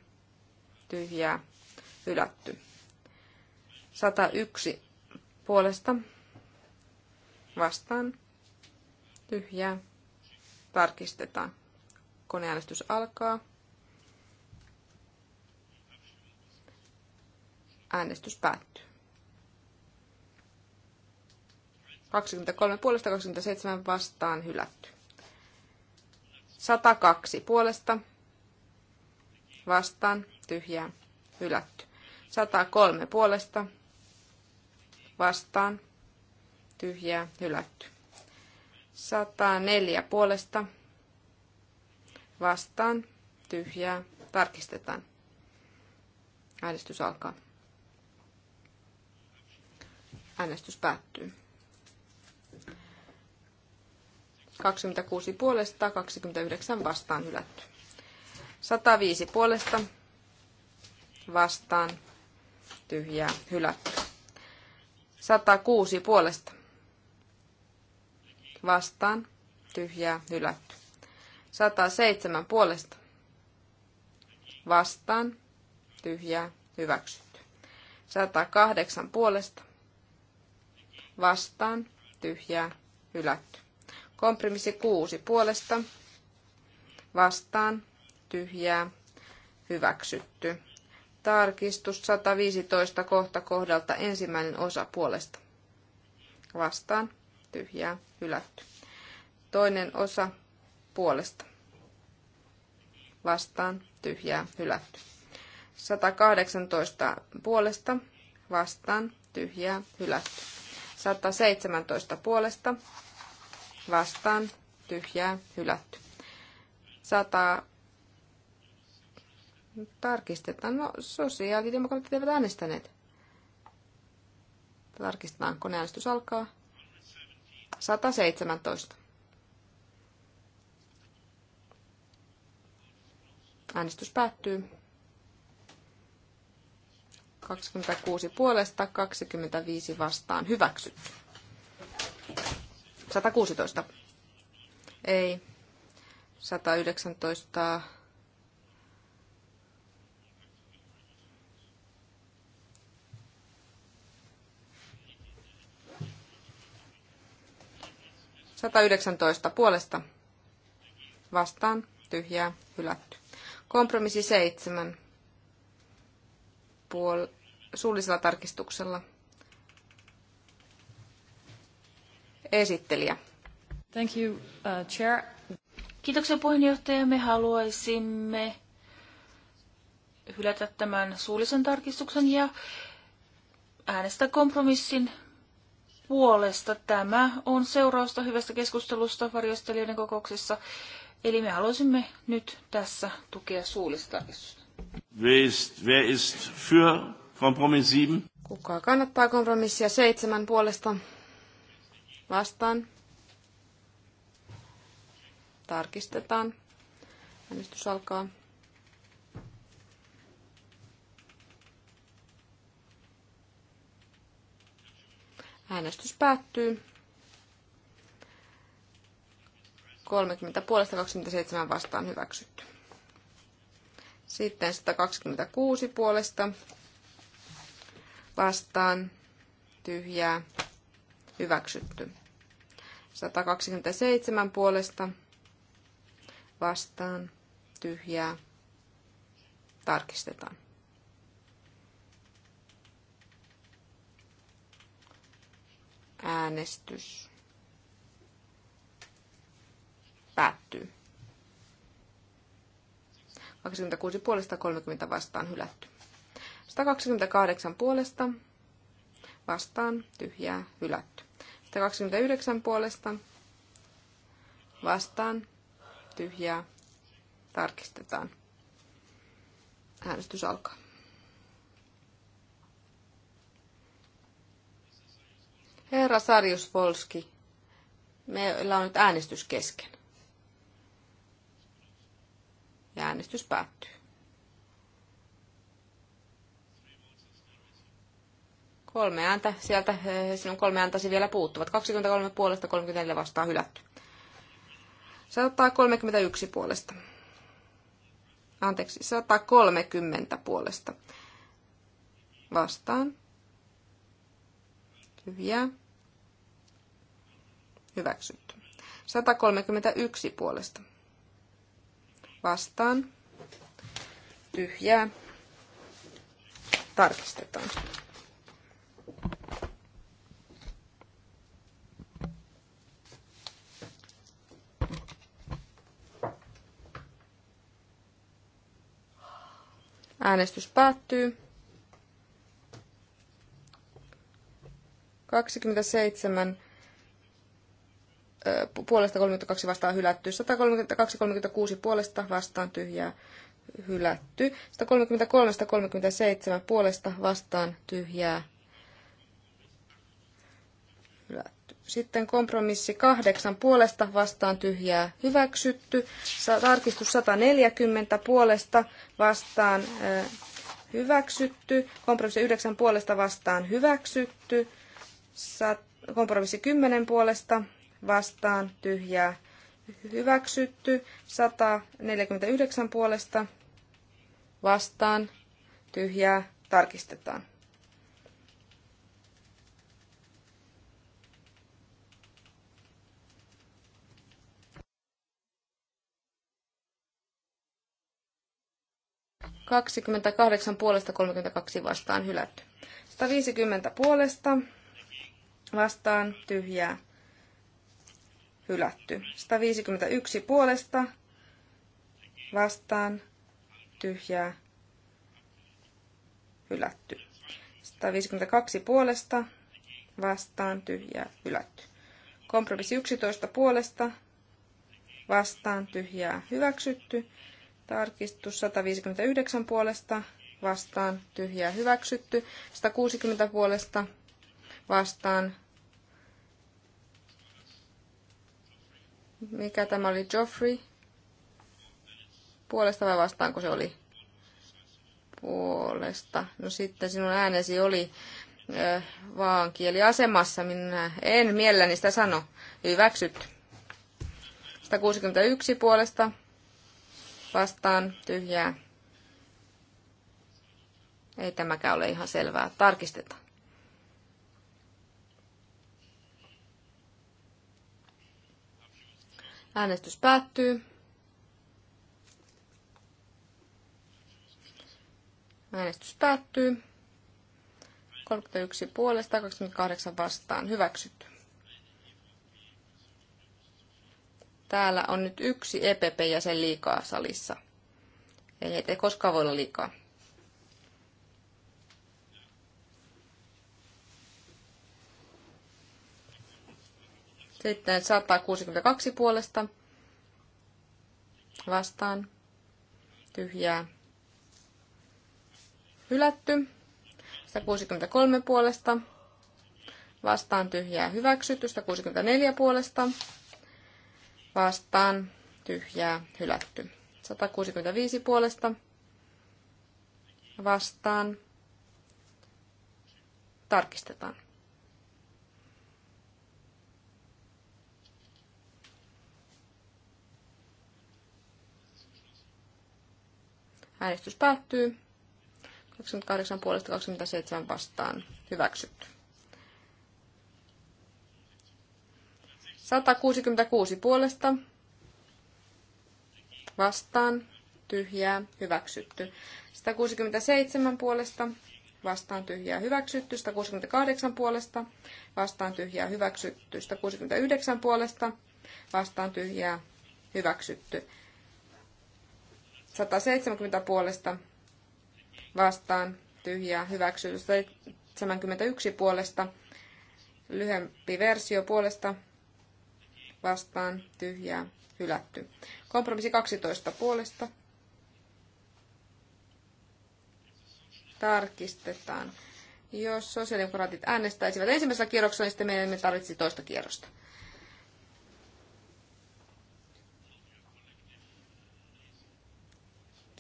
tyhjää hylätty. 101 puolesta vastaan tyhjää tarkistetaan. Koneäänestys alkaa. Äänestys päättyy. 23 puolesta 27 vastaan hylätty. 102 puolesta vastaan tyhjää hylätty. 103 puolesta vastaan tyhjää, hylätty. 104 puolesta vastaan, tyhjää, tarkistetaan. Äänestys alkaa. Äänestys päättyy. 26 puolesta, 29 vastaan hylätty. 105 puolesta, vastaan, tyhjää, hylätty. 106 puolesta, vastaan, tyhjää, hylätty. 107 puolesta vastaan, tyhjää, hyväksytty. 108 puolesta vastaan, tyhjää, hylätty. Kompromissi 6 puolesta vastaan, tyhjää, hyväksytty. Tarkistus 115 kohta kohdalta ensimmäinen osa puolesta. Vastaan, tyhjää, hylätty. Toinen osa puolesta vastaan tyhjää hylätty. 118 puolesta vastaan tyhjää hylätty. 117 puolesta vastaan tyhjää hylätty. 100 tarkistetaan. No, sosiaalidemokraatit eivät äänestäneet. kun äänestys alkaa? 117. Äänestys päättyy. 26 puolesta, 25 vastaan. Hyväksytty. 116. Ei. 119 119 puolesta vastaan tyhjää hylätty. Kompromissi 7 puol- suullisella tarkistuksella. Esittelijä. Thank you, uh, chair. Kiitoksia puheenjohtaja. Me haluaisimme hylätä tämän suullisen tarkistuksen ja äänestää kompromissin puolesta. Tämä on seurausta hyvästä keskustelusta varjostelijoiden kokouksessa. Eli me haluaisimme nyt tässä tukea suullista Wer für Kuka kannattaa kompromissia seitsemän puolesta? Vastaan. Tarkistetaan. Äänestys alkaa. Äänestys päättyy. 30 puolesta 27 vastaan hyväksytty. Sitten 126 puolesta vastaan tyhjää hyväksytty. 127 puolesta vastaan tyhjää tarkistetaan. Äänestys päättyy. 26 puolesta 30 vastaan hylätty. 128 puolesta vastaan tyhjää hylätty. 129 puolesta vastaan tyhjää tarkistetaan. Äänestys alkaa. Herra Sarjus Polski, meillä on nyt äänestys kesken. Ja äänestys päättyy. Kolme ääntä sieltä, eh, sinun kolme ääntäsi vielä puuttuvat. 23 puolesta, 34 vastaan hylätty. 31 puolesta. Anteeksi, 30 puolesta. Vastaan hyviä. hyväksytty. 131 puolesta vastaan, tyhjää, tarkistetaan. Äänestys päättyy. 27 puolesta 32 vastaan hylätty, 132 36 puolesta vastaan tyhjää hylätty, 133 137 puolesta vastaan tyhjää hylätty. Sitten kompromissi 8 puolesta vastaan tyhjää hyväksytty, tarkistus 140 puolesta vastaan hyväksytty, kompromissi 9 puolesta vastaan hyväksytty, kompromissi 10 puolesta vastaan tyhjää hyväksytty. 149 puolesta vastaan tyhjää tarkistetaan. Kaksikymmentäkahdeksan puolesta kaksi vastaan hylätty. 150 puolesta vastaan tyhjää hylätty. 151 puolesta vastaan tyhjää hylätty. 152 puolesta vastaan tyhjää hylätty. Kompromissi 11 puolesta vastaan tyhjää hyväksytty. Tarkistus 159 puolesta vastaan tyhjää hyväksytty. 160 puolesta vastaan. Mikä tämä oli? Joffrey? Puolesta vai kun se oli? Puolesta. No sitten sinun äänesi oli äh, vaan kieliasemassa. Minä en mielelläni sitä sano. Hyväksyt. 161 puolesta vastaan tyhjää. Ei tämäkään ole ihan selvää. Tarkistetaan. Äänestys päättyy. Äänestys päättyy. 31 puolesta, 28 vastaan. Hyväksytty. Täällä on nyt yksi EPP-jäsen liikaa salissa. Ei ei koskaan voi olla liikaa. Sitten 162 puolesta vastaan tyhjää hylätty. 163 puolesta vastaan tyhjää hyväksytty. 164 puolesta vastaan tyhjää hylätty. 165 puolesta vastaan tarkistetaan. Äänestys päättyy. 28 puolesta 27 vastaan hyväksytty. 166 puolesta vastaan tyhjää hyväksytty. 167 puolesta vastaan tyhjää hyväksytty, 168 puolesta, vastaan tyhjää hyväksytty, 169 puolesta, vastaan tyhjää hyväksytty, 170 puolesta vastaan tyhjää hyväksytty. 71 puolesta lyhempi versio puolesta vastaan tyhjää hylätty. Kompromissi 12 puolesta tarkistetaan. Jos sosiaalidemokraatit äänestäisivät ensimmäisellä kierroksella, niin sitten me emme tarvitsisi toista kierrosta.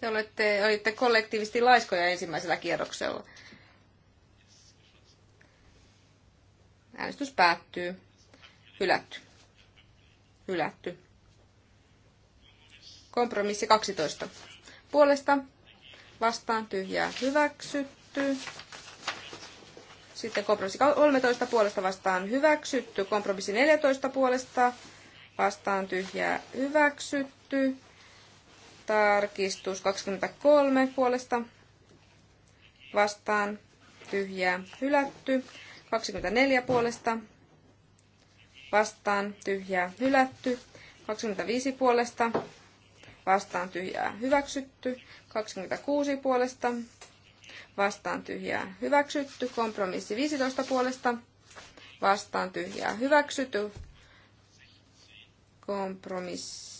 Te olette, olitte kollektiivisesti laiskoja ensimmäisellä kierroksella. Äänestys päättyy. Hylätty. Hylätty. Kompromissi 12. Puolesta vastaan tyhjää hyväksytty. Sitten kompromissi 13 puolesta vastaan hyväksytty. Kompromissi 14 puolesta vastaan tyhjää hyväksytty. Tarkistus 23 puolesta vastaan tyhjää hylätty. 24 puolesta vastaan tyhjää hylätty. 25 puolesta vastaan tyhjää hyväksytty. 26 puolesta vastaan tyhjää hyväksytty. Kompromissi 15 puolesta vastaan tyhjää hyväksytty. Kompromissi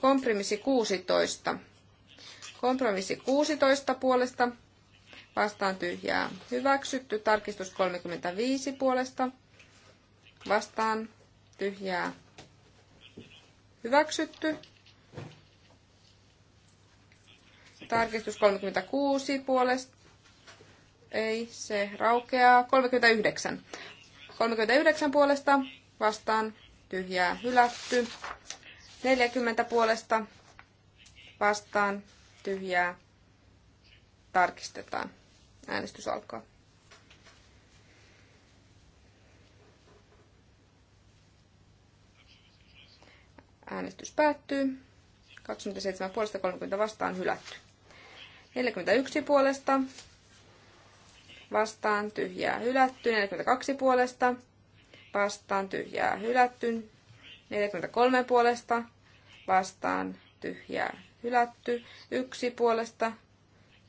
kompromissi 16. Kompromissi 16 puolesta vastaan tyhjää hyväksytty. Tarkistus 35 puolesta vastaan tyhjää hyväksytty. Tarkistus 36 puolesta. Ei, se raukeaa. 39. 39 puolesta vastaan tyhjää hylätty. 40 puolesta vastaan tyhjää tarkistetaan. Äänestys alkaa. Äänestys päättyy. 27 puolesta 30 vastaan hylätty. 41 puolesta vastaan tyhjää hylätty. 42 puolesta vastaan tyhjää hylätty. 43 puolesta vastaan tyhjää hylätty. Yksi puolesta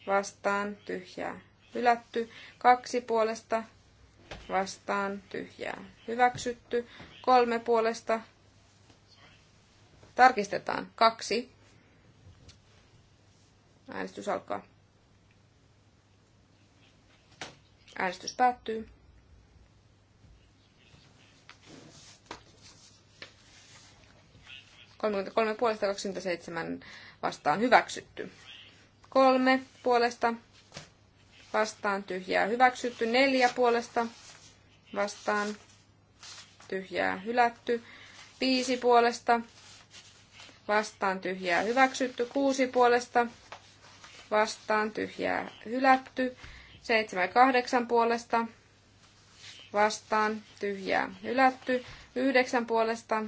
vastaan tyhjää hylätty. Kaksi puolesta vastaan tyhjää hyväksytty. Kolme puolesta tarkistetaan. Kaksi. Äänestys alkaa. Äänestys päättyy. 33 puolesta 27 vastaan hyväksytty. 3 puolesta vastaan tyhjää hyväksytty. 4 puolesta vastaan tyhjää hylätty. 5 puolesta vastaan tyhjää hyväksytty. 6 puolesta vastaan tyhjää hylätty. 7 ja 8 puolesta vastaan tyhjää hylätty. 9 puolesta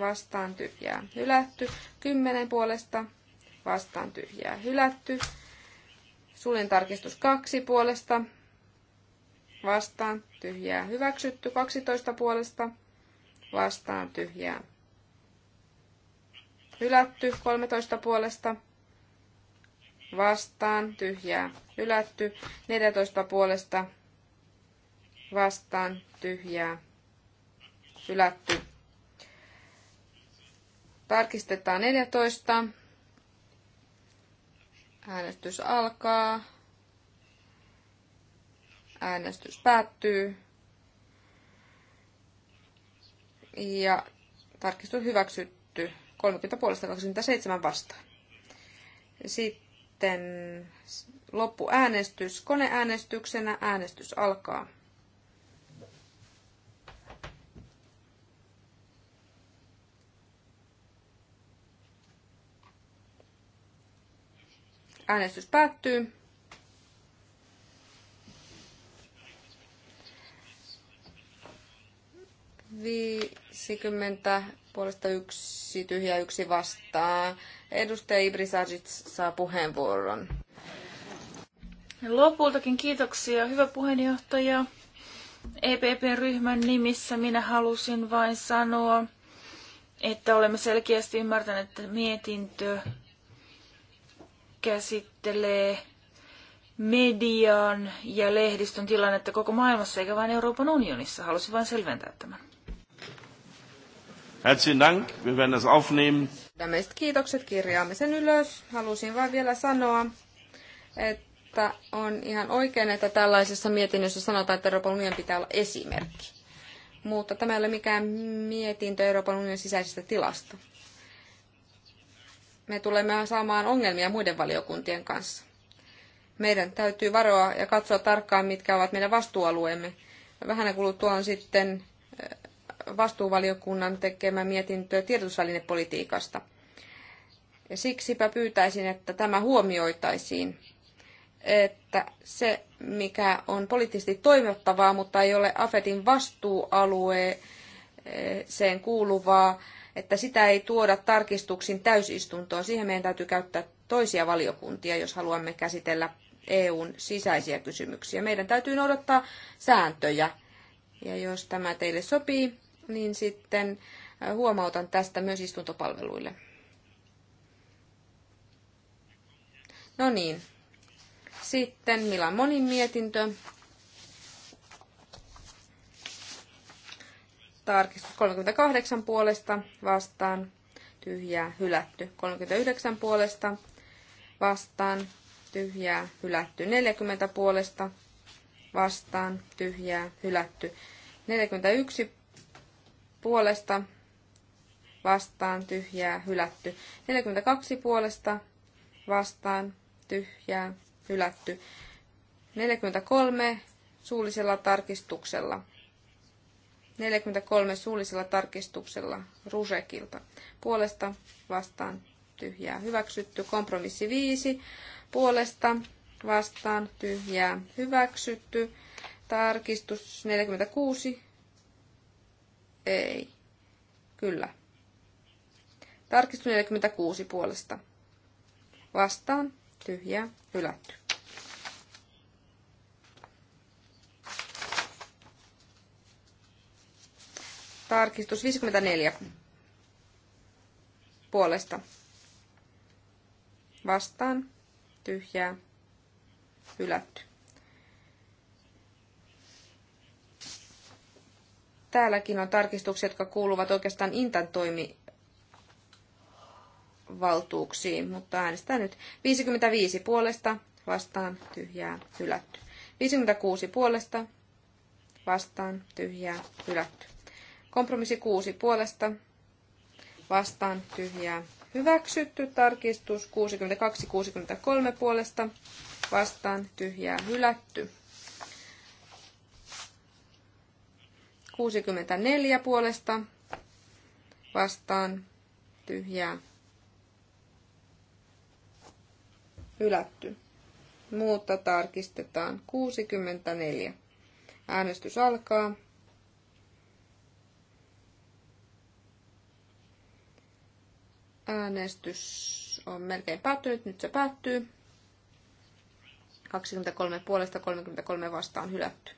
vastaan tyhjää hylätty. 10 puolesta vastaan tyhjää hylätty. Suljen tarkistus 2 puolesta vastaan tyhjää hyväksytty. 12 puolesta vastaan tyhjää hylätty. 13 puolesta vastaan tyhjää hylätty. 14 puolesta vastaan tyhjää hylätty. Tarkistetaan 14. Äänestys alkaa. Äänestys päättyy. Ja tarkistus hyväksytty 30 puolesta 27 vastaan. Sitten loppuäänestys koneäänestyksenä. Äänestys alkaa. Äänestys päättyy. Viisikymmentä puolesta yksi tyhjä yksi vastaa Edustaja Ibrisagic saa puheenvuoron. Lopultakin kiitoksia, hyvä puheenjohtaja. EPP-ryhmän nimissä minä halusin vain sanoa, että olemme selkeästi ymmärtäneet, että mietintö käsittelee median ja lehdistön tilannetta koko maailmassa eikä vain Euroopan unionissa. Halusin vain selventää tämän. Herzlichen Dank, wir werden das aufnehmen. Tämmöiset kiitokset kirjaamme sen ylös. Halusin vain vielä sanoa, että on ihan oikein, että tällaisessa mietinnössä sanotaan, että Euroopan unionin pitää olla esimerkki. Mutta tämä ei ole mikään mietintö Euroopan unionin sisäisestä tilasta me tulemme saamaan ongelmia muiden valiokuntien kanssa. Meidän täytyy varoa ja katsoa tarkkaan, mitkä ovat meidän vastuualueemme. Vähän kuluttua on sitten eh, vastuuvaliokunnan tekemä mietintö tiedotusvälinepolitiikasta. Ja siksipä pyytäisin, että tämä huomioitaisiin, että se, mikä on poliittisesti toivottavaa, mutta ei ole AFETin vastuualueeseen eh, kuuluvaa, että sitä ei tuoda tarkistuksin täysistuntoon. Siihen meidän täytyy käyttää toisia valiokuntia, jos haluamme käsitellä EUn sisäisiä kysymyksiä. Meidän täytyy noudattaa sääntöjä. Ja jos tämä teille sopii, niin sitten äh, huomautan tästä myös istuntopalveluille. No niin. Sitten Milan Monin mietintö. Tarkistus 38 puolesta vastaan tyhjää hylätty. 39 puolesta vastaan tyhjää hylätty. 40 puolesta vastaan tyhjää hylätty. 41 puolesta vastaan tyhjää hylätty. 42 puolesta vastaan tyhjää hylätty. 43 suullisella tarkistuksella 43 suullisella tarkistuksella Rusekilta. Puolesta vastaan tyhjää hyväksytty. Kompromissi 5 puolesta vastaan tyhjää hyväksytty. Tarkistus 46. Ei. Kyllä. Tarkistus 46 puolesta. Vastaan tyhjää hylätty. Tarkistus 54 puolesta. Vastaan. Tyhjää. Hylätty. Täälläkin on tarkistuksia, jotka kuuluvat oikeastaan Intan toimivaltuuksiin, mutta äänestää nyt 55 puolesta, vastaan, tyhjää, hylätty. 56 puolesta, vastaan, tyhjää, hylätty. Kompromissi 6 puolesta vastaan tyhjää hyväksytty. Tarkistus 62-63 puolesta vastaan tyhjää hylätty. 64 puolesta vastaan tyhjää hylätty. Muutta tarkistetaan 64. Äänestys alkaa. Äänestys on melkein päättynyt, nyt se päättyy. 23 puolesta, 33 vastaan hylätty.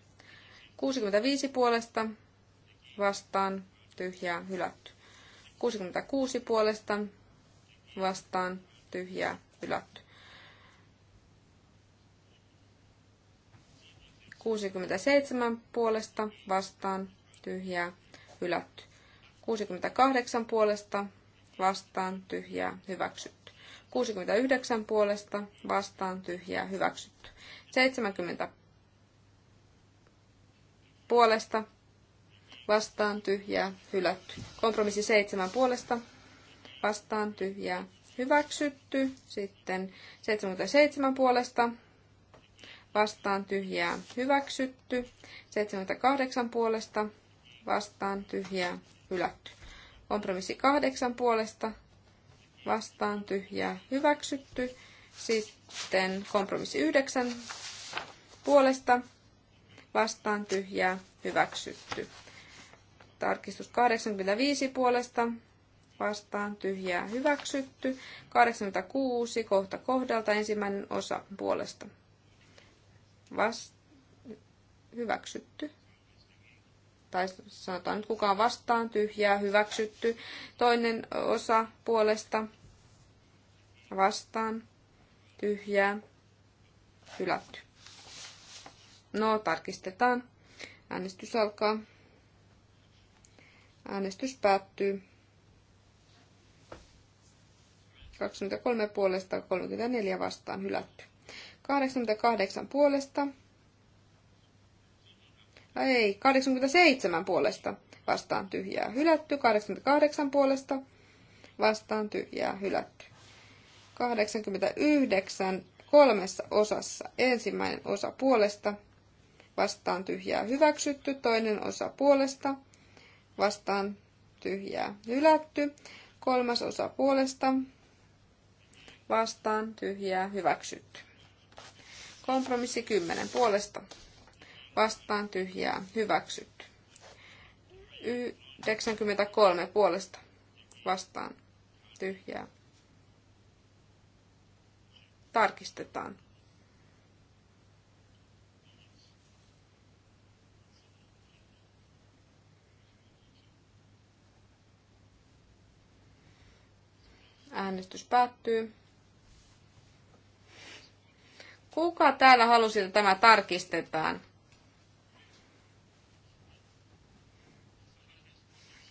65 puolesta vastaan tyhjää hylätty. 66 puolesta vastaan tyhjää hylätty. 67 puolesta vastaan tyhjää hylätty. 68 puolesta vastaan tyhjää hyväksytty. 69 puolesta vastaan tyhjää hyväksytty. 70 puolesta vastaan tyhjää hylätty. Kompromissi 7 puolesta vastaan tyhjää hyväksytty. Sitten 77 puolesta vastaan tyhjää hyväksytty. 78 puolesta vastaan tyhjää hylätty. Kompromissi kahdeksan puolesta vastaan tyhjää hyväksytty. Sitten kompromissi yhdeksän puolesta vastaan tyhjää hyväksytty. Tarkistus 85 puolesta vastaan tyhjää hyväksytty. 86 kohta kohdalta ensimmäinen osa puolesta vast, hyväksytty tai sanotaan nyt kukaan vastaan, tyhjää, hyväksytty. Toinen osa puolesta vastaan, tyhjää, hylätty. No, tarkistetaan. Äänestys alkaa. Äänestys päättyy. 23 puolesta, 34 vastaan hylätty. 88 puolesta ei, 87 puolesta vastaan tyhjää hylätty, 88 puolesta vastaan tyhjää hylätty. 89 kolmessa osassa. Ensimmäinen osa puolesta vastaan tyhjää hyväksytty, toinen osa puolesta vastaan tyhjää hylätty, kolmas osa puolesta vastaan tyhjää hyväksytty. Kompromissi 10 puolesta vastaan tyhjää hyväksytty. 93 puolesta vastaan tyhjää. Tarkistetaan. Äänestys päättyy. Kuka täällä halusi, että tämä tarkistetaan?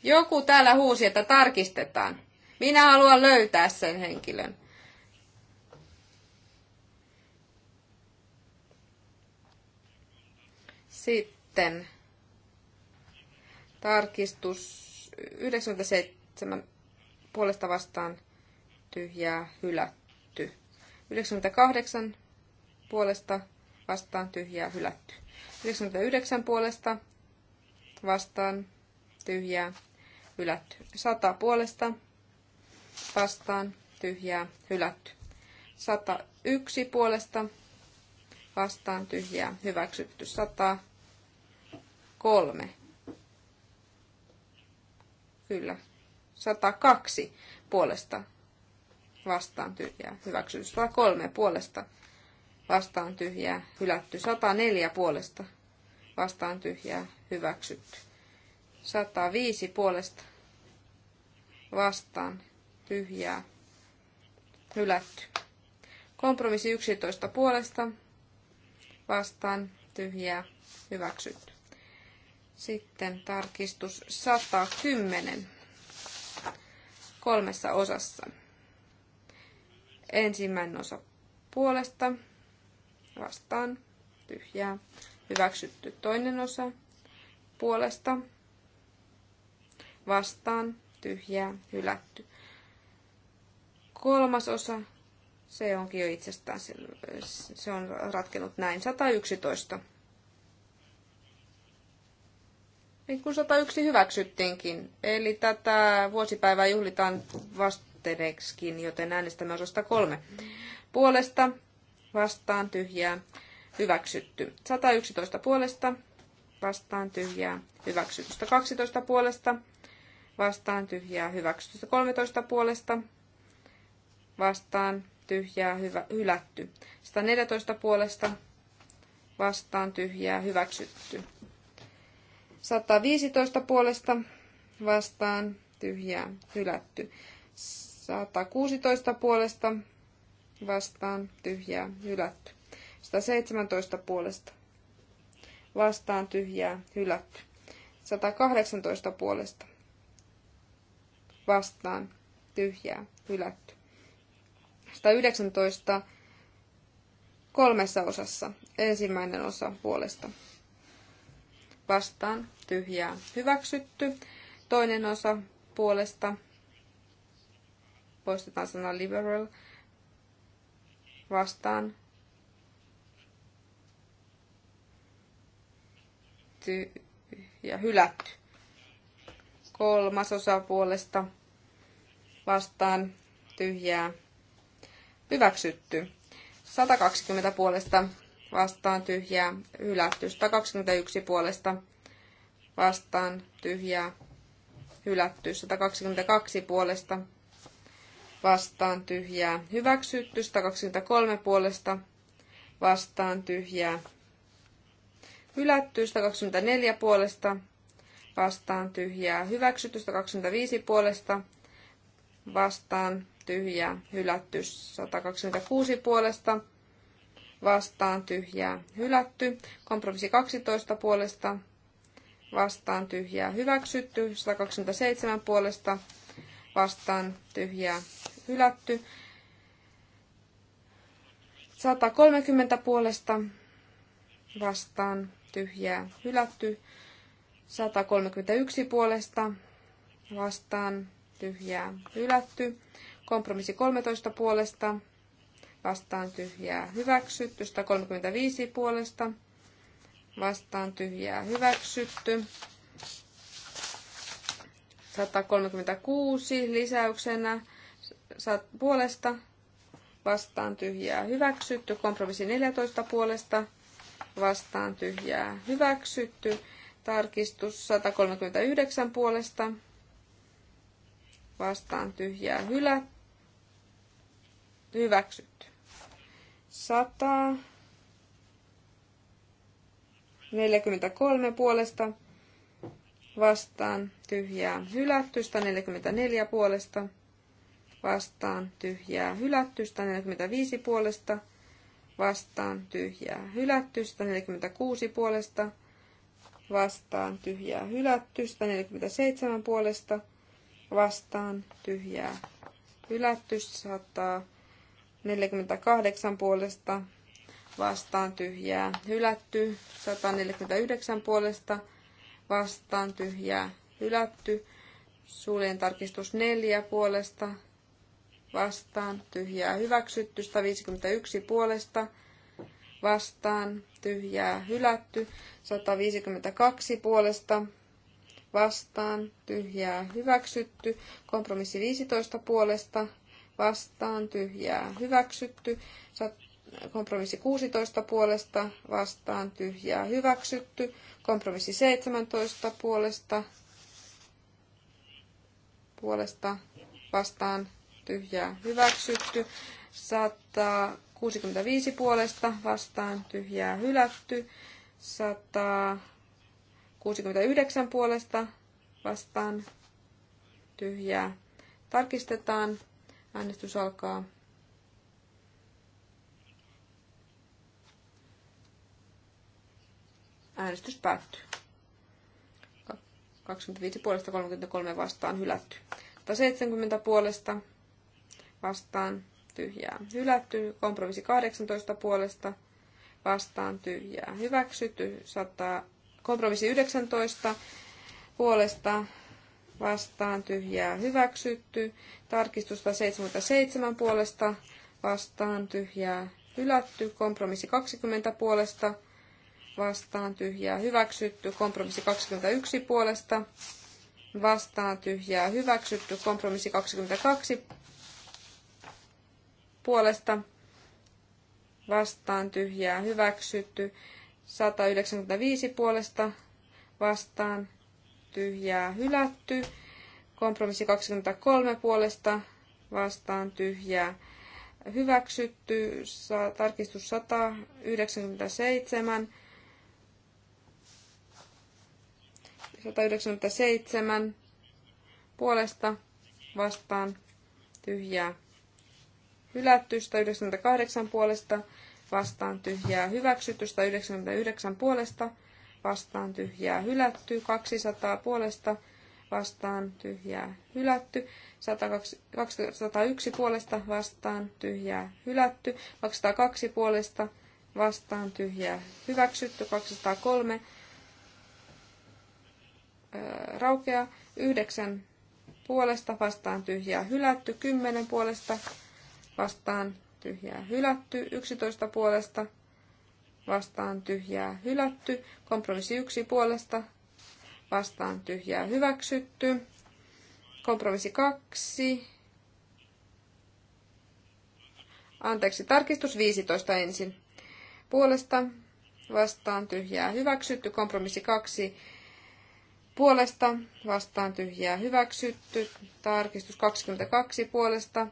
Joku täällä huusi, että tarkistetaan. Minä haluan löytää sen henkilön. Sitten tarkistus 97 puolesta vastaan tyhjää hylätty. 98 puolesta vastaan tyhjää hylätty. 99 puolesta vastaan tyhjää hylätty. 100 puolesta vastaan tyhjää hylätty. 101 puolesta vastaan tyhjää hyväksytty. 103. Kyllä. 102 puolesta vastaan tyhjää hyväksytty. 103 puolesta vastaan tyhjää hylätty. 104 puolesta vastaan tyhjää hyväksytty. 105 puolesta vastaan tyhjää hylätty. Kompromissi 11 puolesta vastaan tyhjää hyväksytty. Sitten tarkistus 110 kolmessa osassa. Ensimmäinen osa puolesta vastaan tyhjää hyväksytty. Toinen osa puolesta vastaan, tyhjää, hylätty. Kolmas osa, se onkin jo itsestään, se on ratkenut näin, 111. Niin kun 101 hyväksyttiinkin, eli tätä vuosipäivää juhlitaan vastedeksikin, joten äänestämme osasta kolme. Puolesta, vastaan, tyhjää, hyväksytty. 111 puolesta, vastaan tyhjää, hyväksytystä 12 puolesta, vastaan tyhjää hyväksytystä 13 puolesta vastaan tyhjää hyvä, hylätty. 114 puolesta vastaan tyhjää hyväksytty. 115 puolesta vastaan tyhjää hylätty. 116 puolesta vastaan tyhjää hylätty. 117 puolesta vastaan tyhjää hylätty. 118 puolesta vastaan tyhjää hylätty. 119 kolmessa osassa. Ensimmäinen osa puolesta vastaan tyhjää hyväksytty. Toinen osa puolesta poistetaan sana liberal vastaan tyhjää, ja hylätty. Kolmas osa puolesta vastaan tyhjää hyväksytty. 120 puolesta vastaan tyhjää hylätty. 121 puolesta vastaan tyhjää hylätty. 122 puolesta vastaan tyhjää hyväksytty. 123 puolesta vastaan tyhjää hylätty. 124 puolesta vastaan tyhjää hyväksytty. 125 puolesta vastaan tyhjää, hylätty 126 puolesta, vastaan tyhjää, hylätty. Kompromissi 12 puolesta, vastaan tyhjää, hyväksytty. 127 puolesta, vastaan tyhjää, hylätty. 130 puolesta, vastaan tyhjää, hylätty. 131 puolesta, vastaan tyhjää hylätty. Kompromissi 13 puolesta vastaan tyhjää hyväksytty. 135 puolesta vastaan tyhjää hyväksytty. 136 lisäyksenä puolesta vastaan tyhjää hyväksytty. Kompromissi 14 puolesta vastaan tyhjää hyväksytty. Tarkistus 139 puolesta vastaan tyhjää hylä, hyväksytty. 100, 43 puolesta vastaan tyhjää hylättystä 44 puolesta vastaan tyhjää hylättystä 45 puolesta vastaan tyhjää hylättystä 46 puolesta vastaan tyhjää hylättystä 47 puolesta vastaan tyhjää hylätty 148 puolesta vastaan tyhjää hylätty 149 puolesta vastaan tyhjää hylätty suljen tarkistus 4 puolesta vastaan tyhjää hyväksytty 151 puolesta vastaan tyhjää hylätty 152 puolesta vastaan, tyhjää, hyväksytty. Kompromissi 15 puolesta, vastaan, tyhjää, hyväksytty. Kompromissi 16 puolesta, vastaan, tyhjää, hyväksytty. Kompromissi 17 puolesta, puolesta, vastaan, tyhjää, hyväksytty. 165 puolesta, vastaan, tyhjää, hylätty. 100 69 puolesta vastaan tyhjää. Tarkistetaan. Äänestys alkaa. Äänestys päättyy. 25 puolesta 33 vastaan hylätty. 170 puolesta vastaan tyhjää hylätty. Kompromissi 18 puolesta vastaan tyhjää hyväksytty. 100 Kompromissi 19 puolesta vastaan tyhjää hyväksytty. Tarkistusta 77 puolesta vastaan tyhjää hylätty. Kompromissi 20 puolesta vastaan tyhjää hyväksytty. Kompromissi 21 puolesta vastaan tyhjää hyväksytty. Kompromissi 22 puolesta vastaan tyhjää hyväksytty. 195 puolesta vastaan tyhjää hylätty. Kompromissi 23 puolesta vastaan tyhjää hyväksytty. Tarkistus 197. 197 puolesta vastaan tyhjää hylätty. 198 puolesta vastaan tyhjää hyväksytystä, 199 puolesta vastaan tyhjää hylätty, 200 puolesta vastaan tyhjää hylätty, 101 puolesta vastaan tyhjää hylätty, 202 puolesta vastaan tyhjää hyväksytty, 203 raukea, 9 puolesta vastaan tyhjää hylätty, 10 puolesta vastaan tyhjää hylätty. 11 puolesta vastaan tyhjää hylätty. Kompromissi 1 puolesta vastaan tyhjää hyväksytty. Kompromissi 2. Anteeksi, tarkistus 15 ensin. Puolesta vastaan tyhjää hyväksytty. Kompromissi 2 puolesta vastaan tyhjää hyväksytty. Tarkistus 22 puolesta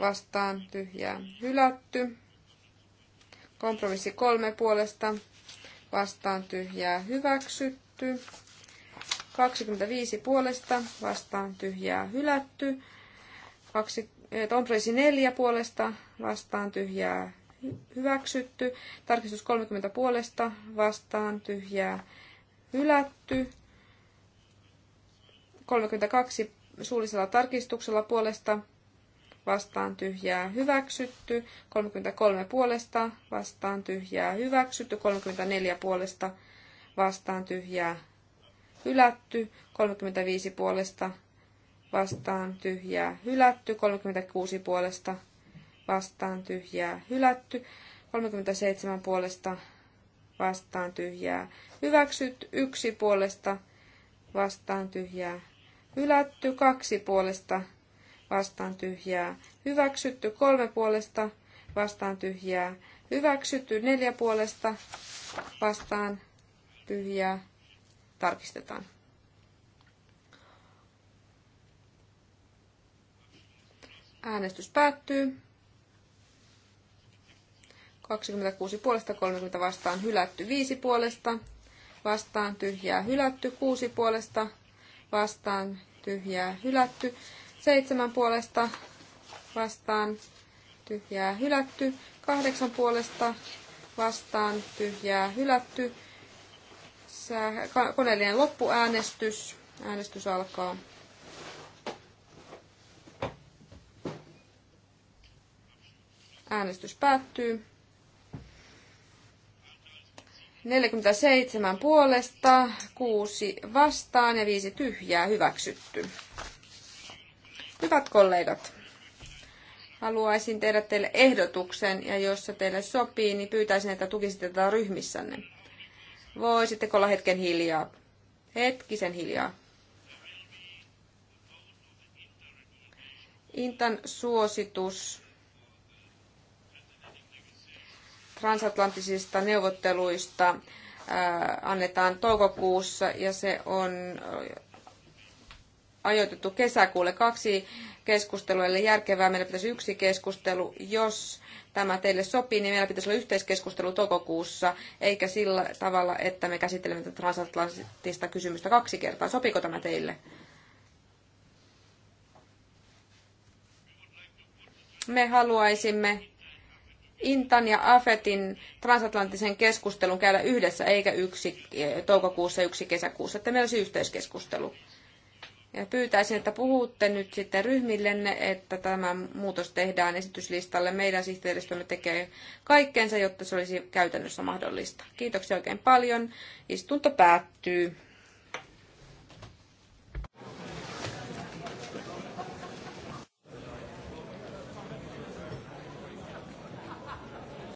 vastaan tyhjää hylätty. Kompromissi kolme puolesta vastaan tyhjää hyväksytty. 25 puolesta vastaan tyhjää hylätty. Eh, kompromissi neljä puolesta vastaan tyhjää hyväksytty. Tarkistus 30 puolesta vastaan tyhjää hylätty. 32 suullisella tarkistuksella puolesta vastaan tyhjää hyväksytty, 33 puolesta vastaan tyhjää hyväksytty, 34 puolesta vastaan tyhjää hylätty, 35 puolesta vastaan tyhjää hylätty, 36 puolesta vastaan tyhjää hylätty, 37 puolesta vastaan tyhjää hyväksytty, 1 puolesta vastaan tyhjää hylätty, 2 puolesta vastaan tyhjää hyväksytty, kolme puolesta vastaan tyhjää hyväksytty, neljä puolesta vastaan tyhjää tarkistetaan. Äänestys päättyy. 26 puolesta, 30 vastaan hylätty, 5 puolesta, vastaan tyhjää hylätty, 6 puolesta, vastaan tyhjää hylätty, 7 puolesta vastaan tyhjää hylätty. 8 puolesta vastaan tyhjää hylätty. Koneellinen loppuäänestys. Äänestys alkaa. Äänestys päättyy. 47 puolesta, 6 vastaan ja 5 tyhjää hyväksytty. Hyvät kollegat, haluaisin tehdä teille ehdotuksen, ja jos se teille sopii, niin pyytäisin, että tukisitte tätä ryhmissänne. Voisitteko olla hetken hiljaa? Hetkisen hiljaa. Intan suositus transatlanttisista neuvotteluista annetaan toukokuussa ja se on ajoitettu kesäkuulle kaksi keskustelua, eli järkevää meillä pitäisi yksi keskustelu. Jos tämä teille sopii, niin meillä pitäisi olla yhteiskeskustelu toukokuussa, eikä sillä tavalla, että me käsittelemme tätä transatlanttista kysymystä kaksi kertaa. Sopiiko tämä teille? Me haluaisimme Intan ja Afetin transatlanttisen keskustelun käydä yhdessä, eikä yksi eh, toukokuussa, yksi kesäkuussa, että meillä olisi yhteiskeskustelu. Ja Pyytäisin, että puhutte nyt sitten ryhmillenne, että tämä muutos tehdään esityslistalle. Meidän sihteeristömme tekee kaikkeensa, jotta se olisi käytännössä mahdollista. Kiitoksia oikein paljon. Istunto päättyy.